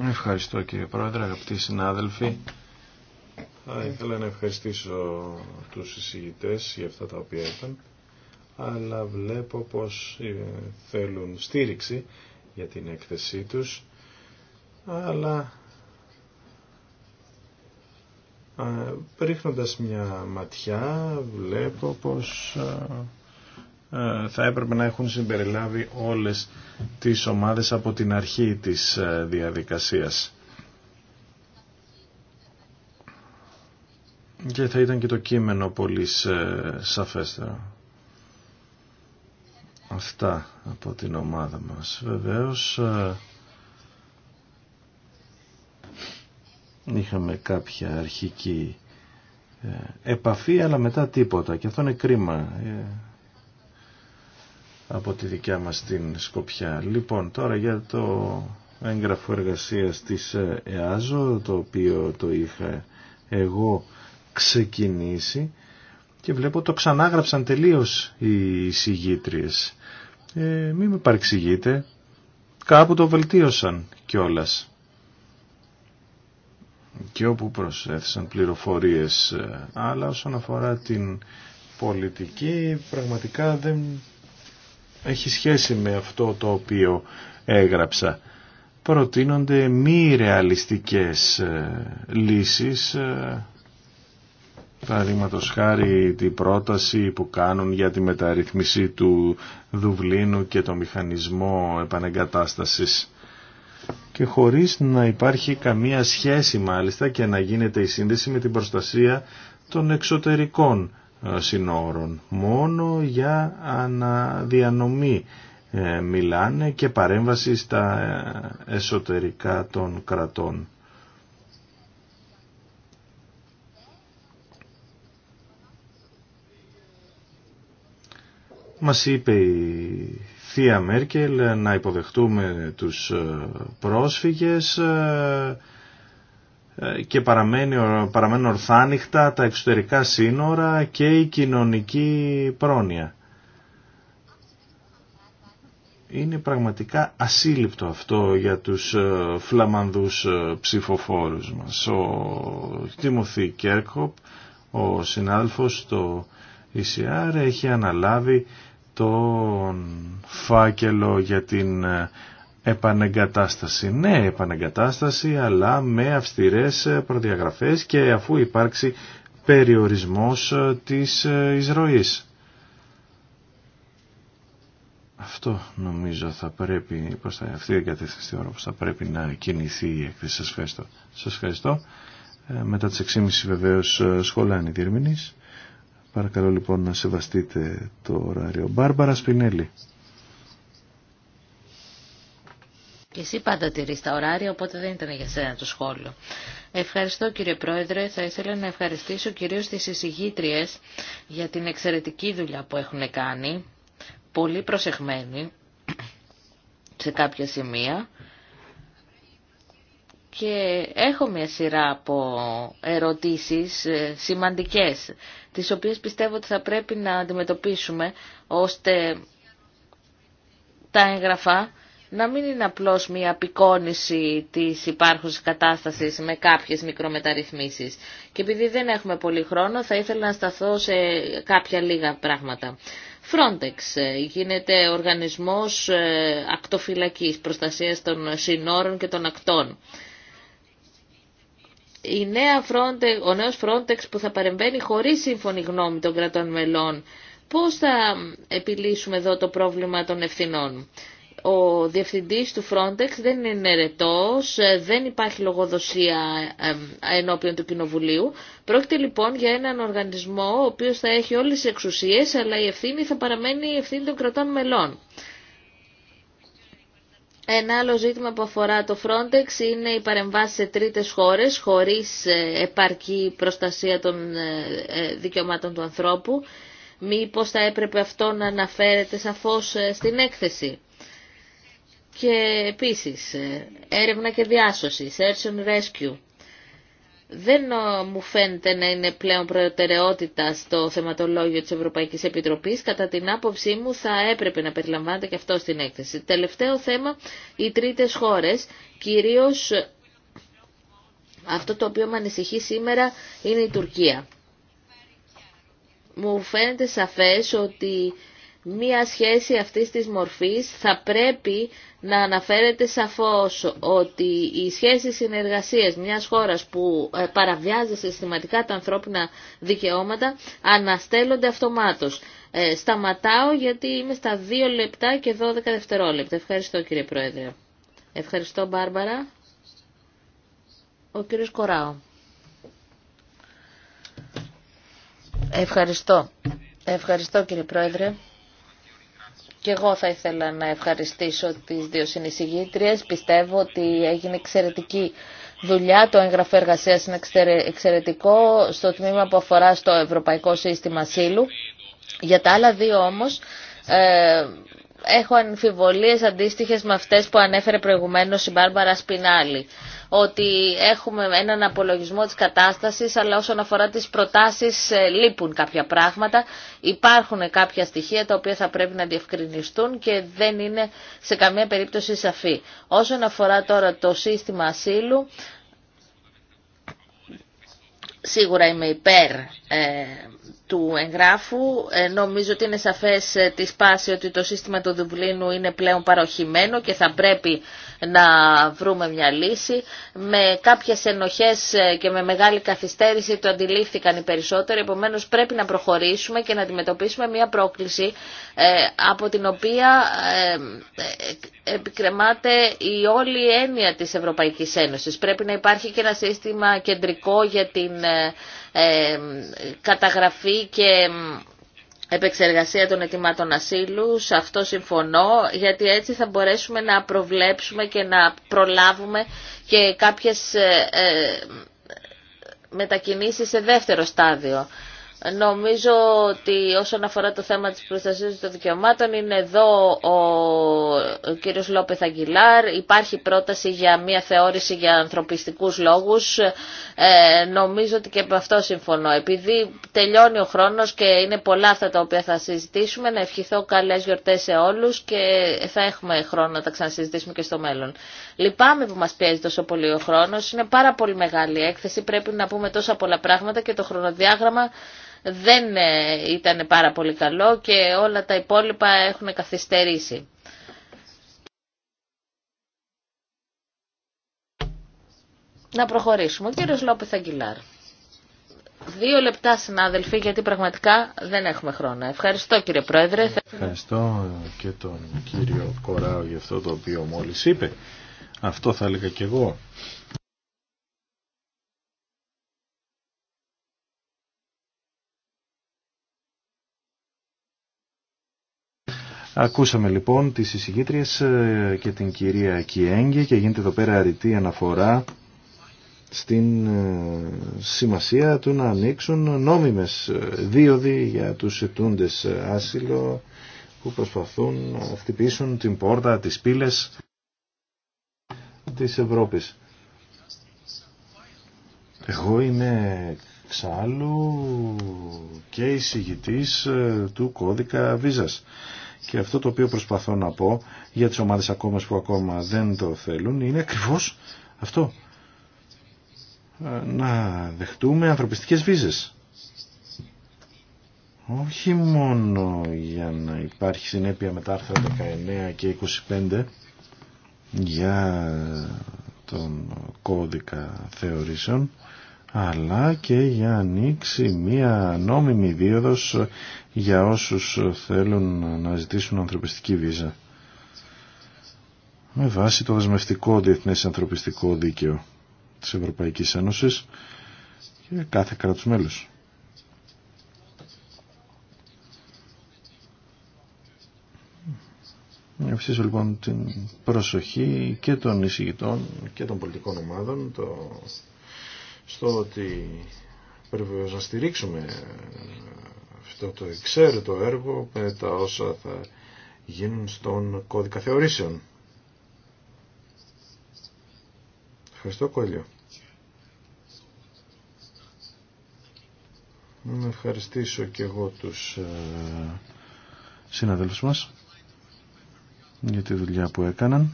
Ευχαριστώ κύριε Πρόεδρε, αγαπητοί συνάδελφοι. Θα ήθελα να ευχαριστήσω τους εισηγητές για αυτά τα οποία ήταν. αλλά βλέπω πως ε, θέλουν στήριξη για την έκθεσή τους, αλλά πρίχνοντας ε, μια ματιά βλέπω πως ε, ε, θα έπρεπε να έχουν συμπεριλάβει όλες τις ομάδες από την αρχή της ε, διαδικασίας. Και θα ήταν και το κείμενο πολύ ε, σαφέστερο. Αυτά από την ομάδα μας. Βεβαίως είχαμε κάποια αρχική επαφή αλλά μετά τίποτα και αυτό είναι κρίμα από τη δικιά μας την Σκοπιά. Λοιπόν, τώρα για το έγγραφο εργασίας της ε, ΕΑΖΟ, το οποίο το είχα εγώ ξεκινήσει και βλέπω το ξανάγραψαν τελείως οι συγγήτριες. Ε, μην με παρεξηγείτε, κάπου το βελτίωσαν κιόλας. Και όπου προσέθεσαν πληροφορίες, ε, αλλά όσον αφορά την πολιτική, πραγματικά δεν έχει σχέση με αυτό το οποίο έγραψα. Προτείνονται μη ρεαλιστικές ε, λύσεις, ε, παραδείγματο χάρη την πρόταση που κάνουν για τη μεταρρυθμίση του Δουβλίνου και το μηχανισμό επανεγκατάστασης και χωρίς να υπάρχει καμία σχέση μάλιστα και να γίνεται η σύνδεση με την προστασία των εξωτερικών ε, συνόρων. Μόνο για αναδιανομή ε, μιλάνε και παρέμβαση στα ε, εσωτερικά των κρατών. Μας είπε η Θεία Μέρκελ να υποδεχτούμε τους πρόσφυγες ε, και παραμένει, παραμένουν ορθάνυχτα τα εξωτερικά σύνορα και η κοινωνική πρόνοια. Είναι πραγματικά ασύλληπτο αυτό για τους ε, φλαμανδούς ε, ψηφοφόρους μας. Ο Τίμωθη Κέρκοπ, ο συνάδελφος στο ECR, έχει αναλάβει τον φάκελο για την επανεγκατάσταση. Ναι, επανεγκατάσταση, αλλά με αυστηρές προδιαγραφές και αφού υπάρξει περιορισμός της εισρωής. Αυτό νομίζω θα πρέπει, αυτή η κατεύθυνση ώρα θα πρέπει να κινηθεί η έκθεση. Σας ευχαριστώ. Σας ευχαριστώ. Ε, μετά τις 6.30 βεβαίως ε, σχολάνε οι Παρακαλώ λοιπόν να σεβαστείτε το ωράριο. Μπάρμπαρα Σπινέλη. Και εσύ πάντα τηρείς τα ωράρια, οπότε δεν ήταν για σένα το σχόλιο. Ευχαριστώ κύριε Πρόεδρε. Θα ήθελα να ευχαριστήσω κυρίως τις εισηγήτριες για την εξαιρετική δουλειά που έχουν κάνει, πολύ προσεχμένη σε κάποια σημεία. Και έχω μια σειρά από ερωτήσεις ε, σημαντικές, τις οποίες πιστεύω ότι θα πρέπει να αντιμετωπίσουμε, ώστε τα έγγραφα να μην είναι απλώς μια απεικόνηση της υπάρχουσης κατάστασης με κάποιες μικρομεταρρυθμίσεις. Και επειδή δεν έχουμε πολύ χρόνο θα ήθελα να σταθώ σε κάποια λίγα πράγματα. Frontex ε, γίνεται οργανισμός ε, ακτοφυλακής, προστασίας των συνόρων και των ακτών. Η νέα Frontex, ο νέος Frontex που θα παρεμβαίνει χωρίς σύμφωνη γνώμη των κρατών μελών, πώς θα επιλύσουμε εδώ το πρόβλημα των ευθυνών ο διευθυντής του Frontex δεν είναι ερετός, ε, δεν υπάρχει λογοδοσία ε, ενώπιον του Κοινοβουλίου. Πρόκειται λοιπόν για έναν οργανισμό ο οποίος θα έχει όλες τις εξουσίες, αλλά η ευθύνη θα παραμένει η ευθύνη των κρατών μελών. Ένα άλλο ζήτημα που αφορά το Frontex είναι η παρεμβάση σε τρίτες χώρες χωρίς ε, επαρκή προστασία των δικαιωμάτων του ανθρώπου. Μήπως θα έπρεπε αυτό να αναφέρεται σαφώς στην έκθεση και επίσης ε, έρευνα και διάσωση, search and rescue. Δεν ε, μου φαίνεται να είναι πλέον προτεραιότητα στο θεματολόγιο της Ευρωπαϊκής Επιτροπής. Κατά την άποψή μου θα έπρεπε να περιλαμβάνεται και αυτό στην έκθεση. Τελευταίο θέμα, οι τρίτες χώρες, κυρίως ε, αυτό το οποίο με ανησυχεί σήμερα είναι η Τουρκία. Μου φαίνεται σαφές ότι μία σχέση αυτής της μορφής θα πρέπει να αναφέρεται σαφώς ότι οι σχέσεις συνεργασίας μιας χώρας που ε, παραβιάζει συστηματικά τα ανθρώπινα δικαιώματα αναστέλλονται αυτομάτως. Ε, σταματάω γιατί είμαι στα 2 λεπτά και 12 δευτερόλεπτα. Ευχαριστώ κύριε Πρόεδρε. Ευχαριστώ Μπάρμπαρα. Ο κύριος Κοράου. Ευχαριστώ. Ευχαριστώ κύριε Πρόεδρε. Και εγώ θα ήθελα να ευχαριστήσω τις δύο συνεισηγήτριες. Πιστεύω ότι έγινε εξαιρετική δουλειά. Το έγγραφο εργασίας είναι εξαιρετικό στο τμήμα που αφορά στο Ευρωπαϊκό Σύστημα Σύλλου. Για τα άλλα δύο όμως ε, έχω αμφιβολίες αντίστοιχες με αυτές που ανέφερε προηγουμένως η Μπάρμπαρα Σπινάλη ότι έχουμε έναν απολογισμό της κατάστασης, αλλά όσον αφορά τις προτάσεις ε, λείπουν κάποια πράγματα. Υπάρχουν κάποια στοιχεία τα οποία θα πρέπει να διευκρινιστούν και δεν είναι σε καμία περίπτωση σαφή. Όσον αφορά τώρα το σύστημα ασύλου, σίγουρα είμαι υπέρ ε, του εγγράφου. Ε, νομίζω ότι είναι σαφές ε, τη σπάση ότι το σύστημα του Δουβλίνου είναι πλέον παροχημένο και θα πρέπει να βρούμε μια λύση. Με κάποιες ενοχές ε, και με μεγάλη καθυστέρηση το αντιλήφθηκαν οι περισσότεροι, επομένως πρέπει να προχωρήσουμε και να αντιμετωπίσουμε μια πρόκληση από την οποία επικρεμάται η όλη έννοια της Ευρωπαϊκής Ένωσης. Πρέπει να υπάρχει και ένα σύστημα κεντρικό για την ε, καταγραφή και επεξεργασία των αιτήματων ασύλου. Σε αυτό συμφωνώ, γιατί έτσι θα μπορέσουμε να προβλέψουμε και να προλάβουμε και κάποιες ε, ε, μετακινήσεις σε δεύτερο στάδιο. Νομίζω ότι όσον αφορά το θέμα της προστασίας των δικαιωμάτων είναι εδώ ο κύριος Λόπεθ Αγγιλάρ. Υπάρχει πρόταση για μια θεώρηση για ανθρωπιστικούς λόγους. Ε, νομίζω ότι και με αυτό συμφωνώ. Επειδή τελειώνει ο χρόνος και είναι πολλά αυτά τα οποία θα συζητήσουμε, να ευχηθώ καλές γιορτές σε όλους και θα έχουμε χρόνο να τα ξανασυζητήσουμε και στο μέλλον. Λυπάμαι που μας πιέζει τόσο πολύ ο χρόνος. Είναι πάρα πολύ μεγάλη έκθεση. Πρέπει να πούμε τόσα πολλά πράγματα και το χρονοδιάγραμμα δεν ε, ήταν πάρα πολύ καλό και όλα τα υπόλοιπα έχουν καθυστερήσει. Να προχωρήσουμε. Ο κύριος Λόπεθ Αγγιλάρ. Δύο λεπτά συνάδελφοι γιατί πραγματικά δεν έχουμε χρόνο. Ευχαριστώ κύριε Πρόεδρε. Ευχαριστώ και τον κύριο Κοράου για αυτό το οποίο μόλις είπε. Αυτό θα έλεγα και εγώ. Ακούσαμε λοιπόν τις εισηγήτριες ε, και την κυρία Κιέγγε και γίνεται εδώ πέρα αρητή αναφορά στην ε, σημασία του να ανοίξουν νόμιμες ε, δίωδοι για τους ετούντες άσυλο που προσπαθούν να χτυπήσουν την πόρτα, τις πύλες της Ευρώπης. Εγώ είμαι εξάλλου και εισηγητής του κώδικα βίζας και αυτό το οποίο προσπαθώ να πω για τις ομάδες ακόμα που ακόμα δεν το θέλουν είναι ακριβώς αυτό. Ε, να δεχτούμε ανθρωπιστικές βίζες. Όχι μόνο για να υπάρχει συνέπεια με άρθρα 19 και 25 για τον κώδικα θεωρήσεων αλλά και για να ανοίξει μία νόμιμη δίωδος για όσους θέλουν να ζητήσουν ανθρωπιστική βίζα με βάση το δεσμευτικό διεθνές ανθρωπιστικό δίκαιο της Ευρωπαϊκής Ένωσης και κάθε κράτους μέλους. Ευχαριστώ λοιπόν την προσοχή και των εισηγητών και των πολιτικών ομάδων το στο ότι πρέπει να στηρίξουμε αυτό το εξαίρετο έργο με τα όσα θα γίνουν στον κώδικα θεωρήσεων. Ευχαριστώ Κόλιο. Να ευχαριστήσω και εγώ τους ε, συναδέλφους μας για τη δουλειά που έκαναν.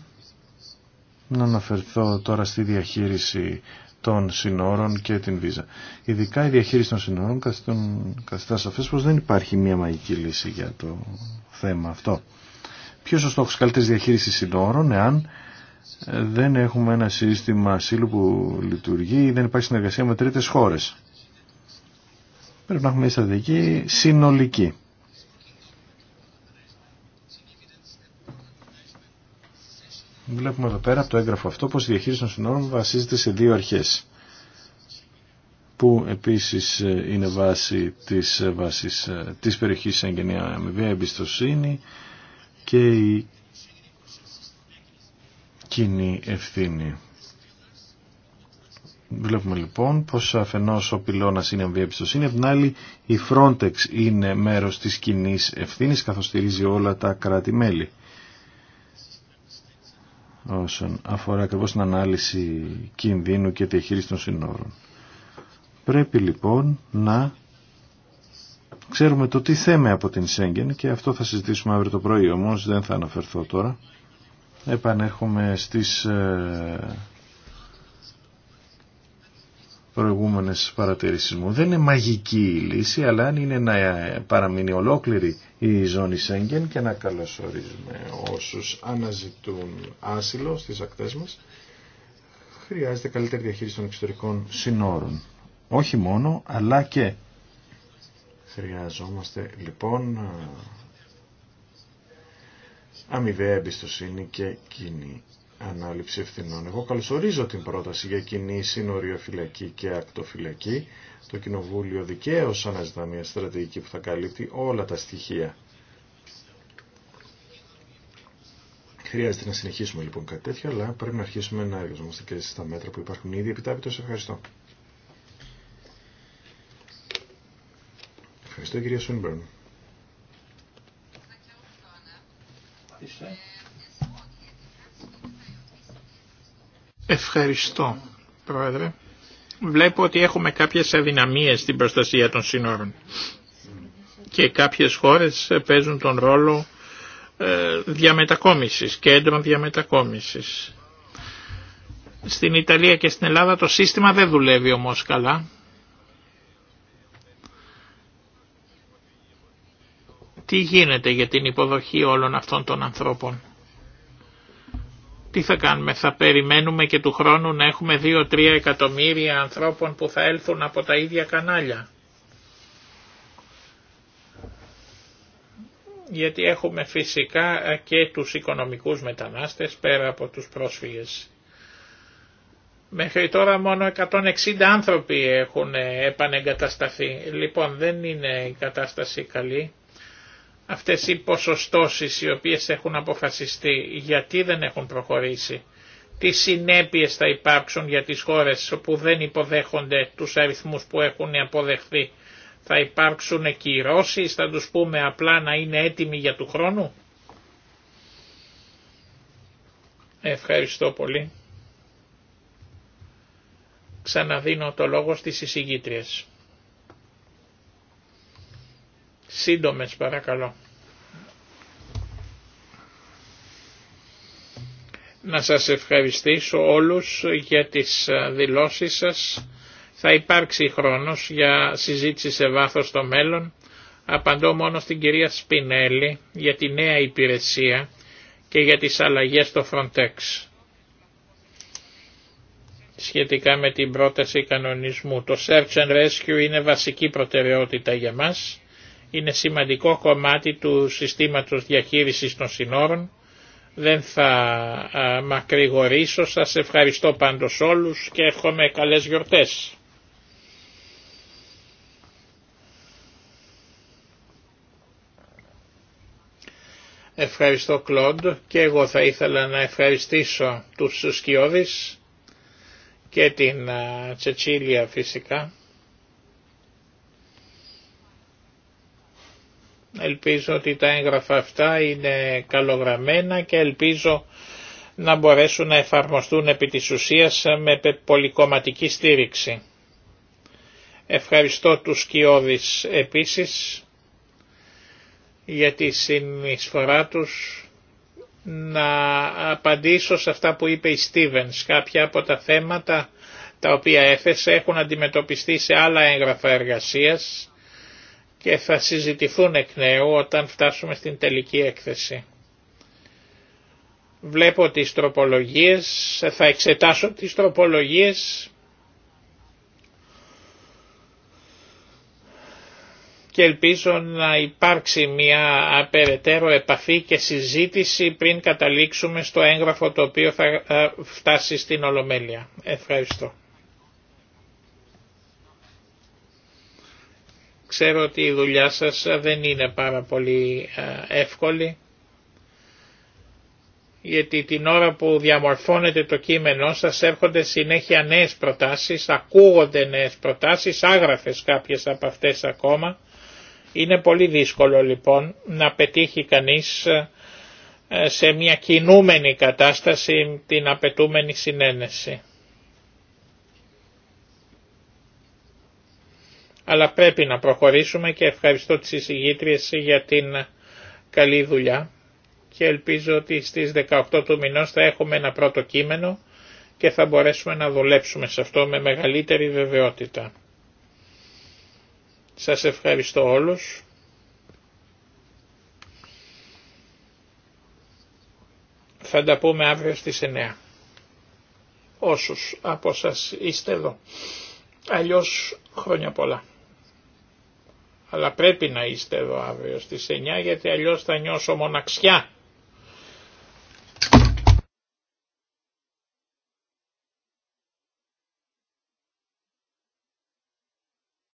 Να αναφερθώ τώρα στη διαχείριση των συνόρων και την βίζα. Ειδικά η διαχείριση των συνόρων καθιστά σαφές πω δεν υπάρχει μια μαγική λύση για το θέμα αυτό. Ποιος ο στόχος καλύτερης διαχείρισης συνόρων εάν ε, δεν έχουμε ένα σύστημα ασύλου που λειτουργεί ή δεν υπάρχει συνεργασία με τρίτες χώρες. Πρέπει να έχουμε μια συνολική. Βλέπουμε εδώ πέρα από το έγγραφο αυτό πως η διαχείριση των συνόρων βασίζεται σε δύο αρχές που επίσης ε, είναι βάση της, ε, βάσης, ε, της περιοχής εγγενία αμοιβή εμπιστοσύνη και η κοινή ευθύνη. Βλέπουμε λοιπόν πως αφενός ο πυλώνας είναι αμοιβία εμπιστοσύνη, απ' την άλλη η Frontex είναι μέρος της κοινή ευθύνης καθώς όλα τα κράτη-μέλη όσον αφορά ακριβώς την ανάλυση κινδύνου και διαχείριση των συνόρων. Πρέπει λοιπόν να ξέρουμε το τι θέμε από την Σέγγεν και αυτό θα συζητήσουμε αύριο το πρωί, όμως δεν θα αναφερθώ τώρα. Επανέρχομαι στις ε, προηγούμενες παρατηρήσεις μου. Δεν είναι μαγική η λύση, αλλά αν είναι να παραμείνει ολόκληρη η ζώνη Σέγγεν και να καλωσορίζουμε όσους αναζητούν άσυλο στις ακτές μας, χρειάζεται καλύτερη διαχείριση των εξωτερικών συνόρων. Όχι μόνο, αλλά και χρειαζόμαστε λοιπόν αμοιβαία εμπιστοσύνη και κοινή ανάληψη ευθυνών. Εγώ καλωσορίζω την πρόταση για κοινή συνοριοφυλακή και ακτοφυλακή. Το Κοινοβούλιο δικαίως αναζητά μια στρατηγική που θα καλύπτει όλα τα στοιχεία. Χρειάζεται να συνεχίσουμε λοιπόν κάτι τέτοιο, αλλά πρέπει να αρχίσουμε να εργαζόμαστε και στα μέτρα που υπάρχουν ήδη Σε Ευχαριστώ. Ευχαριστώ κυρία Σούνιμπερν. Ευχαριστώ, Πρόεδρε. Βλέπω ότι έχουμε κάποιες αδυναμίες στην προστασία των σύνορων και κάποιες χώρες παίζουν τον ρόλο ε, διαμετακόμισης, κέντρων διαμετακόμισης. Στην Ιταλία και στην Ελλάδα το σύστημα δεν δουλεύει όμως καλά. Τι γίνεται για την υποδοχή όλων αυτών των ανθρώπων τι θα κάνουμε, θα περιμένουμε και του χρόνου να έχουμε 2-3 εκατομμύρια ανθρώπων που θα έλθουν από τα ίδια κανάλια. Γιατί έχουμε φυσικά και τους οικονομικούς μετανάστες πέρα από τους πρόσφυγες. Μέχρι τώρα μόνο 160 άνθρωποι έχουν επανεγκατασταθεί. Λοιπόν δεν είναι η κατάσταση καλή. Αυτές οι ποσοστώσεις οι οποίες έχουν αποφασιστεί, γιατί δεν έχουν προχωρήσει, τι συνέπειες θα υπάρξουν για τις χώρες που δεν υποδέχονται τους αριθμούς που έχουν αποδεχθεί. Θα υπάρξουν κυρώσεις, θα τους πούμε απλά να είναι έτοιμοι για του χρόνου. Ευχαριστώ πολύ. Ξαναδίνω το λόγο στις εισηγήτριες. Σύντομες παρακαλώ. να σας ευχαριστήσω όλους για τις ε, δηλώσεις σας. Θα υπάρξει χρόνος για συζήτηση σε βάθος στο μέλλον. Απαντώ μόνο στην κυρία Σπινέλη για τη νέα υπηρεσία και για τις αλλαγές στο Frontex σχετικά με την πρόταση κανονισμού. Το Search and Rescue είναι βασική προτεραιότητα για μας. Είναι σημαντικό κομμάτι του συστήματος διαχείρισης των συνόρων δεν θα μακρηγορήσω, σας ευχαριστώ πάντως όλους και εύχομαι καλές γιορτές. Ευχαριστώ Κλοντ και εγώ θα ήθελα να ευχαριστήσω τους Σκιώδης και την Τσετσίλια φυσικά. Ελπίζω ότι τα έγγραφα αυτά είναι καλογραμμένα και ελπίζω να μπορέσουν να εφαρμοστούν επί της ουσίας με πολυκομματική στήριξη. Ευχαριστώ τους Κιώδης επίσης για τη συνεισφορά τους να απαντήσω σε αυτά που είπε η Στίβενς. Κάποια από τα θέματα τα οποία έθεσε έχουν αντιμετωπιστεί σε άλλα έγγραφα εργασίας και θα συζητηθούν εκ νέου όταν φτάσουμε στην τελική έκθεση. Βλέπω τις τροπολογίες, θα εξετάσω τις τροπολογίες και ελπίζω να υπάρξει μια απεραιτέρω επαφή και συζήτηση πριν καταλήξουμε στο έγγραφο το οποίο θα ε, φτάσει στην Ολομέλεια. Ευχαριστώ. Ξέρω ότι η δουλειά σας δεν είναι πάρα πολύ ε, εύκολη γιατί την ώρα που διαμορφώνεται το κείμενό σας έρχονται συνέχεια νέες προτάσεις, ακούγονται νέες προτάσεις, άγραφες κάποιες από αυτές ακόμα. Είναι πολύ δύσκολο λοιπόν να πετύχει κανείς ε, σε μια κινούμενη κατάσταση την απαιτούμενη συνένεση. αλλά πρέπει να προχωρήσουμε και ευχαριστώ τις εισηγήτριες για την καλή δουλειά και ελπίζω ότι στις 18 του μηνός θα έχουμε ένα πρώτο κείμενο και θα μπορέσουμε να δουλέψουμε σε αυτό με μεγαλύτερη βεβαιότητα. Σας ευχαριστώ όλους. Θα τα πούμε αύριο στις 9. Όσους από σας είστε εδώ. Αλλιώς χρόνια πολλά αλλά πρέπει να είστε εδώ αύριο στις 9 γιατί αλλιώς θα νιώσω μοναξιά